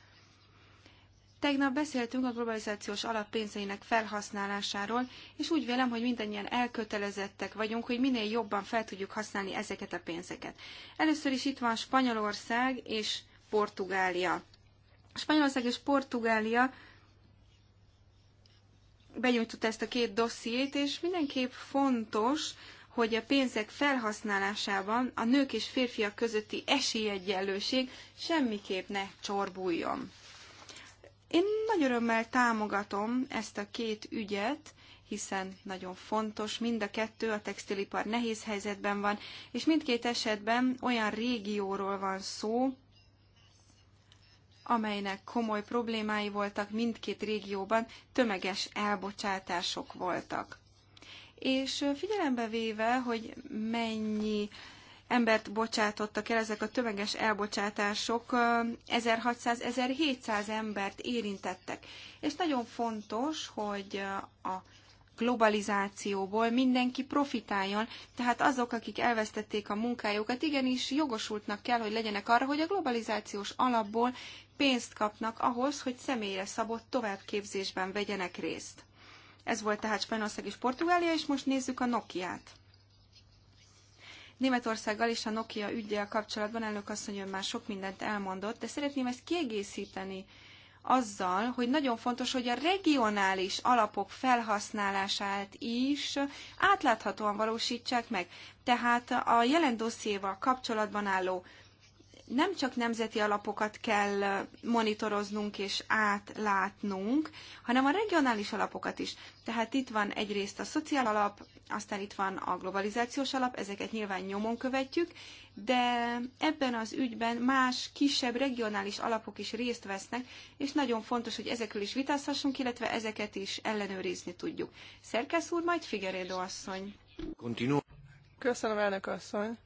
Tegnap beszéltünk a globalizációs alappénzeinek felhasználásáról, és úgy vélem, hogy mindannyian elkötelezettek vagyunk, hogy minél jobban fel tudjuk használni ezeket a pénzeket. Először is itt van Spanyolország és Portugália. Spanyolország és Portugália benyújtott ezt a két dossziét, és mindenképp fontos, hogy a pénzek felhasználásában a nők és férfiak közötti esélyegyenlőség semmiképp ne csorbuljon. Én nagy örömmel támogatom ezt a két ügyet, hiszen nagyon fontos, mind a kettő, a textilipar nehéz helyzetben van, és mindkét esetben olyan régióról van szó, amelynek komoly problémái voltak mindkét régióban, tömeges elbocsátások voltak. És figyelembe véve, hogy mennyi uh, embert bocsátottak el, ezek a tömeges elbocsátások 1600-1700 embert érintettek. És nagyon fontos, hogy a globalizációból mindenki profitáljon, tehát azok, akik elvesztették a munkájukat, igenis jogosultnak kell, hogy legyenek arra, hogy a globalizációs alapból pénzt kapnak ahhoz, hogy személyre szabott továbbképzésben vegyenek részt. Ez volt tehát Spanyolország és Portugália, és most nézzük a Nokiát. Németországgal és a Nokia ügyjel kapcsolatban elnök asszony ön már sok mindent elmondott, de szeretném ezt kiegészíteni azzal, hogy nagyon fontos, hogy a regionális alapok felhasználását is átláthatóan valósítsák meg. Tehát a jelen dossziéval kapcsolatban álló nem csak nemzeti alapokat kell monitoroznunk és átlátnunk, hanem a regionális alapokat is. Tehát itt van egyrészt a szociál alap, aztán itt van a globalizációs alap, ezeket nyilván nyomon követjük, de ebben az ügyben más kisebb regionális alapok is részt vesznek, és nagyon fontos, hogy ezekről is vitázhassunk, illetve ezeket is ellenőrizni tudjuk. Szerkesz úr, majd Figueredo asszony. Continua. Köszönöm, elnök asszony.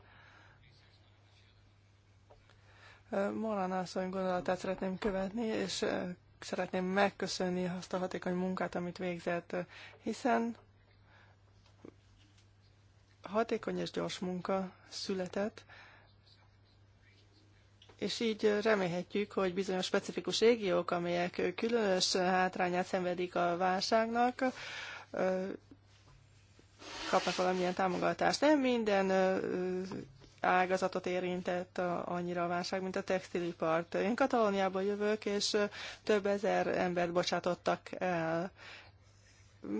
Morán asszony gondolatát szeretném követni, és szeretném megköszönni azt a hatékony munkát, amit végzett, hiszen hatékony és gyors munka született, és így remélhetjük, hogy bizonyos specifikus régiók, amelyek különös hátrányát szenvedik a válságnak, kapnak valamilyen támogatást. Nem minden ágazatot érintett annyira a válság, mint a textilipart. Én Katalóniából jövök, és több ezer embert bocsátottak el.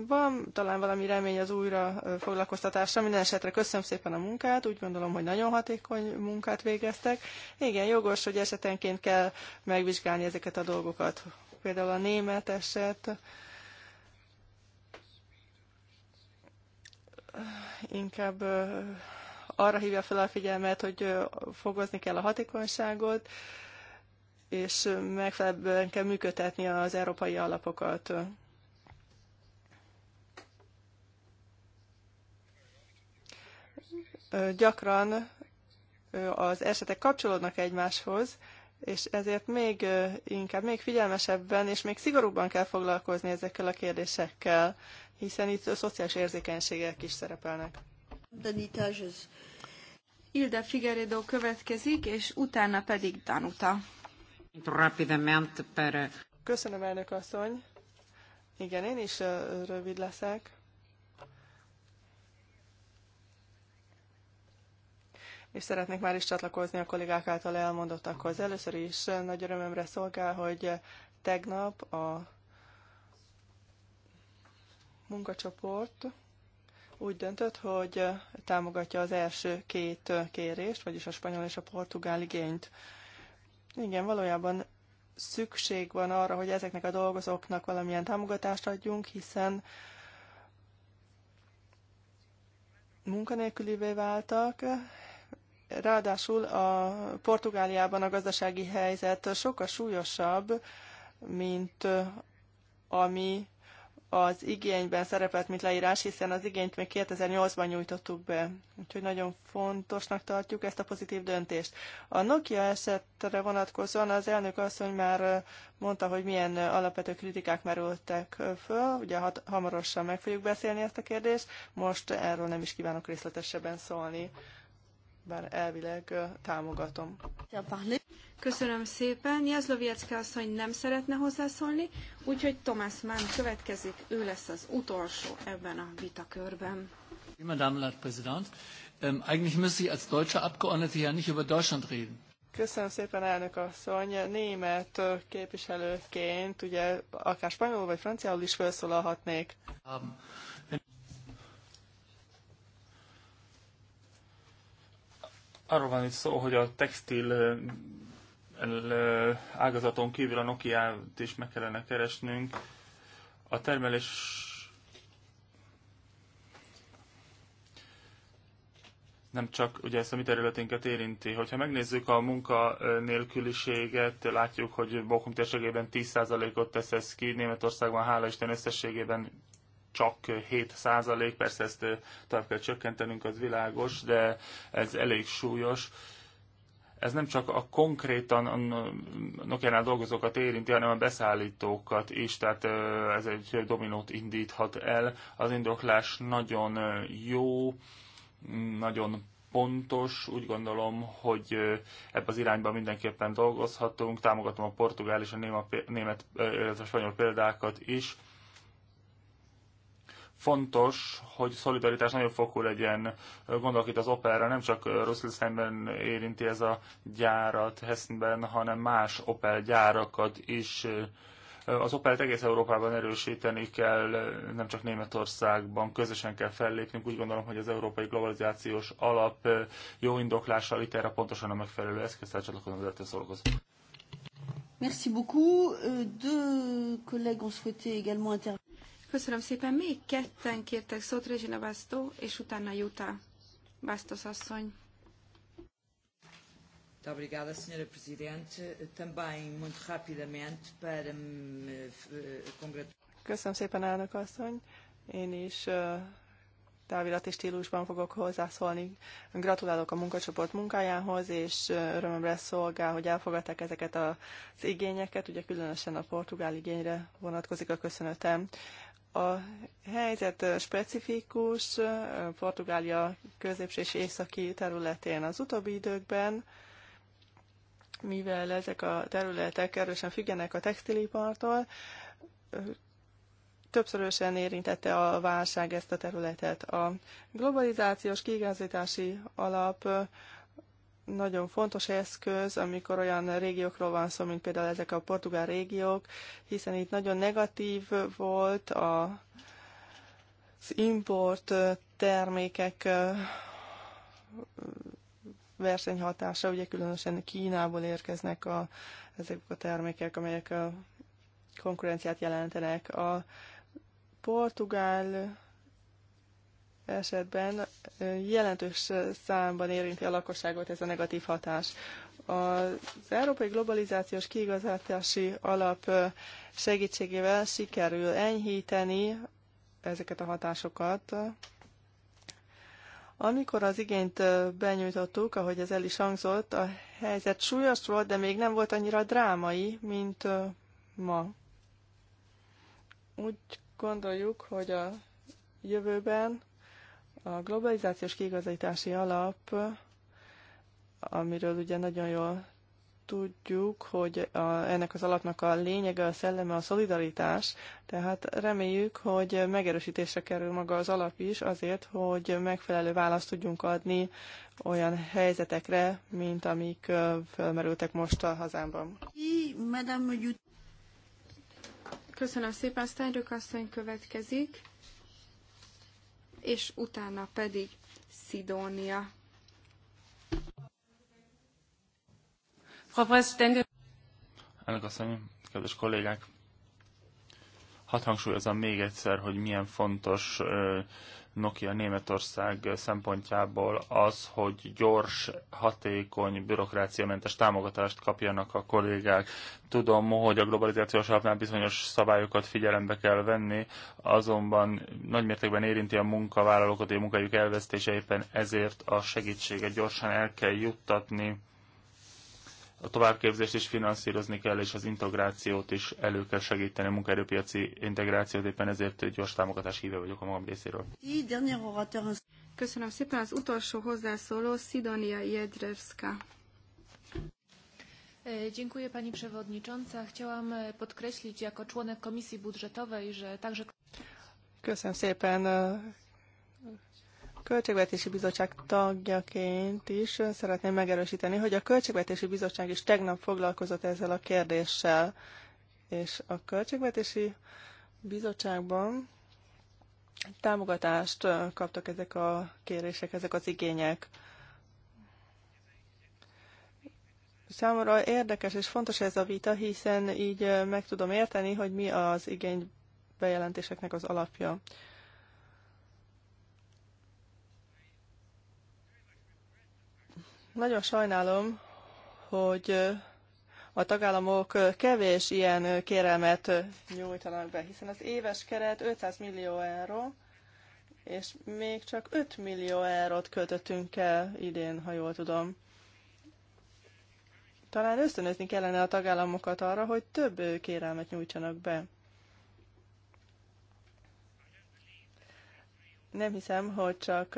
Van talán valami remény az újra foglalkoztatásra. Minden esetre köszönöm szépen a munkát, úgy gondolom, hogy nagyon hatékony munkát végeztek. Igen, jogos, hogy esetenként kell megvizsgálni ezeket a dolgokat. Például a német eset, inkább arra hívja fel a figyelmet, hogy fogozni kell a hatékonyságot, és megfelelően kell működtetni az európai alapokat. Gyakran az esetek kapcsolódnak egymáshoz, és ezért még inkább, még figyelmesebben és még szigorúbban kell foglalkozni ezekkel a kérdésekkel, hiszen itt a szociális érzékenységek is szerepelnek. Ilda Figueredo következik, és utána pedig Danuta. Köszönöm, elnök asszony. Igen, én is rövid leszek. és szeretnék már is csatlakozni a kollégák által elmondottakhoz. Először is nagy örömömre szolgál, hogy tegnap a munkacsoport úgy döntött, hogy támogatja az első két kérést, vagyis a spanyol és a portugál igényt. Igen, valójában szükség van arra, hogy ezeknek a dolgozóknak valamilyen támogatást adjunk, hiszen munkanélkülivé váltak, ráadásul a Portugáliában a gazdasági helyzet sokkal súlyosabb, mint ami az igényben szerepelt, mint leírás, hiszen az igényt még 2008-ban nyújtottuk be. Úgyhogy nagyon fontosnak tartjuk ezt a pozitív döntést. A Nokia esetre vonatkozóan az elnök asszony már mondta, hogy milyen alapvető kritikák merültek föl. Ugye hat, hamarosan meg fogjuk beszélni ezt a kérdést. Most erről nem is kívánok részletesebben szólni bár elvileg támogatom. Köszönöm szépen. Jazloviecka asszony nem szeretne hozzászólni, úgyhogy Tomás Mann következik, ő lesz az utolsó ebben a vitakörben. Ähm, Köszönöm szépen, elnök asszony. Német képviselőként, ugye akár spanyolul vagy franciául is felszólalhatnék. Um, Arról van itt szó, hogy a textil ágazaton kívül a Nokia-t is meg kellene keresnünk. A termelés nem csak ugye ezt a mi területénket érinti. Hogyha megnézzük a munkanélküliséget, látjuk, hogy Bokum térségében 10%-ot tesz ez ki, Németországban hála Isten összességében csak 7 százalék, persze ezt tovább kell csökkentenünk, az világos, de ez elég súlyos. Ez nem csak a konkrétan a Nokia-nál dolgozókat érinti, hanem a beszállítókat is, tehát ez egy dominót indíthat el. Az indoklás nagyon jó, nagyon pontos, úgy gondolom, hogy ebben az irányban mindenképpen dolgozhatunk. Támogatom a portugál és a német, illetve a spanyol példákat is fontos, hogy szolidaritás nagyobb fokú legyen. Gondolok itt az operára, nem csak szemben érinti ez a gyárat, Hessenben, hanem más Opel gyárakat is. Az Opelt egész Európában erősíteni kell, nem csak Németországban, közösen kell fellépnünk. Úgy gondolom, hogy az Európai Globalizációs Alap jó indoklással itt erre pontosan a megfelelő eszköztel csatlakozom az előttől Merci beaucoup. Deux collègues ont souhaité également intervenir. Köszönöm szépen. Még ketten kértek szót, Regina Bastó, és utána Juta Bastos asszony. Muito obrigada, Sra. Presidente. Também, muito rapidamente, para me eh, congratular. Köszönöm szépen, elnök asszony. Én is eh, távirati stílusban fogok hozzászólni. Gratulálok a munkacsoport munkájához, és eh, örömömre szolgál, hogy elfogadták ezeket az igényeket, ugye különösen a portugál igényre vonatkozik a köszönetem. A helyzet specifikus Portugália középső és északi területén az utóbbi időkben, mivel ezek a területek erősen függenek a textilipartól, többszörösen érintette a válság ezt a területet. A globalizációs kiigazítási alap nagyon fontos eszköz, amikor olyan régiókról van szó, mint például ezek a portugál régiók, hiszen itt nagyon negatív volt a, az import termékek versenyhatása, ugye különösen Kínából érkeznek a, ezek a termékek, amelyek a konkurenciát jelentenek. A portugál esetben jelentős számban érinti a lakosságot ez a negatív hatás. Az Európai Globalizációs Kiigazátási Alap segítségével sikerül enyhíteni ezeket a hatásokat. Amikor az igényt benyújtottuk, ahogy ez el is hangzott, a helyzet súlyos volt, de még nem volt annyira drámai, mint ma. Úgy gondoljuk, hogy a jövőben a globalizációs kiigazítási alap, amiről ugye nagyon jól tudjuk, hogy a, ennek az alapnak a lényege, a szelleme a szolidaritás, tehát reméljük, hogy megerősítésre kerül maga az alap is azért, hogy megfelelő választ tudjunk adni olyan helyzetekre, mint amik felmerültek most a hazámban. Köszönöm szépen, Sztányrök asszony következik és utána pedig Szidónia. Frau Präsidentin! Elnök asszony, kedves kollégák! Hadd hangsúlyozom még egyszer, hogy milyen fontos Nokia Németország szempontjából az, hogy gyors, hatékony, bürokráciamentes támogatást kapjanak a kollégák. Tudom, hogy a globalizációs alapnál bizonyos szabályokat figyelembe kell venni, azonban nagymértékben érinti a munkavállalókat, hogy a munkájuk elvesztése éppen ezért a segítséget gyorsan el kell juttatni a továbbképzést is finanszírozni kell, és az integrációt is elő kell segíteni, a munkaerőpiaci integrációt, éppen ezért gyors támogatás híve vagyok a magam részéről. Köszönöm szépen, az utolsó hozzászóló Sidonia Jedrzewska. E, dziękuję Pani Przewodnicząca. Chciałam e, podkreślić jako członek Komisji Budżetowej, że także... Köszönöm szépen, e, Költségvetési Bizottság tagjaként is szeretném megerősíteni, hogy a Költségvetési Bizottság is tegnap foglalkozott ezzel a kérdéssel, és a Költségvetési Bizottságban támogatást kaptak ezek a kérések, ezek az igények. Számomra érdekes és fontos ez a vita, hiszen így meg tudom érteni, hogy mi az igény bejelentéseknek az alapja. Nagyon sajnálom, hogy a tagállamok kevés ilyen kérelmet nyújtanak be, hiszen az éves keret 500 millió euró, és még csak 5 millió eurót költöttünk el idén, ha jól tudom. Talán ösztönözni kellene a tagállamokat arra, hogy több kérelmet nyújtsanak be. nem hiszem, hogy csak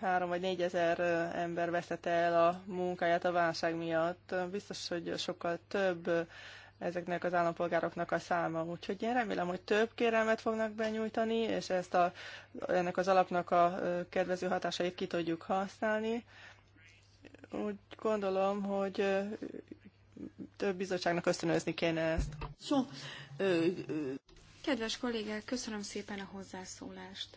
három vagy négyezer ember veszett el a munkáját a válság miatt. Biztos, hogy sokkal több ezeknek az állampolgároknak a száma. Úgyhogy én remélem, hogy több kérelmet fognak benyújtani, és ezt a, ennek az alapnak a kedvező hatásait ki tudjuk használni. Úgy gondolom, hogy több bizottságnak ösztönözni kéne ezt. Kedves kollégák, köszönöm szépen a hozzászólást.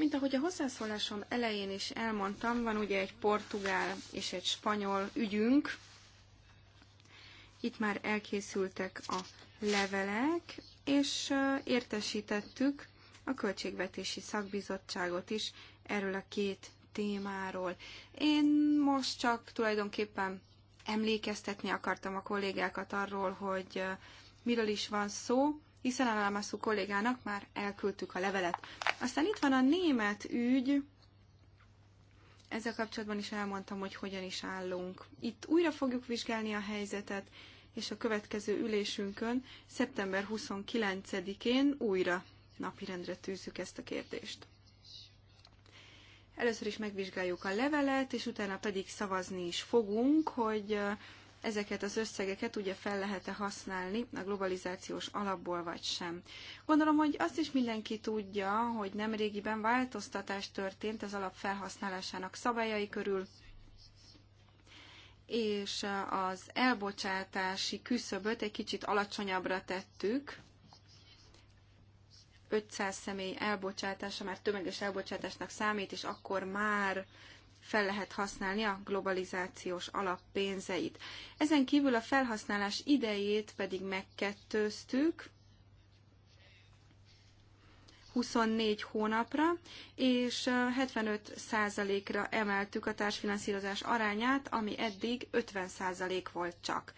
Mint ahogy a hozzászólásom elején is elmondtam, van ugye egy portugál és egy spanyol ügyünk. Itt már elkészültek a levelek, és értesítettük a Költségvetési Szakbizottságot is erről a két témáról. Én most csak tulajdonképpen emlékeztetni akartam a kollégákat arról, hogy miről is van szó, hiszen a Lamassu kollégának már elküldtük a levelet. Aztán itt van a német ügy, ezzel kapcsolatban is elmondtam, hogy hogyan is állunk. Itt újra fogjuk vizsgálni a helyzetet, és a következő ülésünkön, szeptember 29-én újra napirendre tűzzük ezt a kérdést. Először is megvizsgáljuk a levelet, és utána pedig szavazni is fogunk, hogy ezeket az összegeket ugye fel lehet-e használni a globalizációs alapból vagy sem. Gondolom, hogy azt is mindenki tudja, hogy nemrégiben változtatás történt az alap felhasználásának szabályai körül, és az elbocsátási küszöböt egy kicsit alacsonyabbra tettük, 500 személy elbocsátása már tömeges elbocsátásnak számít, és akkor már fel lehet használni a globalizációs alappénzeit. Ezen kívül a felhasználás idejét pedig megkettőztük 24 hónapra, és 75%-ra emeltük a társfinanszírozás arányát, ami eddig 50% volt csak.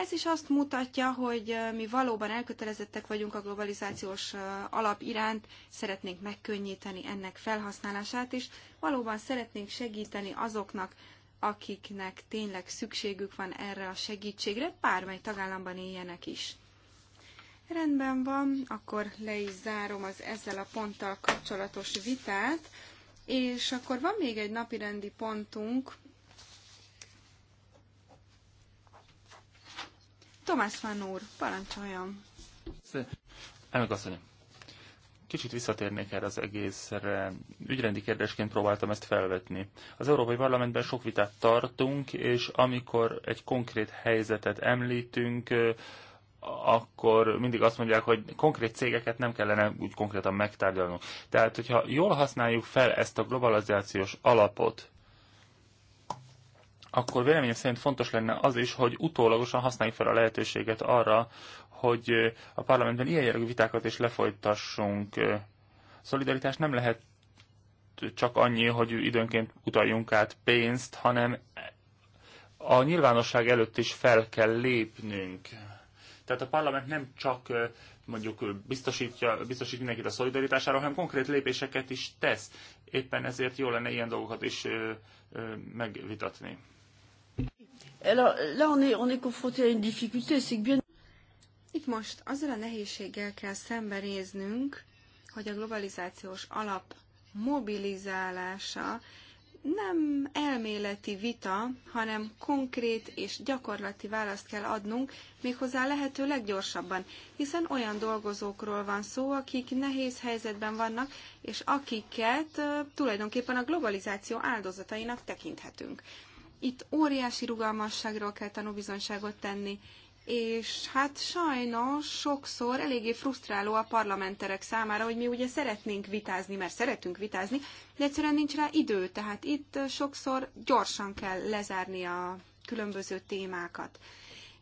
Ez is azt mutatja, hogy mi valóban elkötelezettek vagyunk a globalizációs alap iránt, szeretnénk megkönnyíteni ennek felhasználását, is, valóban szeretnénk segíteni azoknak, akiknek tényleg szükségük van erre a segítségre, bármely tagállamban éljenek is. Rendben van, akkor le is zárom az ezzel a ponttal kapcsolatos vitát, és akkor van még egy napirendi pontunk, Tomás Mann úr, parancsoljon! Elnök asszony, kicsit visszatérnék erre az egészre. Ügyrendi kérdésként próbáltam ezt felvetni. Az Európai Parlamentben sok vitát tartunk, és amikor egy konkrét helyzetet említünk, akkor mindig azt mondják, hogy konkrét cégeket nem kellene úgy konkrétan megtárgyalnunk. Tehát, hogyha jól használjuk fel ezt a globalizációs alapot, akkor véleményem szerint fontos lenne az is, hogy utólagosan használjuk fel a lehetőséget arra, hogy a parlamentben ilyen jellegű vitákat is lefolytassunk. Szolidaritás nem lehet csak annyi, hogy időnként utaljunk át pénzt, hanem a nyilvánosság előtt is fel kell lépnünk. Tehát a parlament nem csak mondjuk biztosítja, biztosít mindenkit a szolidaritására, hanem konkrét lépéseket is tesz. Éppen ezért jó lenne ilyen dolgokat is megvitatni. Alors là, on est, on est confronté à une difficulté, c'est que bien... Itt most azzal a nehézséggel kell szembenéznünk, hogy a globalizációs alap mobilizálása nem elméleti vita, hanem konkrét és gyakorlati választ kell adnunk, méghozzá lehető leggyorsabban, hiszen olyan dolgozókról van szó, akik nehéz helyzetben vannak, és akiket tulajdonképpen a globalizáció áldozatainak tekinthetünk. Itt óriási rugalmasságról kell tanúbizonyságot tenni, és hát sajnos sokszor eléggé frusztráló a parlamenterek számára, hogy mi ugye szeretnénk vitázni, mert szeretünk vitázni, de egyszerűen nincs rá idő, tehát itt sokszor gyorsan kell lezárni a különböző témákat.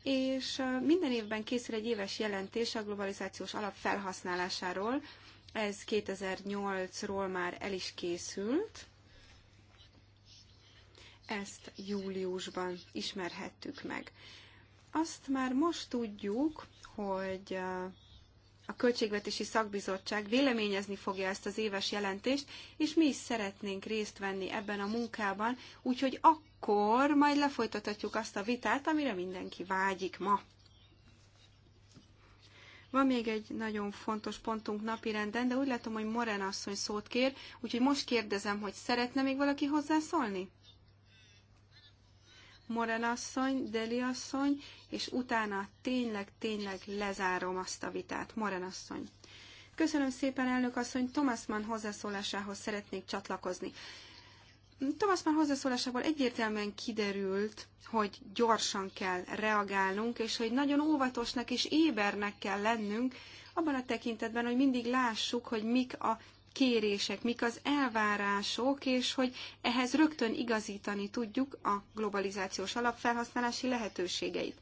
És minden évben készül egy éves jelentés a globalizációs alap felhasználásáról, ez 2008-ról már el is készült, ezt júliusban ismerhettük meg. Azt már most tudjuk, hogy a Költségvetési Szakbizottság véleményezni fogja ezt az éves jelentést, és mi is szeretnénk részt venni ebben a munkában, úgyhogy akkor majd lefolytathatjuk azt a vitát, amire mindenki vágyik ma. Van még egy nagyon fontos pontunk napirenden, de úgy látom, hogy Moren asszony szót kér, úgyhogy most kérdezem, hogy szeretne még valaki hozzászólni? Morenasszony, Deliasszony, és utána tényleg-tényleg lezárom azt a vitát. Morenasszony. Köszönöm szépen, elnök asszony. Thomas Mann hozzászólásához szeretnék csatlakozni. Thomas Mann hozzászólásából egyértelműen kiderült, hogy gyorsan kell reagálnunk, és hogy nagyon óvatosnak és ébernek kell lennünk, abban a tekintetben, hogy mindig lássuk, hogy mik a kérések, mik az elvárások, és hogy ehhez rögtön igazítani tudjuk a globalizációs alapfelhasználási lehetőségeit.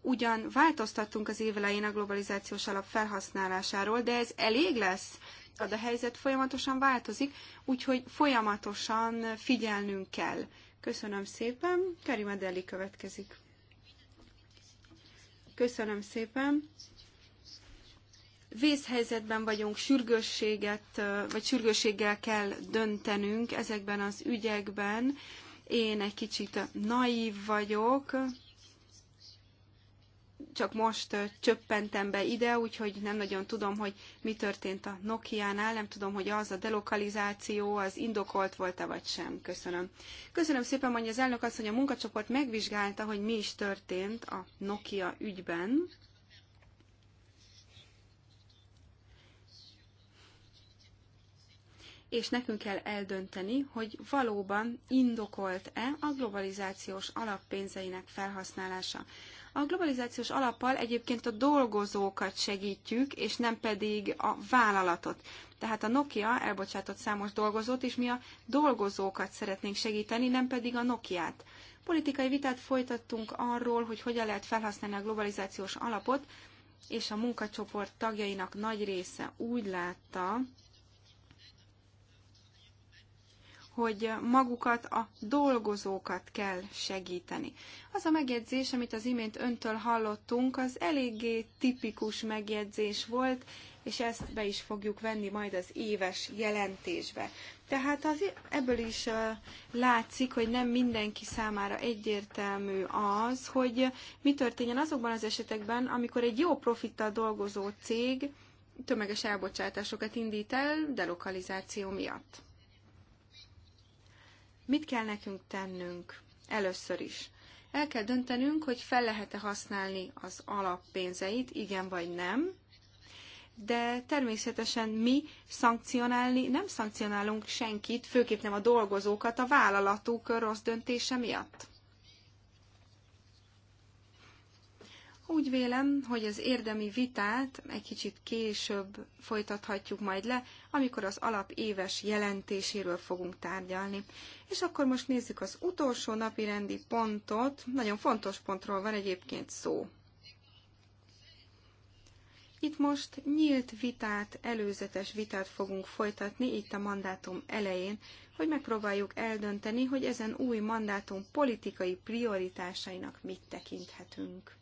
Ugyan változtattunk az évelején a globalizációs alap felhasználásáról, de ez elég lesz, a de helyzet folyamatosan változik, úgyhogy folyamatosan figyelnünk kell. Köszönöm szépen, Karima Deli következik. Köszönöm szépen vészhelyzetben vagyunk, sürgősséget, vagy sürgősséggel kell döntenünk ezekben az ügyekben. Én egy kicsit naív vagyok, csak most csöppentem be ide, úgyhogy nem nagyon tudom, hogy mi történt a Nokia-nál, nem tudom, hogy az a delokalizáció, az indokolt volt-e vagy sem. Köszönöm. Köszönöm szépen, mondja az elnök azt, hogy a munkacsoport megvizsgálta, hogy mi is történt a Nokia ügyben. és nekünk kell eldönteni, hogy valóban indokolt-e a globalizációs alappénzeinek felhasználása. A globalizációs alappal egyébként a dolgozókat segítjük, és nem pedig a vállalatot. Tehát a Nokia elbocsátott számos dolgozót, és mi a dolgozókat szeretnénk segíteni, nem pedig a Nokiát. Politikai vitát folytattunk arról, hogy hogyan lehet felhasználni a globalizációs alapot, és a munkacsoport tagjainak nagy része úgy látta, hogy magukat a dolgozókat kell segíteni. Az a megjegyzés, amit az imént öntől hallottunk, az eléggé tipikus megjegyzés volt, és ezt be is fogjuk venni majd az éves jelentésbe. Tehát az, ebből is látszik, hogy nem mindenki számára egyértelmű az, hogy mi történjen azokban az esetekben, amikor egy jó profittal dolgozó cég tömeges elbocsátásokat indít el delokalizáció miatt. Mit kell nekünk tennünk? Először is. El kell döntenünk, hogy fel lehet-e használni az alappénzeit, igen vagy nem, de természetesen mi szankcionálni nem szankcionálunk senkit, főképp nem a dolgozókat a vállalatuk rossz döntése miatt. Úgy vélem, hogy az érdemi vitát egy kicsit később folytathatjuk majd le, amikor az alap éves jelentéséről fogunk tárgyalni. És akkor most nézzük az utolsó napi rendi pontot. Nagyon fontos pontról van egyébként szó. Itt most nyílt vitát, előzetes vitát fogunk folytatni itt a mandátum elején, hogy megpróbáljuk eldönteni, hogy ezen új mandátum politikai prioritásainak mit tekinthetünk.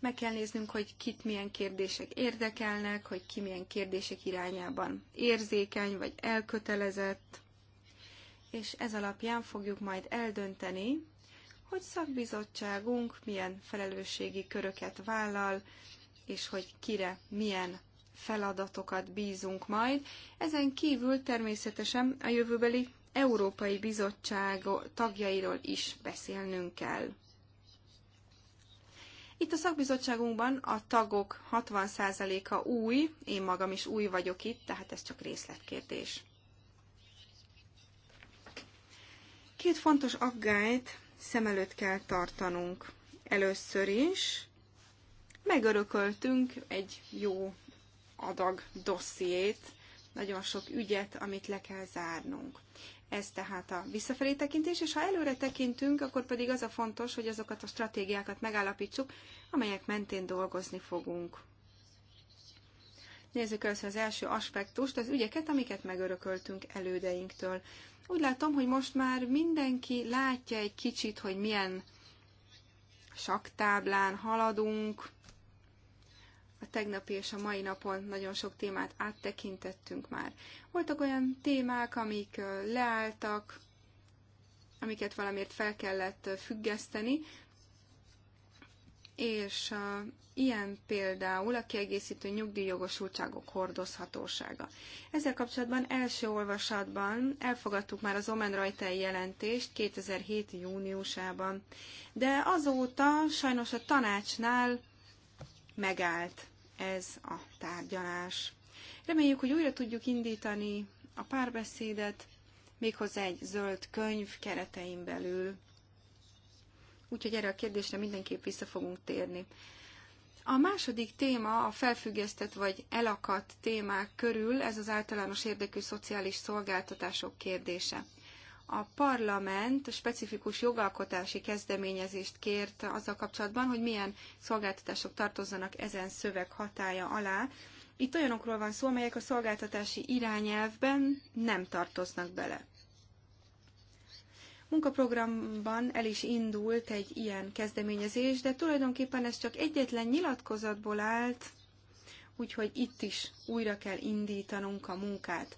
Meg kell néznünk, hogy kit milyen kérdések érdekelnek, hogy ki milyen kérdések irányában érzékeny vagy elkötelezett, és ez alapján fogjuk majd eldönteni, hogy szakbizottságunk milyen felelősségi köröket vállal, és hogy kire milyen feladatokat bízunk majd. Ezen kívül természetesen a jövőbeli Európai Bizottság tagjairól is beszélnünk kell. Itt a szakbizottságunkban a tagok 60%-a új, én magam is új vagyok itt, tehát ez csak részletkérdés. Két fontos aggályt szem előtt kell tartanunk. Először is megörököltünk egy jó adag dossziét, nagyon sok ügyet, amit le kell zárnunk. Ez tehát a visszafelé tekintés, és ha előre tekintünk, akkor pedig az a fontos, hogy azokat a stratégiákat megállapítsuk, amelyek mentén dolgozni fogunk. Nézzük először az első aspektust, az ügyeket, amiket megörököltünk elődeinktől. Úgy látom, hogy most már mindenki látja egy kicsit, hogy milyen saktáblán haladunk, a tegnapi és a mai napon nagyon sok témát áttekintettünk már. Voltak olyan témák, amik leálltak, amiket valamiért fel kellett függeszteni, és uh, ilyen például a kiegészítő nyugdíjjogosultságok hordozhatósága. Ezzel kapcsolatban első olvasatban elfogadtuk már az Omen Rajtel jelentést 2007. júniusában, de azóta sajnos a tanácsnál megállt ez a tárgyalás. Reméljük, hogy újra tudjuk indítani a párbeszédet, méghozzá egy zöld könyv keretein belül. Úgyhogy erre a kérdésre mindenképp vissza fogunk térni. A második téma a felfüggesztett vagy elakadt témák körül, ez az általános érdekű szociális szolgáltatások kérdése a parlament specifikus jogalkotási kezdeményezést kért azzal kapcsolatban, hogy milyen szolgáltatások tartozzanak ezen szöveg hatája alá. Itt olyanokról van szó, amelyek a szolgáltatási irányelvben nem tartoznak bele. Munkaprogramban el is indult egy ilyen kezdeményezés, de tulajdonképpen ez csak egyetlen nyilatkozatból állt, úgyhogy itt is újra kell indítanunk a munkát.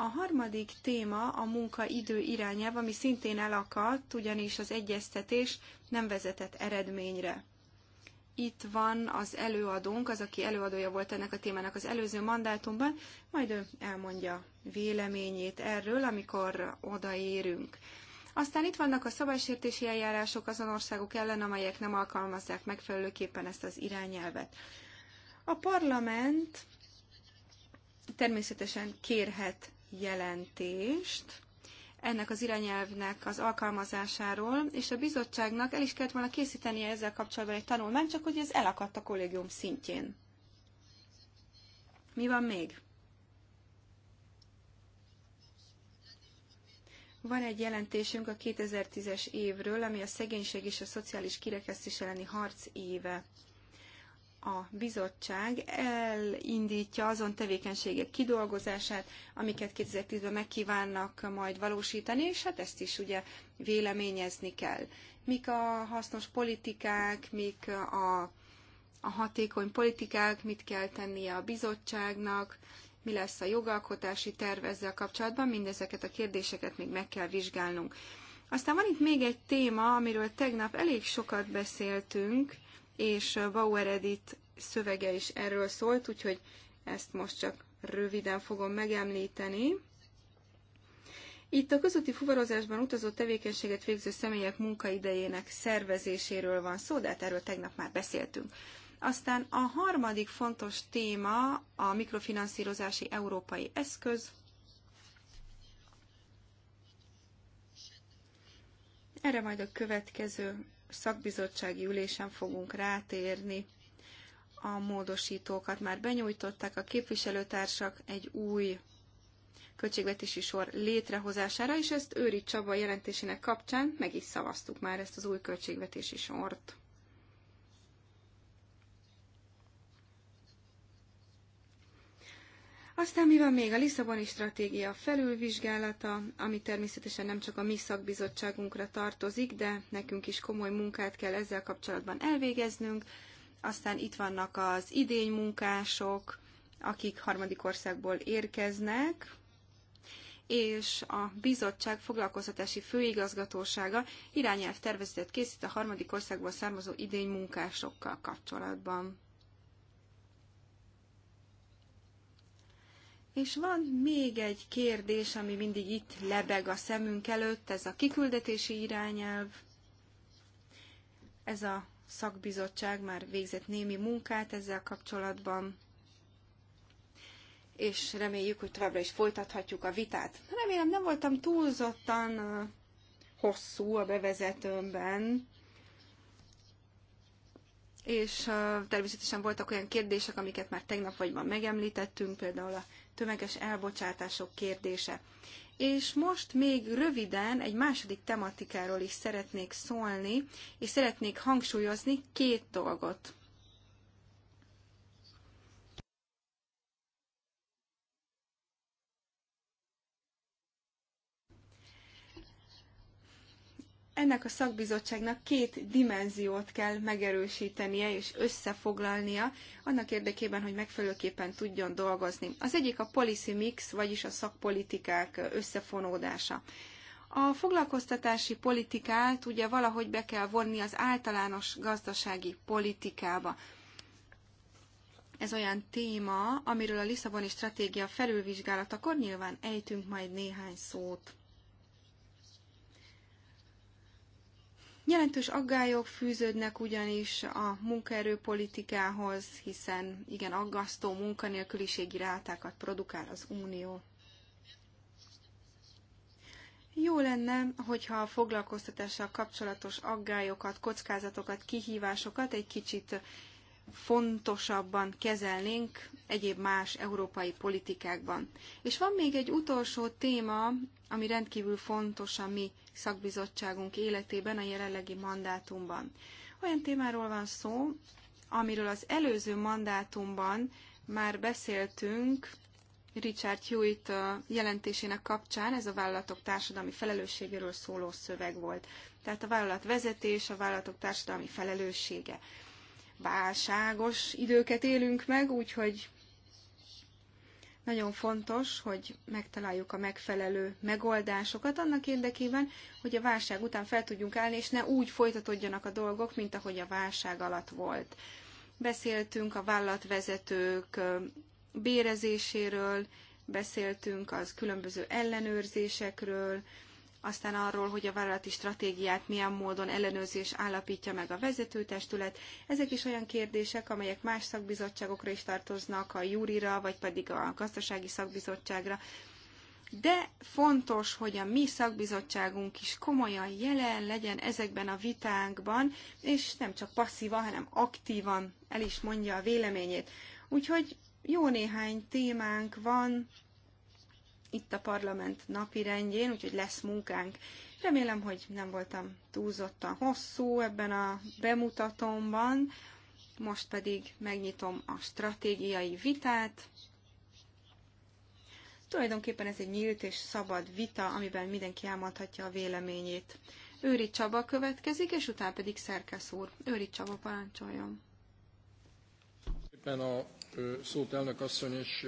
A harmadik téma a munkaidő irányelv, ami szintén elakadt, ugyanis az egyeztetés nem vezetett eredményre. Itt van az előadónk, az, aki előadója volt ennek a témának az előző mandátumban, majd ő elmondja véleményét erről, amikor odaérünk. Aztán itt vannak a szabálysértési eljárások azon országok ellen, amelyek nem alkalmazzák megfelelőképpen ezt az irányelvet. A parlament természetesen kérhet jelentést ennek az irányelvnek az alkalmazásáról, és a bizottságnak el is kellett volna készítenie ezzel kapcsolatban egy tanulmányt, csak hogy ez elakadt a kollégium szintjén. Mi van még? Van egy jelentésünk a 2010-es évről, ami a szegénység és a szociális kirekesztés elleni harc éve a bizottság elindítja azon tevékenységek kidolgozását, amiket 2010-ben megkívánnak majd valósítani, és hát ezt is ugye véleményezni kell. Mik a hasznos politikák, mik a, a hatékony politikák, mit kell tennie a bizottságnak, mi lesz a jogalkotási terv ezzel kapcsolatban, mindezeket a kérdéseket még meg kell vizsgálnunk. Aztán van itt még egy téma, amiről tegnap elég sokat beszéltünk, és Bauer Edith szövege is erről szólt, úgyhogy ezt most csak röviden fogom megemlíteni. Itt a közúti fuvarozásban utazó tevékenységet végző személyek munkaidejének szervezéséről van szó, de hát erről tegnap már beszéltünk. Aztán a harmadik fontos téma a mikrofinanszírozási európai eszköz. Erre majd a következő szakbizottsági ülésen fogunk rátérni. A módosítókat már benyújtották a képviselőtársak egy új költségvetési sor létrehozására, és ezt Őri Csaba jelentésének kapcsán meg is szavaztuk már ezt az új költségvetési sort. Aztán mi van még a Lisszaboni stratégia felülvizsgálata, ami természetesen nem csak a mi szakbizottságunkra tartozik, de nekünk is komoly munkát kell ezzel kapcsolatban elvégeznünk. Aztán itt vannak az idénymunkások, akik harmadik országból érkeznek, és a bizottság foglalkoztatási főigazgatósága irányelv tervezetet készít a harmadik országból származó idénymunkásokkal kapcsolatban. És van még egy kérdés, ami mindig itt lebeg a szemünk előtt, ez a kiküldetési irányelv. Ez a szakbizottság már végzett némi munkát ezzel kapcsolatban, és reméljük, hogy továbbra is folytathatjuk a vitát. Remélem nem voltam túlzottan hosszú a bevezetőmben, és természetesen voltak olyan kérdések, amiket már tegnap vagy ma megemlítettünk, például a tömeges elbocsátások kérdése. És most még röviden egy második tematikáról is szeretnék szólni, és szeretnék hangsúlyozni két dolgot. ennek a szakbizottságnak két dimenziót kell megerősítenie és összefoglalnia annak érdekében, hogy megfelelőképpen tudjon dolgozni. Az egyik a policy mix, vagyis a szakpolitikák összefonódása. A foglalkoztatási politikát ugye valahogy be kell vonni az általános gazdasági politikába. Ez olyan téma, amiről a Lisszaboni stratégia felülvizsgálatakor nyilván ejtünk majd néhány szót. Jelentős aggályok fűződnek ugyanis a munkaerőpolitikához, hiszen igen aggasztó munkanélküliségi rátákat produkál az Unió. Jó lenne, hogyha a foglalkoztatással kapcsolatos aggályokat, kockázatokat, kihívásokat egy kicsit fontosabban kezelnénk egyéb más európai politikákban. És van még egy utolsó téma, ami rendkívül fontos a mi szakbizottságunk életében, a jelenlegi mandátumban. Olyan témáról van szó, amiről az előző mandátumban már beszéltünk, Richard Hewitt jelentésének kapcsán ez a vállalatok társadalmi felelősségéről szóló szöveg volt. Tehát a vállalat vezetés, a vállalatok társadalmi felelőssége válságos időket élünk meg, úgyhogy nagyon fontos, hogy megtaláljuk a megfelelő megoldásokat annak érdekében, hogy a válság után fel tudjunk állni, és ne úgy folytatódjanak a dolgok, mint ahogy a válság alatt volt. Beszéltünk a vállalatvezetők bérezéséről, beszéltünk az különböző ellenőrzésekről, aztán arról, hogy a vállalati stratégiát milyen módon ellenőrzi és állapítja meg a vezetőtestület. Ezek is olyan kérdések, amelyek más szakbizottságokra is tartoznak, a júrira, vagy pedig a gazdasági szakbizottságra. De fontos, hogy a mi szakbizottságunk is komolyan jelen legyen ezekben a vitánkban, és nem csak passzívan, hanem aktívan el is mondja a véleményét. Úgyhogy jó néhány témánk van, itt a parlament napi rendjén, úgyhogy lesz munkánk. Remélem, hogy nem voltam túlzottan hosszú ebben a bemutatómban, most pedig megnyitom a stratégiai vitát. Tulajdonképpen ez egy nyílt és szabad vita, amiben mindenki elmondhatja a véleményét. Őri Csaba következik, és utána pedig Szerkesz úr. Őri Csaba parancsoljon. Éppen a szót elnök asszony, és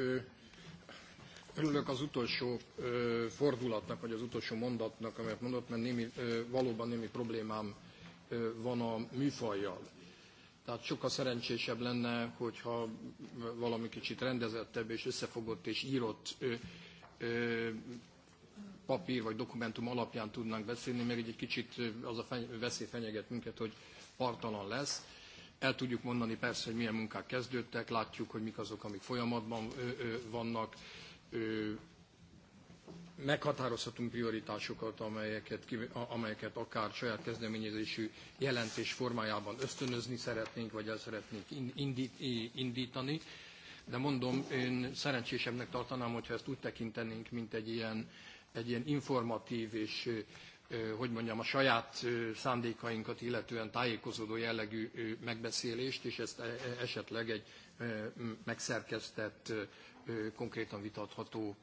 örülök az utolsó ö, fordulatnak, vagy az utolsó mondatnak, amelyet mondott, mert némi, ö, valóban némi problémám ö, van a műfajjal. Tehát sokkal szerencsésebb lenne, hogyha valami kicsit rendezettebb és összefogott és írott ö, ö, papír vagy dokumentum alapján tudnánk beszélni, mert így egy kicsit az a feny veszély fenyeget minket, hogy partalan lesz. El tudjuk mondani persze, hogy milyen munkák kezdődtek, látjuk, hogy mik azok, amik folyamatban ö, ö, vannak, meghatározhatunk prioritásokat, amelyeket, amelyeket akár saját kezdeményezésű jelentés formájában ösztönözni szeretnénk, vagy el szeretnénk indítani. De mondom, én szerencsésebbnek tartanám, hogyha ezt úgy tekintenénk, mint egy ilyen, egy ilyen informatív és hogy mondjam, a saját szándékainkat illetően tájékozódó jellegű megbeszélést, és ezt e, e, esetleg egy megszerkesztett konkrétan vitatható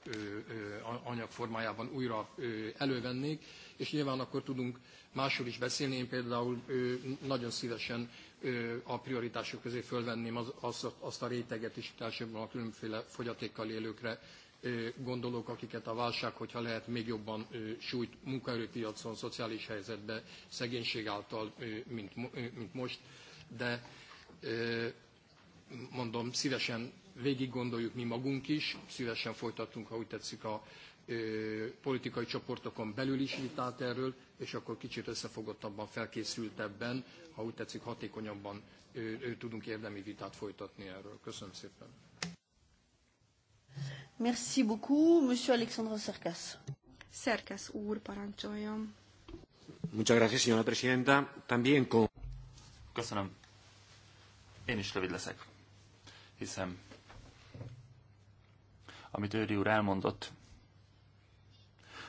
anyag formájában újra elővennék, és nyilván akkor tudunk másról is beszélni. Én például nagyon szívesen a prioritások közé fölvenném azt a réteget is, elsősorban a különféle fogyatékkal élőkre gondolok, akiket a válság, hogyha lehet, még jobban sújt munkaerőpiacon, szociális helyzetbe, szegénység által, mint, mint most. De mondom, szívesen végig gondoljuk mi magunk is, szívesen folytatunk, ha úgy tetszik, a politikai csoportokon belül is vitát erről, és akkor kicsit összefogottabban, felkészültebben, ha úgy tetszik, hatékonyabban tudunk érdemi vitát folytatni erről. Köszönöm szépen. Merci beaucoup, Monsieur Alexandre Szerkesz. Szerkesz úr, parancsoljon. Muchas gracias, señora presidenta. También con... Köszönöm. Én is rövid leszek, hiszen amit Őri úr elmondott,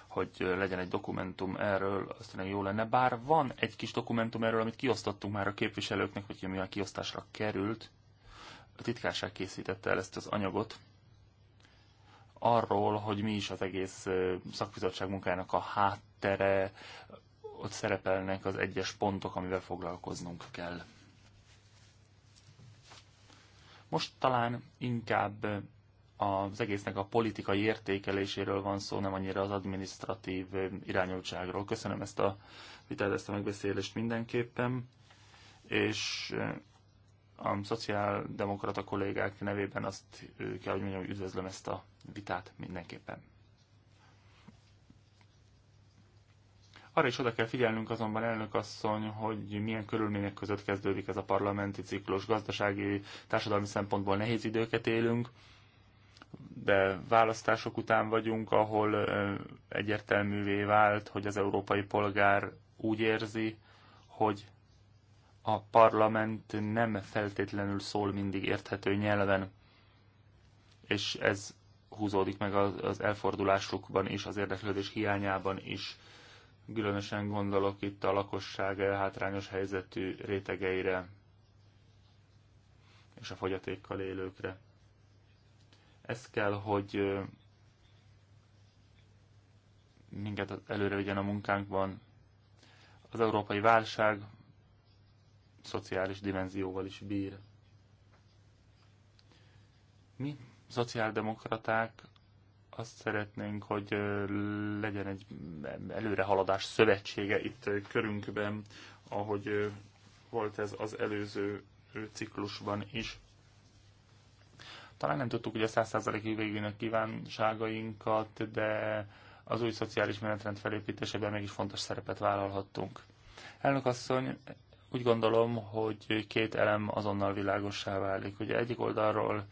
hogy legyen egy dokumentum erről, azt tényleg jó lenne. Bár van egy kis dokumentum erről, amit kiosztottunk már a képviselőknek, hogy mi a kiosztásra került. A titkárság készítette el ezt az anyagot arról, hogy mi is az egész szakbizottság munkának a háttere, ott szerepelnek az egyes pontok, amivel foglalkoznunk kell. Most talán inkább az egésznek a politikai értékeléséről van szó, nem annyira az administratív irányultságról. Köszönöm ezt a vitát, ezt a megbeszélést mindenképpen, és eh, a szociáldemokrata kollégák nevében azt eh, kell, hogy mondjam, hogy üdvözlöm ezt a vitát mindenképpen. Arra is oda kell figyelnünk azonban, elnök asszony, hogy milyen körülmények között kezdődik ez a parlamenti ciklus. Gazdasági, társadalmi szempontból nehéz időket élünk, de választások után vagyunk, ahol egyértelművé vált, hogy az európai polgár úgy érzi, hogy a parlament nem feltétlenül szól mindig érthető nyelven, és ez húzódik meg az elfordulásukban is, az érdeklődés hiányában is. Különösen gondolok itt a lakosság hátrányos helyzetű rétegeire és a fogyatékkal élőkre. Ez kell, hogy minket előre vigyen a munkánkban. Az európai válság szociális dimenzióval is bír. Mi, szociáldemokraták, azt szeretnénk, hogy legyen egy előrehaladás szövetsége itt körünkben, ahogy volt ez az előző ciklusban is. Talán nem tudtuk a 100%-ig végül a kívánságainkat, de az új szociális menetrend felépítésében mégis fontos szerepet vállalhattunk. Elnök asszony, úgy gondolom, hogy két elem azonnal világossá válik. Ugye egyik oldalról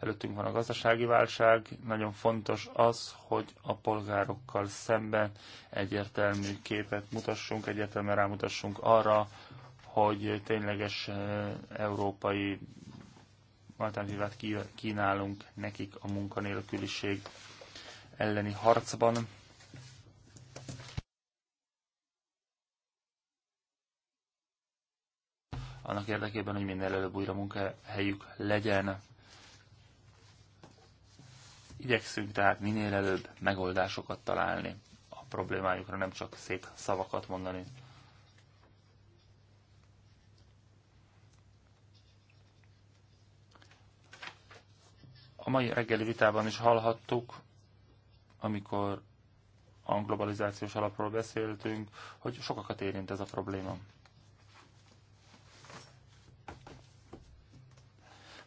előttünk van a gazdasági válság, nagyon fontos az, hogy a polgárokkal szemben egyértelmű képet mutassunk, egyértelműen rámutassunk arra, hogy tényleges eh, európai alternatívát kínálunk nekik a munkanélküliség elleni harcban. Annak érdekében, hogy minél előbb újra munkahelyük legyen. Igyekszünk tehát minél előbb megoldásokat találni a problémájukra, nem csak szép szavakat mondani. mai reggeli vitában is hallhattuk, amikor a globalizációs alapról beszéltünk, hogy sokakat érint ez a probléma.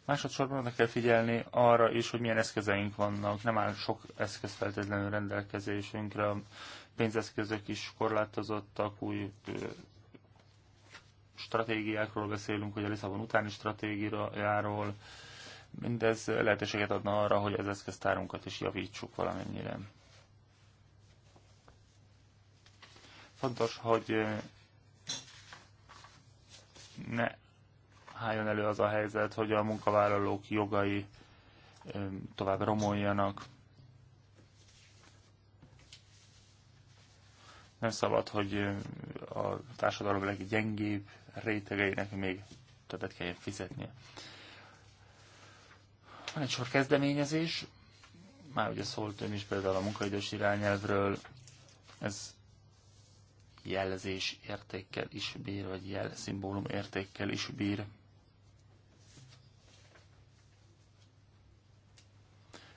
Másodszorban meg kell figyelni arra is, hogy milyen eszközeink vannak. Nem áll sok eszköz feltétlenül rendelkezésünkre. A pénzeszközök is korlátozottak, új stratégiákról beszélünk, hogy a Lisszabon utáni stratégiáról, Mindez lehetőséget adna arra, hogy az eszköztárunkat is javítsuk valamennyire. Fontos, hogy ne álljon elő az a helyzet, hogy a munkavállalók jogai tovább romoljanak. Nem szabad, hogy a társadalom leggyengébb rétegeinek még többet kelljen fizetnie. Van egy sor kezdeményezés, már ugye szólt ön is például a munkaidős irányelvről, ez jelzés értékkel is bír, vagy jel szimbólum értékkel is bír.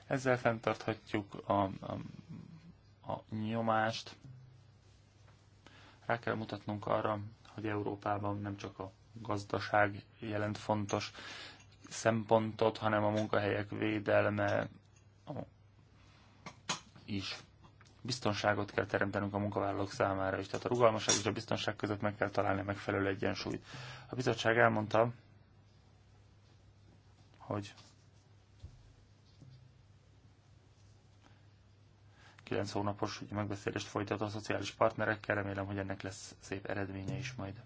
Ezzel fenntarthatjuk a, a, a nyomást. Rá kell mutatnunk arra, hogy Európában nem csak a gazdaság jelent fontos szempontot, hanem a munkahelyek védelme is. Biztonságot kell teremtenünk a munkavállalók számára is. Tehát a rugalmaság és a biztonság között meg kell találni a megfelelő egyensúlyt. A bizottság elmondta, hogy 9 hónapos megbeszélést folytat a szociális partnerekkel, remélem, hogy ennek lesz szép eredménye is majd.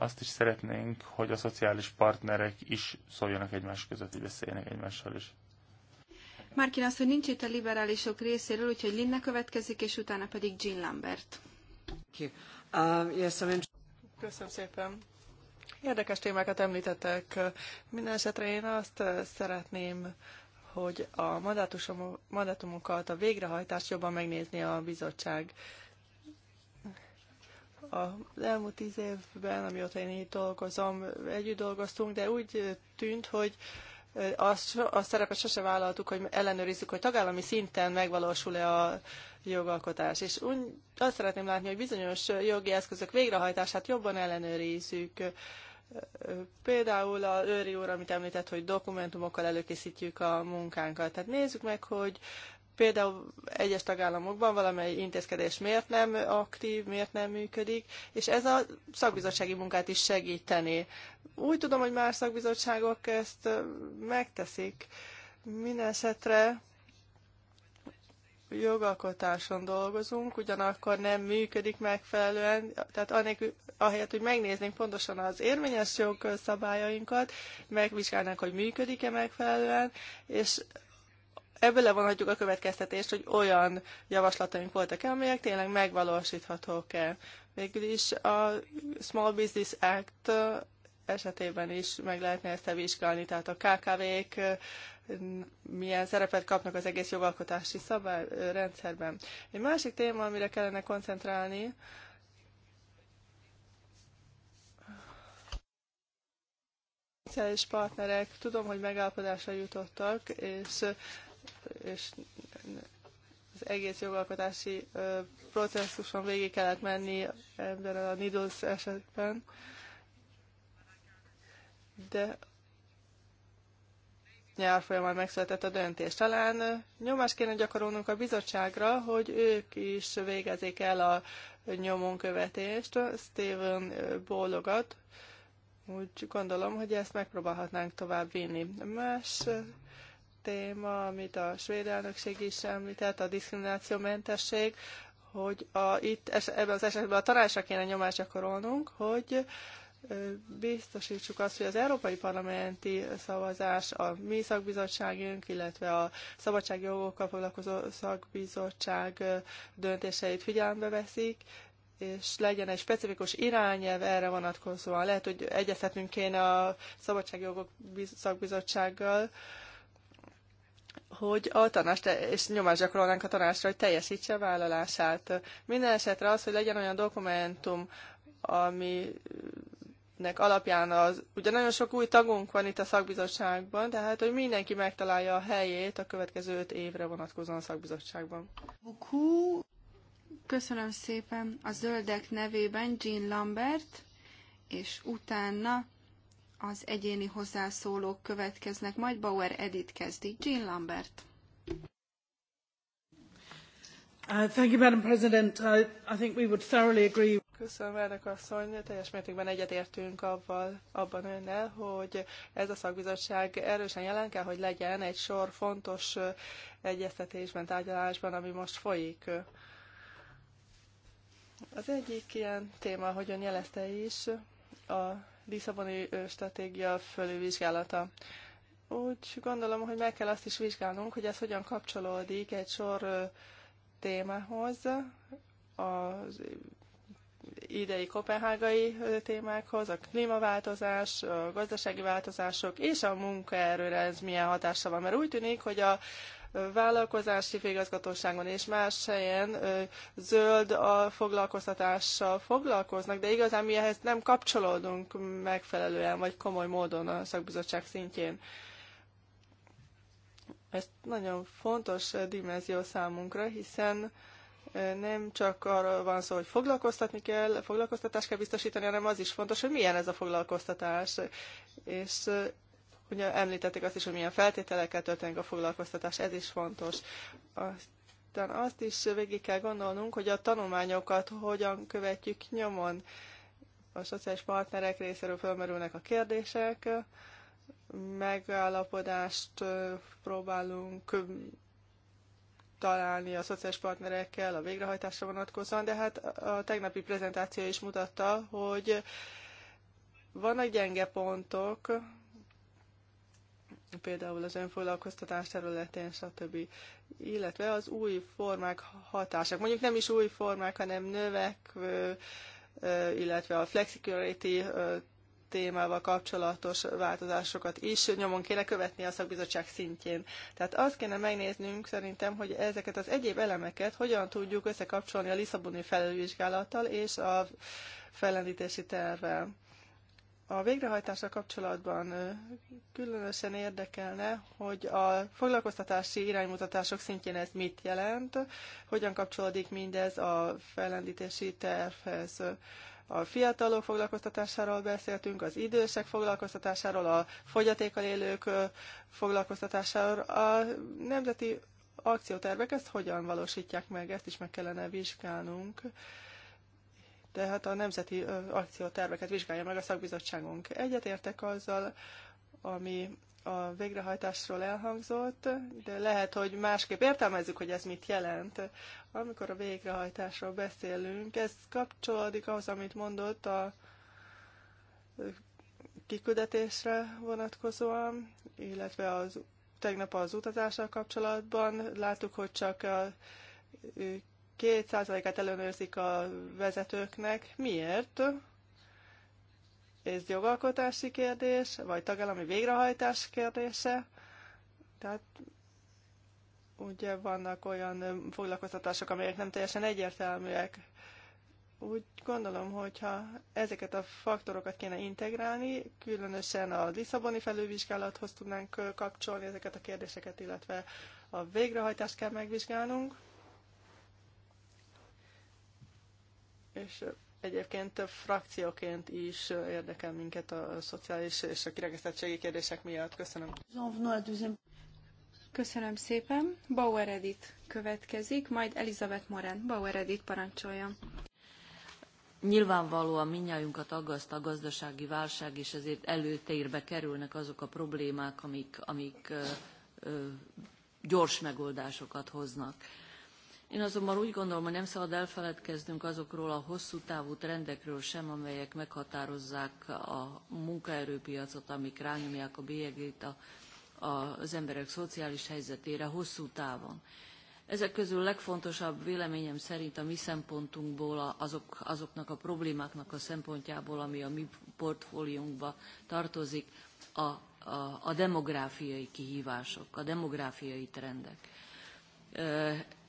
Azt is szeretnénk, hogy a szociális partnerek is szóljanak egymás között, hogy beszéljenek egymással is. Márkin azt, hogy nincs itt a liberálisok részéről, úgyhogy Linne következik, és utána pedig Jean Lambert. Um, Köszönöm szépen. Érdekes témákat említettek. Minden esetre én azt eh, szeretném, hogy a mandátumokat, a végrehajtást jobban megnézni a bizottság az elmúlt tíz évben, amióta én itt dolgozom, együtt dolgoztunk, de úgy tűnt, hogy azt a szerepet sose vállaltuk, hogy ellenőrizzük, hogy tagállami szinten megvalósul-e a jogalkotás. És úgy azt szeretném látni, hogy bizonyos jogi eszközök végrehajtását jobban ellenőrizzük. Például a őri úr, amit említett, hogy dokumentumokkal előkészítjük a munkánkat. Tehát nézzük meg, hogy Például egyes tagállamokban valamely intézkedés miért nem aktív, miért nem működik, és ez a szakbizottsági munkát is segíteni. Úgy tudom, hogy más szakbizottságok ezt megteszik. Mindenesetre jogalkotáson dolgozunk, ugyanakkor nem működik megfelelően, tehát anélkül, ahelyett, hogy megnéznénk pontosan az érvényes jogszabályainkat, megvizsgálnánk, hogy működik-e megfelelően, és ebből levonhatjuk a következtetést, hogy olyan javaslataink voltak-e, amelyek tényleg megvalósíthatók-e. Végül is a Small Business Act esetében is meg lehetne ezt vizsgálni, tehát a KKV-k milyen szerepet kapnak az egész jogalkotási szabályrendszerben. Egy másik téma, amire kellene koncentrálni, szociális partnerek, tudom, hogy megállapodásra jutottak, és és az egész jogalkotási processuson végig kellett menni ebben a Nidus esetben. De nyár folyamán megszületett a döntés. Talán nyomást kéne gyakorolnunk a bizottságra, hogy ők is végezzék el a nyomonkövetést. Steven bólogat. Úgy gondolom, hogy ezt megpróbálhatnánk tovább vinni. Más téma, amit a svéd elnökség is említett, a diszkriminációmentesség, hogy a, itt ebben az esetben a tanácsra kéne nyomást gyakorolnunk, hogy biztosítsuk azt, hogy az Európai Parlamenti szavazás, a mi szakbizottságunk, illetve a szabadságjogokkal foglalkozó szakbizottság döntéseit figyelembe veszik, és legyen egy specifikus irányelv erre vonatkozóan. Lehet, hogy egyeztetnünk kéne a szabadságjogok szakbizottsággal, hogy a tanást, és nyomás gyakorolnánk a tanásra, hogy teljesítse a vállalását. Minden esetre az, hogy legyen olyan dokumentum, ami ...nek alapján az, ugye nagyon sok új tagunk van itt a szakbizottságban, tehát hogy mindenki megtalálja a helyét a következő öt évre vonatkozóan a szakbizottságban. Köszönöm szépen a zöldek nevében Jean Lambert, és utána az egyéni hozzászólók következnek, majd Bauer Edith kezdi. Jean Lambert. Uh, thank you, Madam President. I, I think we would thoroughly agree. Köszönöm, elnök asszony. Teljes mértékben egyetértünk avval, abban önnel, hogy ez a szakbizottság erősen jelen kell, hogy legyen egy sor fontos egyeztetésben, tárgyalásban, ami most folyik. Az egyik ilyen téma, ön jelezte is, a Lisszaboni stratégia fölülvizsgálata. Úgy gondolom, hogy meg kell azt is vizsgálnunk, hogy ez hogyan kapcsolódik egy sor témához, az idei kopenhágai témákhoz, a klímaváltozás, a gazdasági változások és a munkaerőre ez milyen hatása van. Mert úgy tűnik, hogy a vállalkozási főigazgatóságon és más helyen zöld a foglalkoztatással foglalkoznak, de igazán mi ehhez nem kapcsolódunk megfelelően vagy komoly módon a szakbizottság szintjén. Ez nagyon fontos dimenzió számunkra, hiszen nem csak arról van szó, hogy foglalkoztatni kell, foglalkoztatást kell biztosítani, hanem az is fontos, hogy milyen ez a foglalkoztatás. És Ugye említették azt is, hogy milyen feltételekkel történik a foglalkoztatás, ez is fontos. Aztán azt is végig kell gondolnunk, hogy a tanulmányokat hogyan követjük nyomon. A szociális partnerek részéről felmerülnek a kérdések, megállapodást próbálunk találni a szociális partnerekkel a végrehajtásra vonatkozóan, de hát a tegnapi prezentáció is mutatta, hogy vannak gyenge pontok, például az önfoglalkoztatás területén, stb. Illetve az új formák hatások, mondjuk nem is új formák, hanem növekvő, illetve a flexicurity témával kapcsolatos változásokat is nyomon kéne követni a szakbizottság szintjén. Tehát azt kéne megnéznünk szerintem, hogy ezeket az egyéb elemeket hogyan tudjuk összekapcsolni a Lisszaboni felülvizsgálattal és a fellendítési tervvel. A végrehajtásra kapcsolatban különösen érdekelne, hogy a foglalkoztatási iránymutatások szintjén ez mit jelent, hogyan kapcsolódik mindez a fellendítési tervhez. A fiatalok foglalkoztatásáról beszéltünk, az idősek foglalkoztatásáról, a fogyatékkal élők foglalkoztatásáról. A nemzeti akciótervek ezt hogyan valósítják meg, ezt is meg kellene vizsgálnunk tehát a nemzeti akcióterveket vizsgálja meg a szakbizottságunk. Egyetértek azzal, ami a végrehajtásról elhangzott, de lehet, hogy másképp értelmezzük, hogy ez mit jelent. Amikor a végrehajtásról beszélünk, ez kapcsolódik ahhoz, amit mondott a kiküldetésre vonatkozóan, illetve az, tegnap az utazással kapcsolatban láttuk, hogy csak a 2%-át ellenőrzik a vezetőknek. Miért? Ez jogalkotási kérdés, vagy tagállami végrehajtás kérdése. Tehát ugye vannak olyan foglalkoztatások, amelyek nem teljesen egyértelműek. Úgy gondolom, hogyha ezeket a faktorokat kéne integrálni, különösen a Lisszaboni felülvizsgálathoz tudnánk kapcsolni ezeket a kérdéseket, illetve a végrehajtást kell megvizsgálnunk és egyébként frakcióként is érdekel minket a szociális és a kirekesztettségi kérdések miatt. Köszönöm. Köszönöm szépen. Bauer Edith következik, majd Elizabeth Moren. Bauer Edith parancsolja. Nyilvánvalóan minnyájunkat aggaszt a gazdasági válság, és ezért előtérbe kerülnek azok a problémák, amik, amik ö, ö, gyors megoldásokat hoznak én azonban úgy gondolom, hogy nem szabad elfeledkeznünk azokról a hosszú távú trendekről sem, amelyek meghatározzák a munkaerőpiacot, amik rányomják a bélyegét a, a, az emberek szociális helyzetére hosszú távon. Ezek közül legfontosabb véleményem szerint a mi szempontunkból, azok, azoknak a problémáknak a szempontjából, ami a mi portfóliónkba tartozik, a, a, a demográfiai kihívások, a demográfiai trendek.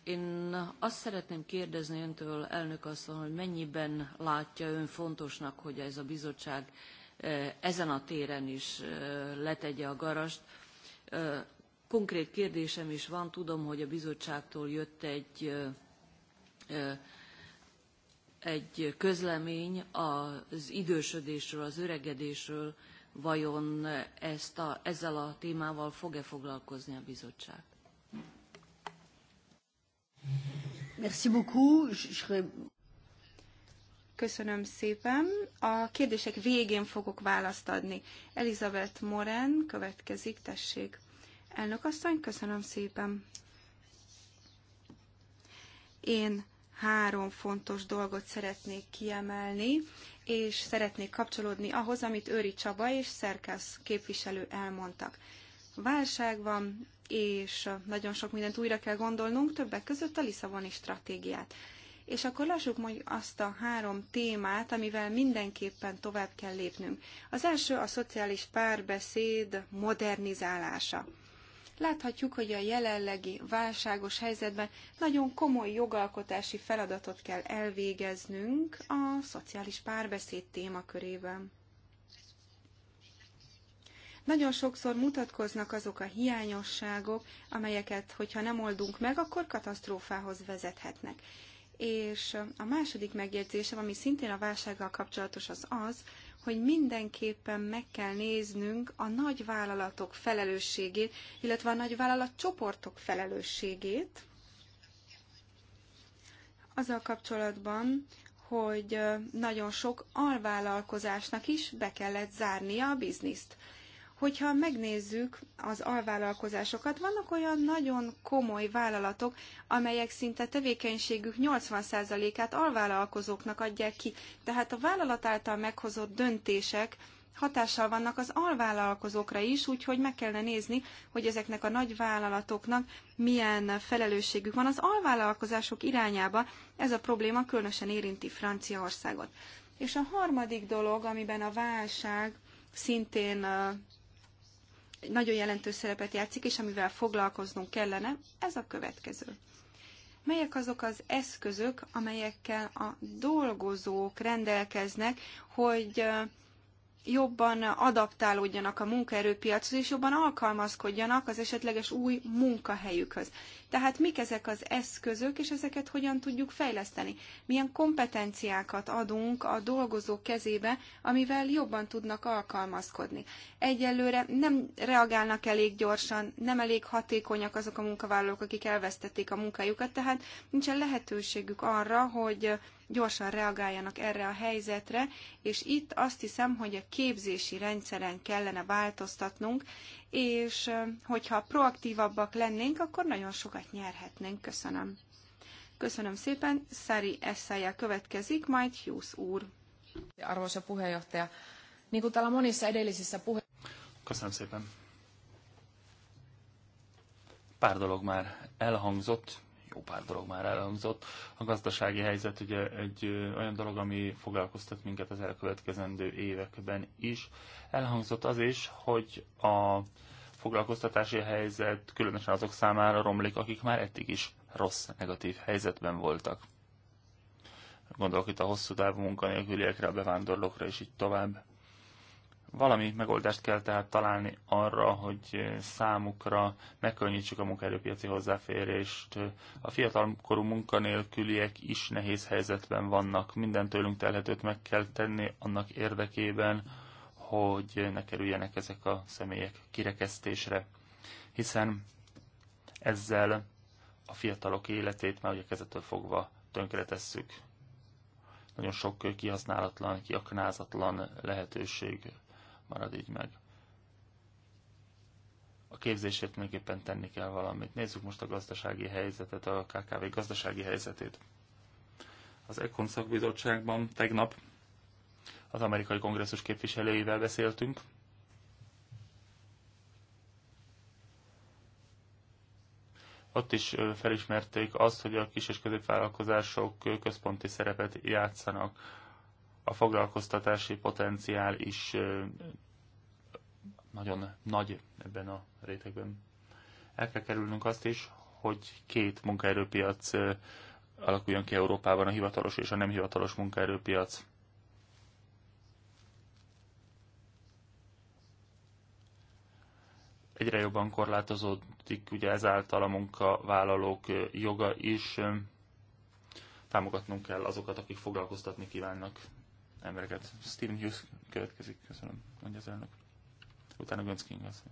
Én azt szeretném kérdezni öntől, elnök asszony, hogy mennyiben látja ön fontosnak, hogy ez a bizottság eh, ezen a téren is eh, letegye a garast. Eh, konkrét kérdésem is van, tudom, hogy a bizottságtól jött egy, egy közlemény az idősödésről, az öregedésről, vajon ezt a, ezzel a témával fog-e foglalkozni a bizottság? Köszönöm szépen. A kérdések végén fogok választ adni. Elizabeth Moren következik, tessék. Elnök asszony, köszönöm szépen. Én három fontos dolgot szeretnék kiemelni, és szeretnék kapcsolódni ahhoz, amit Őri Csaba és Szerkesz képviselő elmondtak válság van, és nagyon sok mindent újra kell gondolnunk, többek között a Lisszaboni stratégiát. És akkor lássuk majd azt a három témát, amivel mindenképpen tovább kell lépnünk. Az első a szociális párbeszéd modernizálása. Láthatjuk, hogy a jelenlegi válságos helyzetben nagyon komoly jogalkotási feladatot kell elvégeznünk a szociális párbeszéd témakörében. Nagyon sokszor mutatkoznak azok a hiányosságok, amelyeket, hogyha nem oldunk meg, akkor katasztrófához vezethetnek. És a második megjegyzésem, ami szintén a válsággal kapcsolatos, az az, hogy mindenképpen meg kell néznünk a nagyvállalatok felelősségét, illetve a nagyvállalat csoportok felelősségét, azzal kapcsolatban, hogy nagyon sok alvállalkozásnak is be kellett zárnia a bizniszt. Hogyha megnézzük az alvállalkozásokat, vannak olyan nagyon komoly vállalatok, amelyek szinte tevékenységük 80%-át alvállalkozóknak adják ki. Tehát a vállalat által meghozott döntések hatással vannak az alvállalkozókra is, úgyhogy meg kellene nézni, hogy ezeknek a nagy vállalatoknak milyen felelősségük van az alvállalkozások irányába. Ez a probléma különösen érinti Franciaországot. És a harmadik dolog, amiben a válság szintén nagyon jelentős szerepet játszik, és amivel foglalkoznunk kellene, ez a következő. Melyek azok az eszközök, amelyekkel a dolgozók rendelkeznek, hogy jobban adaptálódjanak a munkaerőpiachoz, és jobban alkalmazkodjanak az esetleges új munkahelyükhöz. Tehát mik ezek az eszközök, és ezeket hogyan tudjuk fejleszteni? Milyen kompetenciákat adunk a dolgozók kezébe, amivel jobban tudnak alkalmazkodni? Egyelőre nem reagálnak elég gyorsan, nem elég hatékonyak azok a munkavállalók, akik elvesztették a munkájukat, tehát nincsen lehetőségük arra, hogy gyorsan reagáljanak erre a helyzetre, és itt azt hiszem, hogy a képzési rendszeren kellene változtatnunk, és hogyha proaktívabbak lennénk, akkor nagyon sokat nyerhetnénk. Köszönöm. Köszönöm szépen. Szári Eszája következik, majd Hughes úr. Arvoisa puheenjohtaja, niin kuin täällä monissa edellisissä puhe... Köszönöm szépen. Pár dolog már elhangzott, jó pár dolog már elhangzott. A gazdasági helyzet ugye egy olyan dolog, ami foglalkoztat minket az elkövetkezendő években is. Elhangzott az is, hogy a foglalkoztatási helyzet különösen azok számára romlik, akik már eddig is rossz, negatív helyzetben voltak. Gondolok itt a hosszú távú munkanélküliekre, a bevándorlókra és így tovább. Valami megoldást kell tehát találni arra, hogy számukra megkönnyítsük a munkaerőpiaci hozzáférést. A fiatalkorú munkanélküliek is nehéz helyzetben vannak. Minden tőlünk telhetőt meg kell tenni annak érdekében, hogy ne kerüljenek ezek a személyek kirekesztésre. Hiszen ezzel a fiatalok életét már ugye kezetől fogva tönkretesszük. Nagyon sok kihasználatlan, kiaknázatlan lehetőség marad így meg. A képzésért mindenképpen tenni kell valamit. Nézzük most a gazdasági helyzetet, a KKV gazdasági helyzetét. Az Econ szakbizottságban tegnap az amerikai kongresszus képviselőivel beszéltünk, ott is felismerték azt, hogy a kis és középvállalkozások központi szerepet játszanak a foglalkoztatási potenciál is nagyon nagy ebben a rétegben. El kell kerülnünk azt is, hogy két munkaerőpiac alakuljon ki Európában, a hivatalos és a nem hivatalos munkaerőpiac. Egyre jobban korlátozódik ugye ezáltal a munkavállalók joga is. Támogatnunk kell azokat, akik foglalkoztatni kívánnak embereket. Steven Hughes következik, köszönöm, mondja az elnök. Utána Gönc King lesz.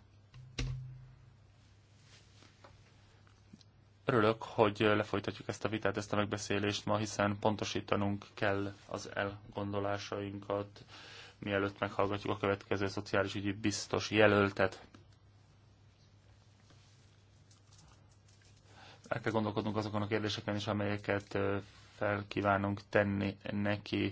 Örülök, hogy lefolytatjuk ezt a vitát, ezt a megbeszélést ma, hiszen pontosítanunk kell az elgondolásainkat, mielőtt meghallgatjuk a következő szociális ügyi biztos jelöltet. El kell gondolkodnunk azokon a kérdéseken is, amelyeket fel kívánunk tenni neki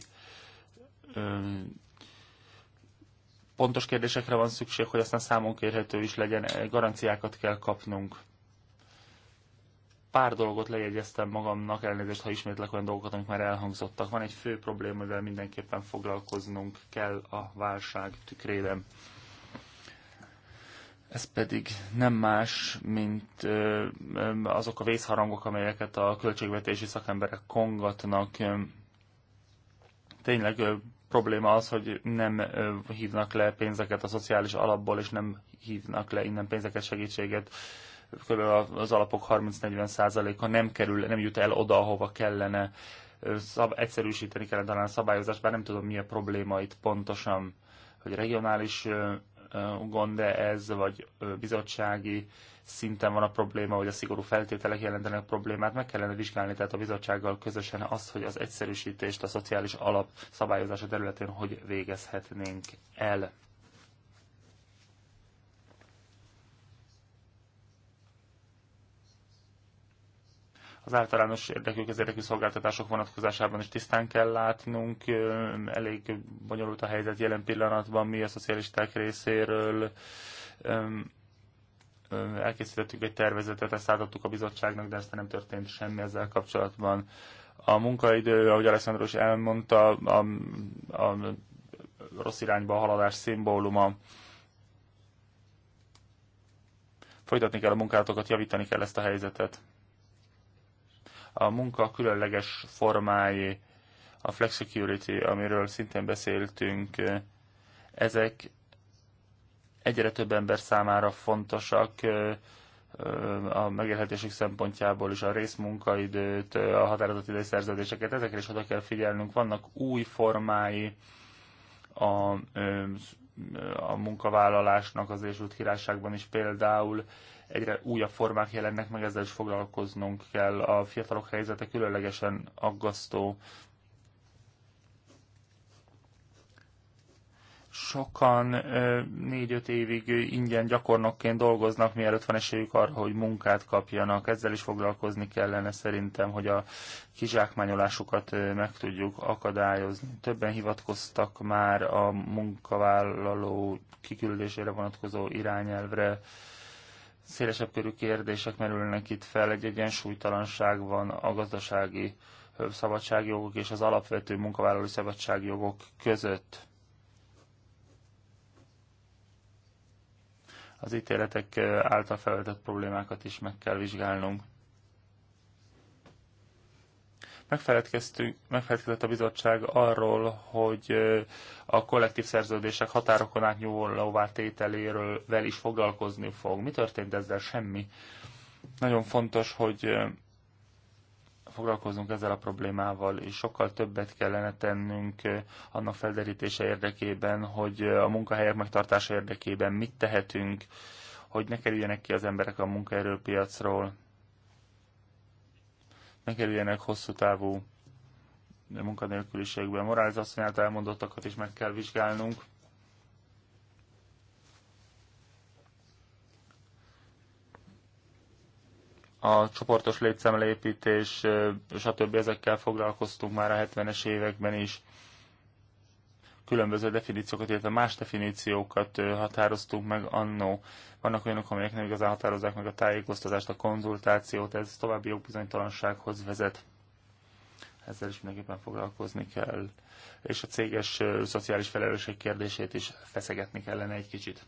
pontos kérdésekre van szükség, hogy aztán számon kérhető is legyen, e, garanciákat kell kapnunk. Pár dolgot lejegyeztem magamnak, elnézést, ha ismétlek olyan dolgokat, amik már elhangzottak. Van egy fő probléma, amivel mindenképpen foglalkoznunk kell a válság tükrében. Ez pedig nem más, mint azok a vészharangok, amelyeket a költségvetési szakemberek kongatnak. Tényleg probléma az, hogy nem hívnak le pénzeket a szociális alapból, és nem hívnak le innen pénzeket, segítséget. Kb. az alapok 30-40%-a nem kerül, nem jut el oda, ahova kellene. Szab egyszerűsíteni kellene talán a szabályozást, bár nem tudom, mi a probléma itt pontosan, hogy regionális gond ez, vagy bizottsági szinten van a probléma, vagy a szigorú feltételek jelentenek problémát, meg kellene vizsgálni tehát a bizottsággal közösen azt, hogy az egyszerűsítést a szociális alap szabályozása területén hogy végezhetnénk el. Az általános érdekű az szolgáltatások vonatkozásában is tisztán kell látnunk. Elég bonyolult a helyzet jelen pillanatban mi a szocialisták részéről. Elkészítettük egy tervezetet, ezt átadtuk a bizottságnak, de aztán nem történt semmi ezzel kapcsolatban. A munkaidő, ahogy Alexandros elmondta, a, a rossz irányba a haladás szimbóluma. Folytatni kell a munkálatokat, javítani kell ezt a helyzetet a munka különleges formái, a flexicurity, amiről szintén beszéltünk, ezek egyre több ember számára fontosak a megélhetésük szempontjából is, a részmunkaidőt, a határozott idei szerződéseket, ezekre is oda kell figyelnünk. Vannak új formái a, a munkavállalásnak az Egyesült Királyságban is például, egyre újabb formák jelennek meg, ezzel is foglalkoznunk kell. A fiatalok helyzete különlegesen aggasztó. Sokan 4-5 évig ingyen gyakornokként dolgoznak, mielőtt van esélyük arra, hogy munkát kapjanak. Ezzel is foglalkozni kellene szerintem, hogy a kizsákmányolásukat meg tudjuk akadályozni. Többen hivatkoztak már a munkavállaló kiküldésére vonatkozó irányelvre szélesebb körű kérdések merülnek itt fel, egy egyensúlytalanság van a gazdasági szabadságjogok és az alapvető munkavállalói szabadságjogok között. Az ítéletek által felvetett problémákat is meg kell vizsgálnunk. Megfeledkeztünk, megfeledkezett a bizottság arról, hogy a kollektív szerződések határokon átnyúlóvá tételéről vel is foglalkozni fog. Mi történt ezzel? Semmi. Nagyon fontos, hogy foglalkozunk ezzel a problémával, és sokkal többet kellene tennünk annak felderítése érdekében, hogy a munkahelyek megtartása érdekében mit tehetünk, hogy ne kerüljenek ki az emberek a munkaerőpiacról, ne kerüljenek hosszú távú munkanélküliségbe. Morális asszony által elmondottakat is meg kell vizsgálnunk. a csoportos létszámleépítés, stb. ezekkel foglalkoztunk már a 70-es években is különböző definíciókat, illetve más definíciókat határoztunk meg annó. Vannak olyanok, amelyek nem igazán határozzák meg a tájékoztatást, a konzultációt, ez további jogbizonytalansághoz vezet. Ezzel is mindenképpen foglalkozni kell. És a céges szociális felelősség kérdését is feszegetni kellene egy kicsit.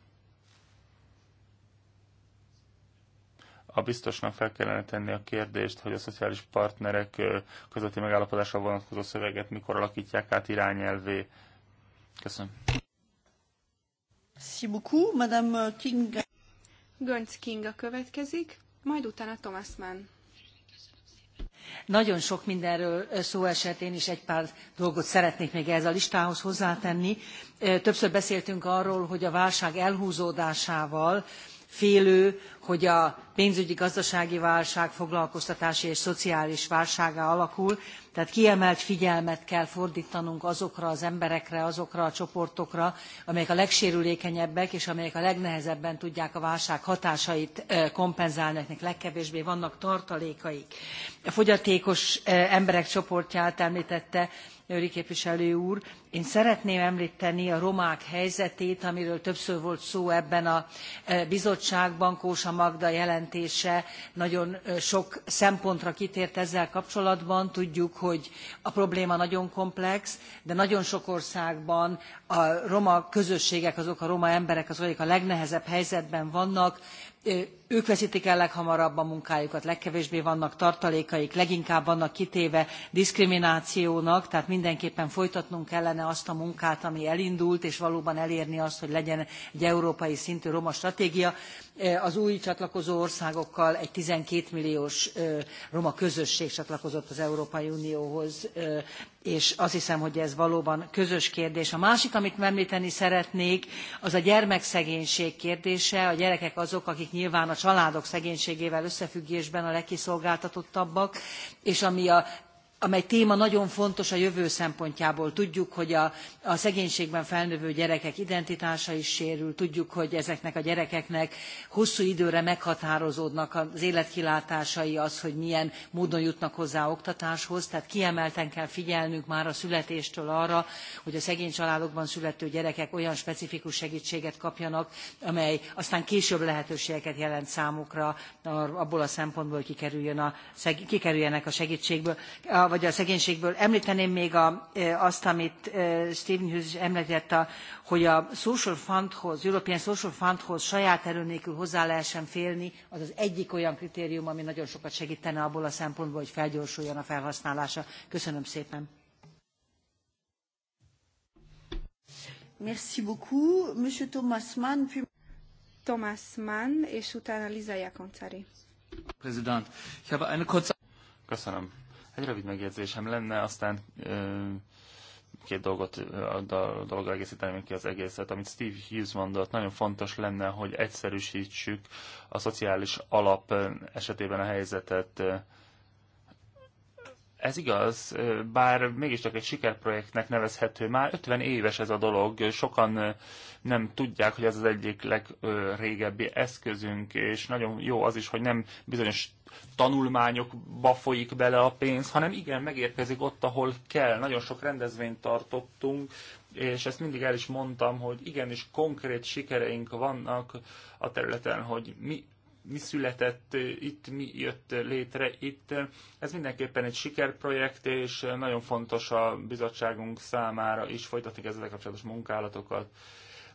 a biztosnak fel kellene tenni a kérdést, hogy a szociális partnerek közötti megállapodásra vonatkozó szöveget mikor alakítják át irányelvé. Köszönöm. Merci beaucoup, Madame King. Gönc Kinga következik, majd utána Thomas Mann. Nagyon sok mindenről szó esett, én is egy pár dolgot szeretnék még ehhez a listához hozzátenni. Többször beszéltünk arról, hogy a válság elhúzódásával félő, hogy a pénzügyi gazdasági válság foglalkoztatási és szociális válsága alakul tehát kiemelt figyelmet kell fordítanunk azokra az emberekre, azokra a csoportokra, amelyek a legsérülékenyebbek, és amelyek a legnehezebben tudják a válság hatásait kompenzálni, akiknek legkevésbé vannak tartalékaik. A fogyatékos emberek csoportját említette, Nőri képviselő úr. Én szeretném említeni a romák helyzetét, amiről többször volt szó ebben a e, bizottságban. Kósa Magda jelentése nagyon e, sok szempontra kitért ezzel kapcsolatban. Tudjuk, hogy a probléma nagyon komplex, de nagyon sok országban a roma közösségek, azok a roma emberek, azok, akik a legnehezebb helyzetben vannak, e, ők veszítik el leghamarabb a munkájukat, legkevésbé vannak tartalékaik, leginkább vannak kitéve diszkriminációnak, tehát mindenképpen folytatnunk kellene azt a munkát, ami elindult, és valóban elérni azt, hogy legyen egy európai szintű roma stratégia. Eh, az új csatlakozó országokkal egy 12 milliós eh, roma közösség csatlakozott az Európai Unióhoz, eh, és azt hiszem, hogy ez valóban közös kérdés. A másik, amit említeni szeretnék, az a gyermekszegénység kérdése. A gyerekek azok, akik nyilván a családok szegénységével összefüggésben a legkiszolgáltatottabbak, és ami a amely téma nagyon fontos a jövő szempontjából. Tudjuk, hogy a, a szegénységben felnövő gyerekek identitása is sérül, tudjuk, hogy ezeknek a gyerekeknek hosszú időre meghatározódnak az életkilátásai, az, hogy milyen módon jutnak hozzá oktatáshoz, tehát kiemelten kell figyelnünk már a születéstől arra, hogy a szegény családokban születő gyerekek olyan specifikus segítséget kapjanak, amely aztán később lehetőségeket jelent számukra abból a szempontból, hogy kikerüljön a, kikerüljenek a segítségből. A vagy a szegénységből. Említeném még a, azt, amit Stephen Hughes is említett, a, hogy a Social Fundhoz, European Social Fundhoz saját erő nélkül hozzá lehessen félni, az az egyik olyan kritérium, ami nagyon sokat segítene abból a szempontból, hogy felgyorsuljon a felhasználása. Köszönöm szépen. Merci beaucoup. Monsieur Thomas Mann, puis... Thomas Mann, és utána Liza Jakoncari. Präsident, ich habe eine kurze... Köszönöm, egy rövid megjegyzésem lenne, aztán két dolgot dolog egészíteném ki az egészet. Amit Steve Hughes mondott, nagyon fontos lenne, hogy egyszerűsítsük a szociális alap esetében a helyzetet ez igaz, bár mégiscsak egy sikerprojektnek nevezhető. Már 50 éves ez a dolog, sokan nem tudják, hogy ez az egyik legrégebbi eszközünk, és nagyon jó az is, hogy nem bizonyos tanulmányokba folyik bele a pénz, hanem igen, megérkezik ott, ahol kell. Nagyon sok rendezvényt tartottunk, és ezt mindig el is mondtam, hogy igenis konkrét sikereink vannak a területen, hogy mi mi született itt, mi jött létre itt. Ez mindenképpen egy sikerprojekt, és nagyon fontos a bizottságunk számára is folytatni ezzel kapcsolatos munkálatokat.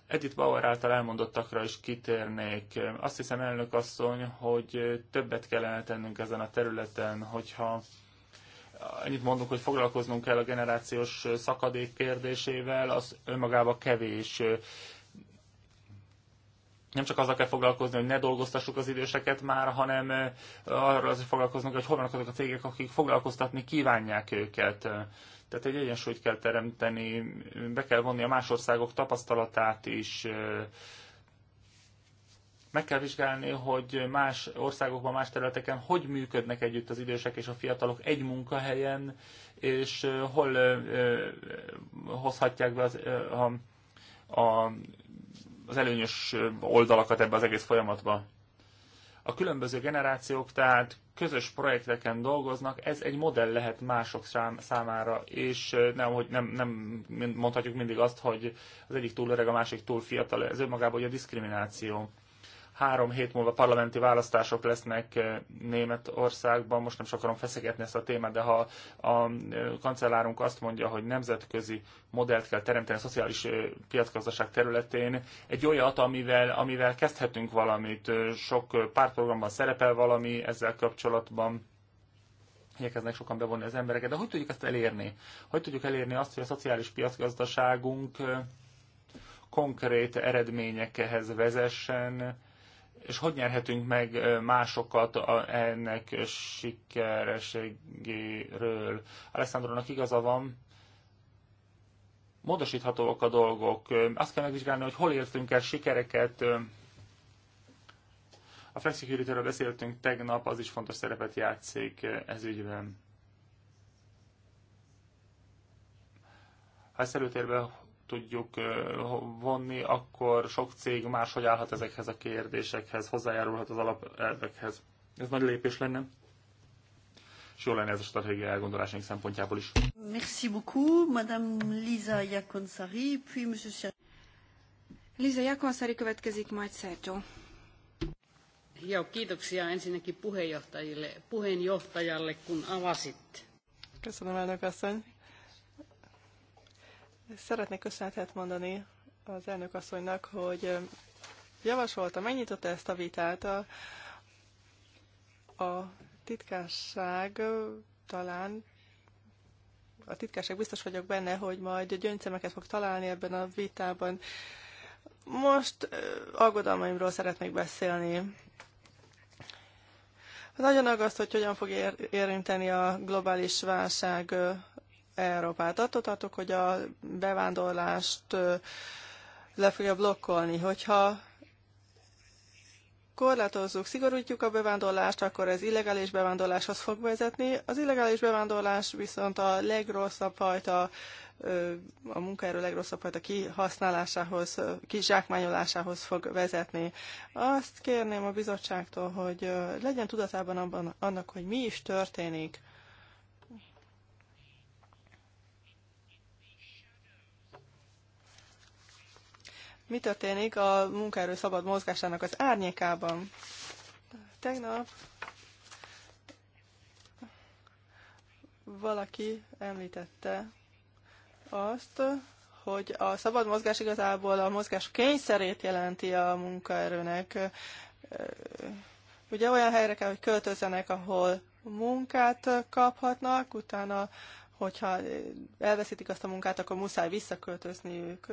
Edith Bauer által elmondottakra is kitérnék. Azt hiszem, elnök asszony, hogy többet kellene tennünk ezen a területen, hogyha annyit mondunk, hogy foglalkoznunk kell a generációs szakadék kérdésével, az önmagában kevés nem csak azzal kell foglalkozni, hogy ne dolgoztassuk az időseket már, hanem arról azért foglalkoznak, hogy hol vannak azok a cégek, akik foglalkoztatni kívánják őket. Tehát egy egyensúlyt kell teremteni, be kell vonni a más országok tapasztalatát is, meg kell vizsgálni, hogy más országokban, más területeken hogy működnek együtt az idősek és a fiatalok egy munkahelyen, és hol hozhatják be az, a, a az előnyös oldalakat ebbe az egész folyamatba. A különböző generációk tehát közös projekteken dolgoznak, ez egy modell lehet mások számára, és nem, hogy nem, nem mondhatjuk mindig azt, hogy az egyik túl öreg, a másik túl fiatal, ez önmagában ugye a diszkrimináció. Három hét múlva parlamenti választások lesznek eh, Németországban. Most nem is akarom feszegetni ezt a témát, de ha a eh, kancellárunk azt mondja, hogy nemzetközi modellt kell teremteni a szociális eh, piacgazdaság területén, egy olyat, amivel, amivel kezdhetünk valamit. Sok pártprogramban szerepel valami ezzel kapcsolatban igyekeznek sokan bevonni az embereket, de hogy tudjuk ezt elérni? Hogy tudjuk elérni azt, hogy a szociális piacgazdaságunk konkrét eredményekhez vezessen, és hogy nyerhetünk meg másokat ennek sikereségéről? Alessandronak igaza van, módosíthatóak a dolgok. Azt kell megvizsgálni, hogy hol értünk el sikereket. A flexicurity beszéltünk tegnap, az is fontos szerepet játszik ez ügyben. Ha ezt előtérbe tudjuk vonni, akkor sok cég máshogy állhat ezekhez a kérdésekhez, hozzájárulhat az alapelvekhez. Ez nagy lépés lenne. És jó lenne ez a stratégia elgondolásunk szempontjából is. Merci beaucoup, Madame Lisa Jakonsari, puis Monsieur Lisa Liza Jakonsari következik, majd Sergio. Joo, kiitoksia ensinnäkin puheenjohtajille, puheenjohtajalle, kun avasit. Köszönöm, elnök asszony. Szeretnék köszönetet mondani az elnök asszonynak, hogy javasolta, megnyitotta ezt a vitát. A, a titkásság talán a titkásság biztos vagyok benne, hogy majd gyöngyszemeket fog találni ebben a vitában. Most aggodalmaimról szeretnék beszélni. Nagyon aggaszt, hogy hogyan fog ér- érinteni a globális válság Európát. Attól tartok, hogy a bevándorlást le fogja blokkolni. Hogyha korlátozzuk, szigorítjuk a bevándorlást, akkor ez illegális bevándorláshoz fog vezetni. Az illegális bevándorlás viszont a legrosszabb fajta a munkaerő legrosszabb fajta kihasználásához, kizsákmányolásához fog vezetni. Azt kérném a bizottságtól, hogy legyen tudatában abban, annak, hogy mi is történik mi történik a munkaerő szabad mozgásának az árnyékában. Tegnap valaki említette azt, hogy a szabad mozgás igazából a mozgás kényszerét jelenti a munkaerőnek. Ugye olyan helyre kell, hogy költözzenek, ahol munkát kaphatnak, utána, hogyha elveszítik azt a munkát, akkor muszáj visszaköltözniük.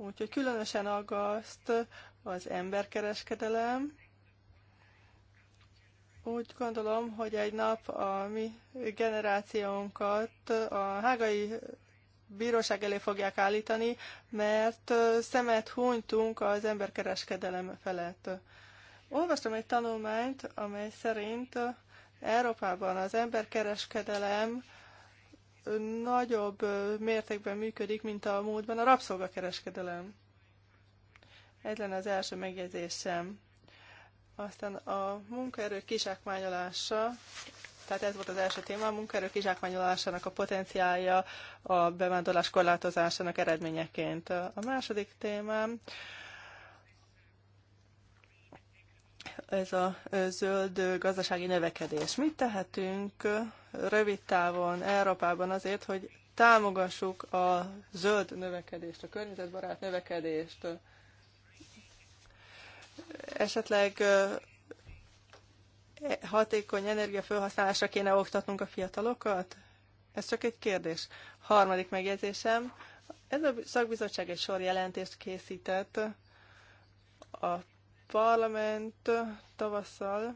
Úgyhogy különösen aggaszt az emberkereskedelem. Úgy gondolom, hogy egy nap a mi generációnkat a hágai bíróság elé fogják állítani, mert szemet hunytunk az emberkereskedelem felett. Olvastam egy tanulmányt, amely szerint Európában az emberkereskedelem nagyobb mértékben működik, mint a múltban a rabszolgakereskedelem. Ez lenne az első megjegyzésem. Aztán a munkaerő kizsákmányolása, tehát ez volt az első téma, a munkaerő kizsákmányolásának a potenciálja a bevándorlás korlátozásának eredményeként. A második témám, ez a zöld gazdasági növekedés. Mit tehetünk rövid távon Európában azért, hogy támogassuk a zöld növekedést, a környezetbarát növekedést. Esetleg e, hatékony energiafelhasználásra kéne oktatnunk a fiatalokat? Ez csak egy kérdés. Harmadik megjegyzésem. Ez a szakbizottság egy sor jelentést készített a parlament tavasszal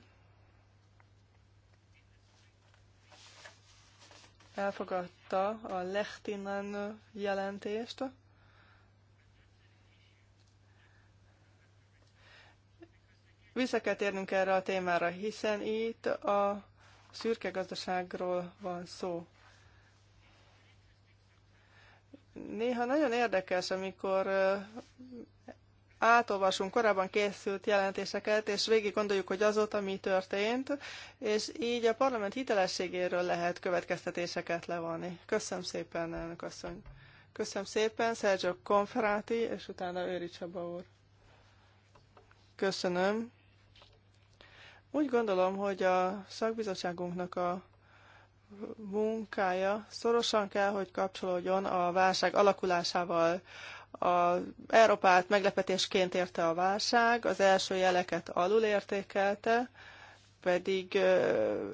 elfogadta a Lechtinen jelentést, Vissza kell térnünk erre a témára, hiszen itt a szürke gazdaságról van szó. Néha nagyon érdekes, amikor átolvasunk korábban készült jelentéseket, és végig gondoljuk, hogy azóta mi történt, és így a parlament hitelességéről lehet következtetéseket levonni. Köszönöm szépen, elnök asszony. Köszönöm szépen, Sergio Konferáti, és utána Őri Csaba úr. Köszönöm. Úgy gondolom, hogy a szakbizottságunknak a munkája szorosan kell, hogy kapcsolódjon a válság alakulásával. A Európát meglepetésként érte a válság, az első jeleket alul értékelte, pedig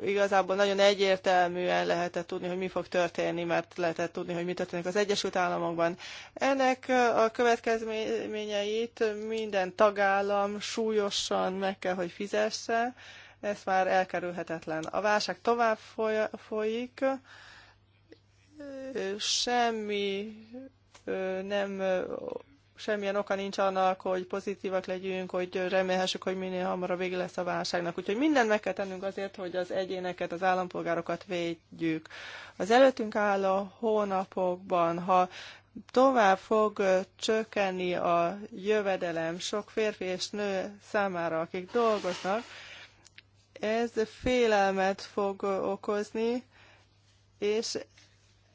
igazából nagyon egyértelműen lehetett tudni, hogy mi fog történni, mert lehetett tudni, hogy mi történik az Egyesült Államokban. Ennek a következményeit minden tagállam súlyosan meg kell, hogy fizesse, ez már elkerülhetetlen. A válság tovább foly- folyik, semmi nem semmilyen oka nincs annak, hogy pozitívak legyünk, hogy remélhessük, hogy minél hamarabb vége lesz a válságnak. Úgyhogy mindent meg kell tennünk azért, hogy az egyéneket, az állampolgárokat védjük. Az előttünk álló hónapokban, ha tovább fog csökkenni a jövedelem sok férfi és nő számára, akik dolgoznak, ez félelmet fog okozni, és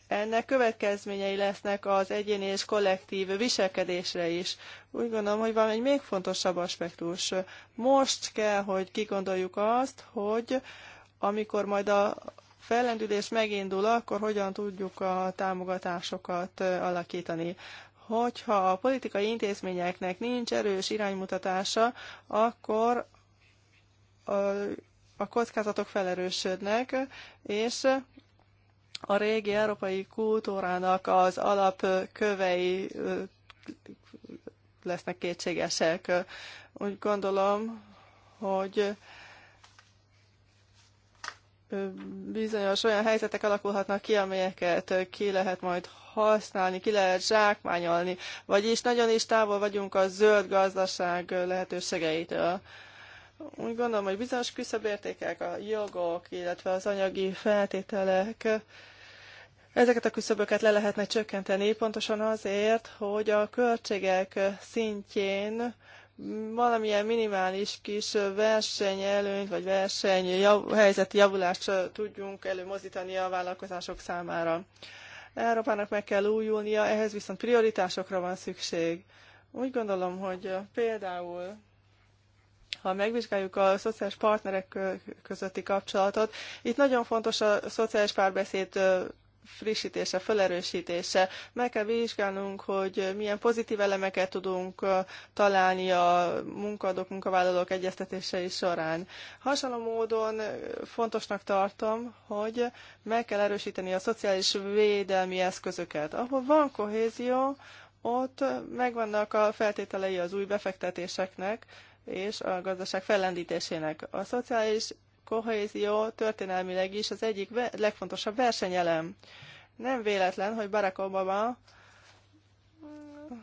ennek következményei lesznek az egyéni és kollektív viselkedésre is. Úgy gondolom, hogy van egy még fontosabb aspektus. Most kell, hogy kigondoljuk azt, hogy amikor majd a fellendülés megindul, akkor hogyan tudjuk a támogatásokat alakítani. Hogyha a politikai intézményeknek nincs erős iránymutatása, akkor a kockázatok felerősödnek, és a régi európai kultúrának az alapkövei lesznek kétségesek. Úgy gondolom, hogy bizonyos olyan helyzetek alakulhatnak ki, amelyeket ki lehet majd használni, ki lehet zsákmányolni, vagyis nagyon is távol vagyunk a zöld gazdaság lehetőségeitől. Úgy gondolom, hogy bizonyos küszöbértékek, a jogok, illetve az anyagi feltételek Ezeket a küszöböket le lehetne csökkenteni pontosan azért, hogy a költségek szintjén valamilyen minimális kis versenyelőnyt vagy versenyhelyzeti javulást tudjunk előmozdítani a vállalkozások számára. Európának meg kell újulnia, ehhez viszont prioritásokra van szükség. Úgy gondolom, hogy például ha megvizsgáljuk a szociális partnerek közötti kapcsolatot, itt nagyon fontos a szociális párbeszéd frissítése, felerősítése. Meg kell vizsgálnunk, hogy milyen pozitív elemeket tudunk találni a munkadók, munkavállalók egyeztetései során. Hasonló módon fontosnak tartom, hogy meg kell erősíteni a szociális védelmi eszközöket. Ahol van kohézió, ott megvannak a feltételei az új befektetéseknek, és a gazdaság fellendítésének. A szociális kohézió történelmileg is az egyik legfontosabb versenyelem. Nem véletlen, hogy Barack Obama mm,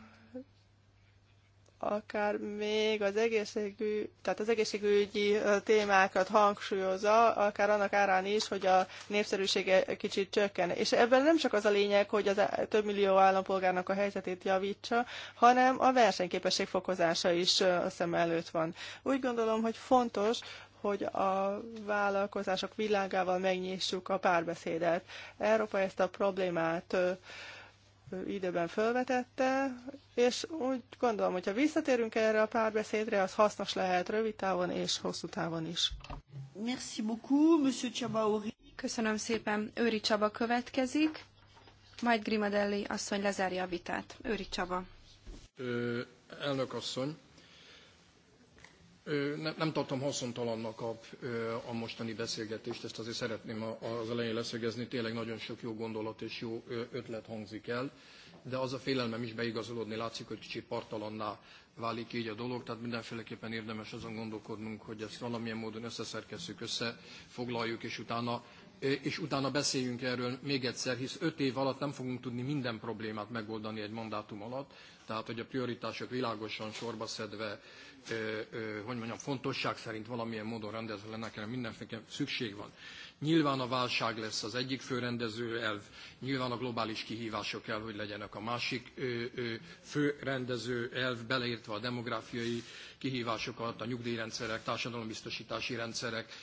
akár még az egészségű, tehát az egészségügyi témákat hangsúlyozza, akár annak árán is, hogy a népszerűsége kicsit csökken. És ebben nem csak az a lényeg, hogy az e- több millió állampolgárnak a helyzetét javítsa, hanem a versenyképesség fokozása is a szem előtt van. Úgy gondolom, hogy fontos, hogy a vállalkozások világával megnyissuk a párbeszédet. Európa ezt a problémát időben felvetette, és úgy gondolom, hogyha visszatérünk erre a párbeszédre, az hasznos lehet rövid távon és hosszú távon is. Merci beaucoup, Monsieur Csabauri. Köszönöm szépen. Őri Csaba következik, majd Grimadelli asszony lezárja a vitát. Őri Csaba. Ö, elnök asszony, nem, tartom haszontalannak a, a mostani beszélgetést, ezt azért szeretném az elején leszögezni, tényleg nagyon sok jó gondolat és jó ötlet hangzik el, de az a félelmem is beigazolódni látszik, hogy kicsit partalanná válik így a dolog, tehát mindenféleképpen érdemes azon gondolkodnunk, hogy ezt valamilyen módon összeszerkesszük, összefoglaljuk, és utána Eh, és utána beszéljünk erről még egyszer, hisz öt év alatt nem fogunk tudni minden problémát megoldani egy mandátum alatt, tehát hogy a prioritások világosan sorba szedve, eh, eh, hogy mondjam, fontosság szerint valamilyen módon rendezve lennek, erre mindenféleképpen szükség van. Nyilván a válság lesz az egyik fő rendező elv, nyilván a globális kihívások kell, hogy legyenek a másik fő rendező elv, beleértve a demográfiai kihívásokat, a nyugdíjrendszerek, társadalombiztosítási rendszerek,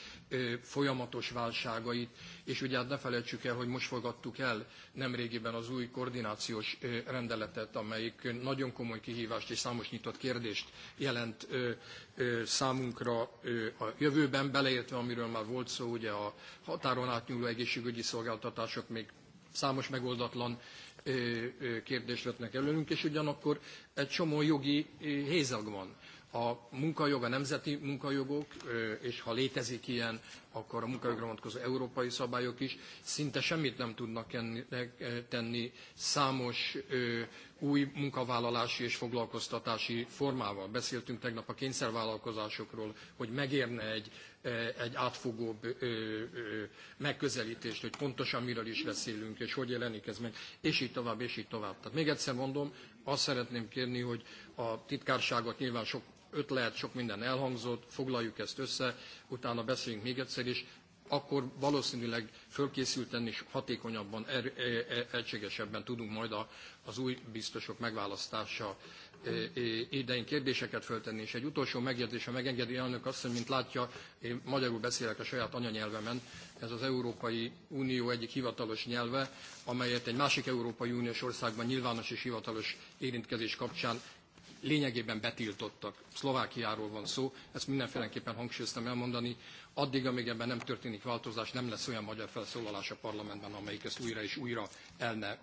folyamatos válságait, és ugye hát ne felejtsük el, hogy most fogadtuk el nemrégiben az új koordinációs rendeletet, amelyik nagyon komoly kihívást és számos nyitott kérdést jelent számunkra a jövőben, beleértve, amiről már volt szó, ugye a határon átnyúló egészségügyi szolgáltatások még számos megoldatlan kérdést vetnek előnünk, és ugyanakkor egy csomó jogi hézag van a munkajog, a nemzeti munkajogok, és ha létezik ilyen, akkor a munkajogra vonatkozó európai szabályok is szinte semmit nem tudnak e, tenni számos új munkavállalási és foglalkoztatási formával. Beszéltünk tegnap a kényszervállalkozásokról, hogy megérne egy, e, egy átfogóbb megközelítést, hogy pontosan miről is beszélünk, és hogy jelenik ez meg, és így tovább, és így tovább. Tehát még egyszer mondom, azt szeretném kérni, hogy a titkárságot nyilván sok ötlet, sok minden elhangzott, foglaljuk ezt össze, utána beszéljünk még egyszer is, akkor valószínűleg fölkészülten és hatékonyabban, er, e, e, egységesebben tudunk majd a, az új biztosok megválasztása e, idején kérdéseket föltenni. És egy utolsó megjegyzése megengedi elnök azt, hogy mint látja, én magyarul beszélek a saját anyanyelvemen, ez az Európai Unió egyik hivatalos nyelve, amelyet egy másik Európai Uniós országban nyilvános és hivatalos érintkezés kapcsán lényegében betiltottak. Szlovákiáról van szó, ezt mindenféleképpen hangsúlyoztam elmondani. Addig, amíg ebben nem történik változás, nem lesz olyan magyar felszólalás a parlamentben, amelyik ezt újra és újra el ne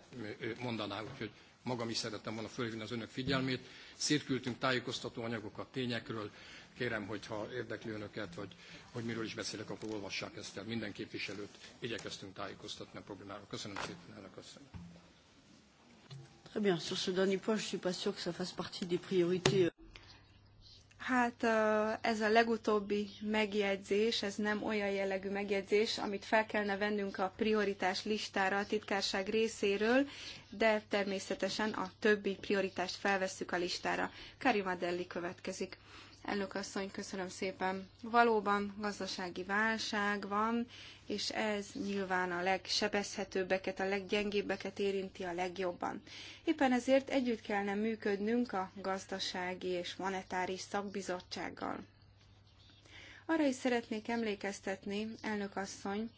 mondaná, úgyhogy magam is szerettem volna fölhívni az önök figyelmét. Szétküldtünk tájékoztató anyagokat tényekről, kérem, hogyha érdekli önöket, vagy hogy miről is beszélek, akkor olvassák ezt el. Minden képviselőt igyekeztünk tájékoztatni a problémáról. Köszönöm szépen, elnök asszony. Très eh bien. Sur ce dernier point, je suis pas sûr que ça fasse partie des priorités. Euh. Hát eh, ez a legutóbbi megjegyzés, ez nem olyan jellegű megjegyzés, amit fel kellene vennünk a prioritás listára a titkárság részéről, de természetesen a többi prioritást felvesszük a listára. Karima Delli következik. Elnök asszony, köszönöm szépen. Valóban gazdasági válság van, és ez nyilván a legsebezhetőbbeket, a leggyengébbeket érinti a legjobban. Éppen ezért együtt kellene működnünk a gazdasági és monetáris szakbizottsággal. Arra is szeretnék emlékeztetni, elnök asszony,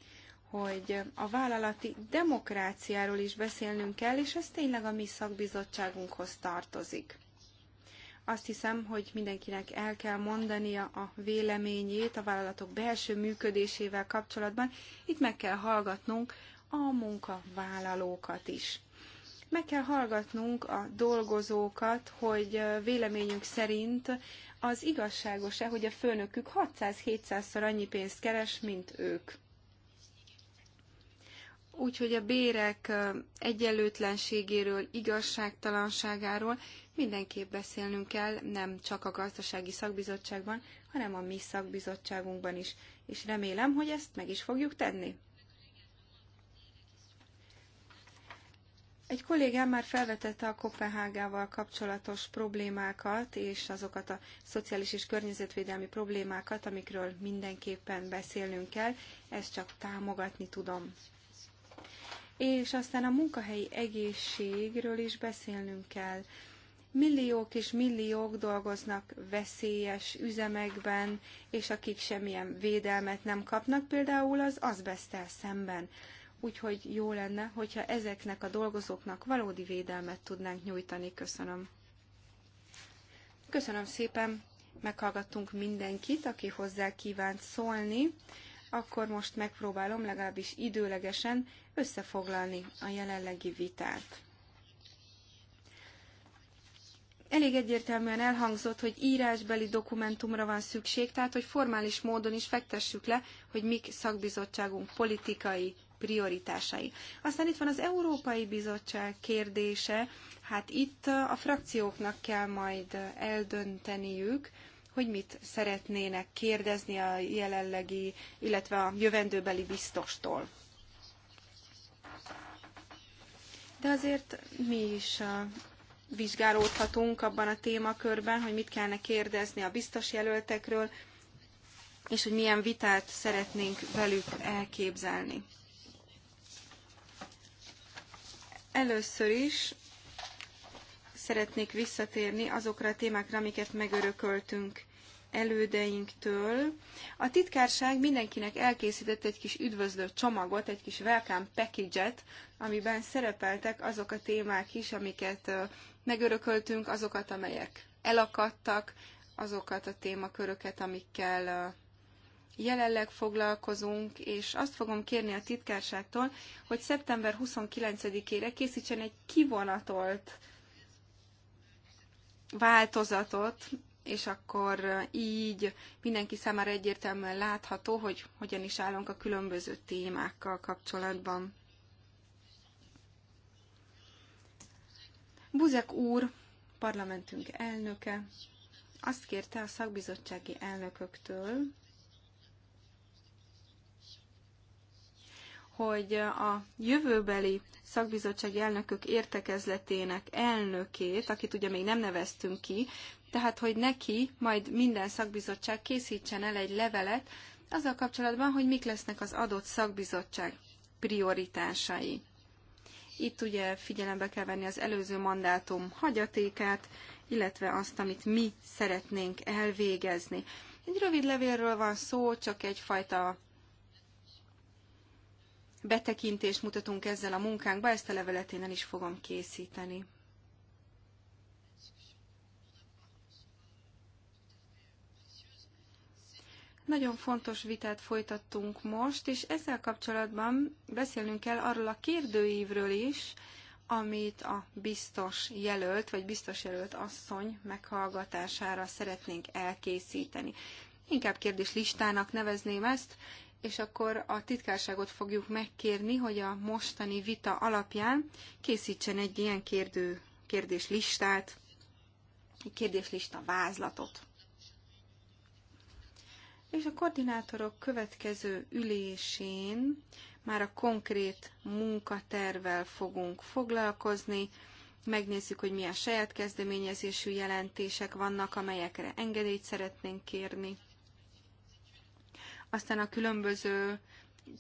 hogy a vállalati demokráciáról is beszélnünk kell, és ez tényleg a mi szakbizottságunkhoz tartozik. Azt hiszem, hogy mindenkinek el kell mondania a véleményét a vállalatok belső működésével kapcsolatban. Itt meg kell hallgatnunk a munkavállalókat is. Meg kell hallgatnunk a dolgozókat, hogy véleményünk szerint az igazságos-e, hogy a főnökük 600-700-szor annyi pénzt keres, mint ők. Úgyhogy a bérek egyenlőtlenségéről, igazságtalanságáról mindenképp beszélnünk kell, nem csak a gazdasági szakbizottságban, hanem a mi szakbizottságunkban is. És remélem, hogy ezt meg is fogjuk tenni. Egy kollégám már felvetette a Kopenhágával kapcsolatos problémákat, és azokat a szociális és környezetvédelmi problémákat, amikről mindenképpen beszélnünk kell, ezt csak támogatni tudom. És aztán a munkahelyi egészségről is beszélnünk kell. Milliók és milliók dolgoznak veszélyes üzemekben, és akik semmilyen védelmet nem kapnak, például az azbesztel szemben. Úgyhogy jó lenne, hogyha ezeknek a dolgozóknak valódi védelmet tudnánk nyújtani. Köszönöm. Köszönöm szépen. Meghallgattunk mindenkit, aki hozzá kívánt szólni akkor most megpróbálom legalábbis időlegesen összefoglalni a jelenlegi vitát. Elég egyértelműen elhangzott, hogy írásbeli dokumentumra van szükség, tehát hogy formális módon is fektessük le, hogy mik szakbizottságunk politikai prioritásai. Aztán itt van az Európai Bizottság kérdése, hát itt a frakcióknak kell majd eldönteniük, hogy mit szeretnének kérdezni a jelenlegi, illetve a jövendőbeli biztostól. De azért mi is vizsgálódhatunk abban a témakörben, hogy mit kellene kérdezni a biztos jelöltekről, és hogy milyen vitát szeretnénk velük elképzelni. Először is szeretnék visszatérni azokra a témákra, amiket megörököltünk elődeinktől. A titkárság mindenkinek elkészített egy kis üdvözlő csomagot, egy kis welcome package-et, amiben szerepeltek azok a témák is, amiket megörököltünk, azokat, amelyek elakadtak, azokat a témaköröket, amikkel jelenleg foglalkozunk, és azt fogom kérni a titkárságtól, hogy szeptember 29-ére készítsen egy kivonatolt változatot és akkor így mindenki számára egyértelműen látható, hogy hogyan is állunk a különböző témákkal kapcsolatban. Buzek úr, parlamentünk elnöke, azt kérte a szakbizottsági elnököktől, hogy a jövőbeli szakbizottsági elnökök értekezletének elnökét, akit ugye még nem neveztünk ki, tehát hogy neki majd minden szakbizottság készítsen el egy levelet azzal kapcsolatban, hogy mik lesznek az adott szakbizottság prioritásai. Itt ugye figyelembe kell venni az előző mandátum hagyatékát, illetve azt, amit mi szeretnénk elvégezni. Egy rövid levélről van szó, csak egyfajta betekintést mutatunk ezzel a munkánkba, ezt a levelet én el is fogom készíteni. Nagyon fontos vitát folytattunk most, és ezzel kapcsolatban beszélnünk kell arról a kérdőívről is, amit a biztos jelölt, vagy biztos jelölt asszony meghallgatására szeretnénk elkészíteni. Inkább kérdés listának nevezném ezt, és akkor a titkárságot fogjuk megkérni, hogy a mostani vita alapján készítsen egy ilyen kérdő, kérdéslistát, egy kérdéslista vázlatot és a koordinátorok következő ülésén már a konkrét munkatervel fogunk foglalkozni, megnézzük, hogy milyen saját kezdeményezésű jelentések vannak, amelyekre engedélyt szeretnénk kérni. Aztán a különböző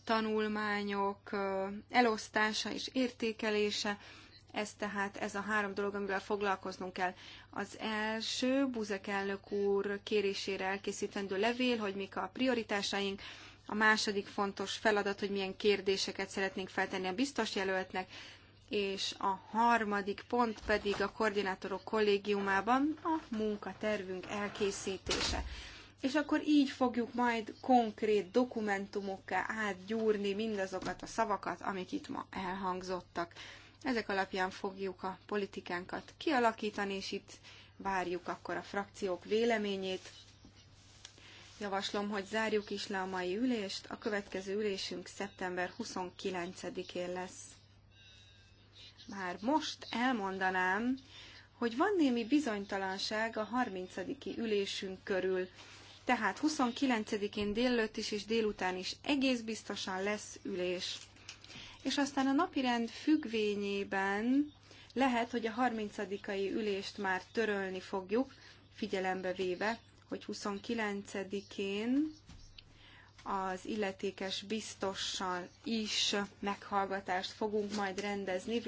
tanulmányok elosztása és értékelése, ez tehát ez a három dolog, amivel foglalkoznunk kell. Az első, Buzek elnök úr kérésére elkészítendő levél, hogy mik a prioritásaink, a második fontos feladat, hogy milyen kérdéseket szeretnénk feltenni a biztos jelöltnek, és a harmadik pont pedig a koordinátorok kollégiumában a munkatervünk elkészítése. És akkor így fogjuk majd konkrét dokumentumokkal átgyúrni mindazokat a szavakat, amik itt ma elhangzottak. Ezek alapján fogjuk a politikánkat kialakítani, és itt várjuk akkor a frakciók véleményét. Javaslom, hogy zárjuk is le a mai ülést. A következő ülésünk szeptember 29-én lesz. Már most elmondanám, hogy van némi bizonytalanság a 30. ülésünk körül. Tehát 29-én délőtt is és délután is egész biztosan lesz ülés és aztán a napirend függvényében lehet, hogy a 30-ai ülést már törölni fogjuk, figyelembe véve, hogy 29-én az illetékes biztossal is meghallgatást fogunk majd rendezni,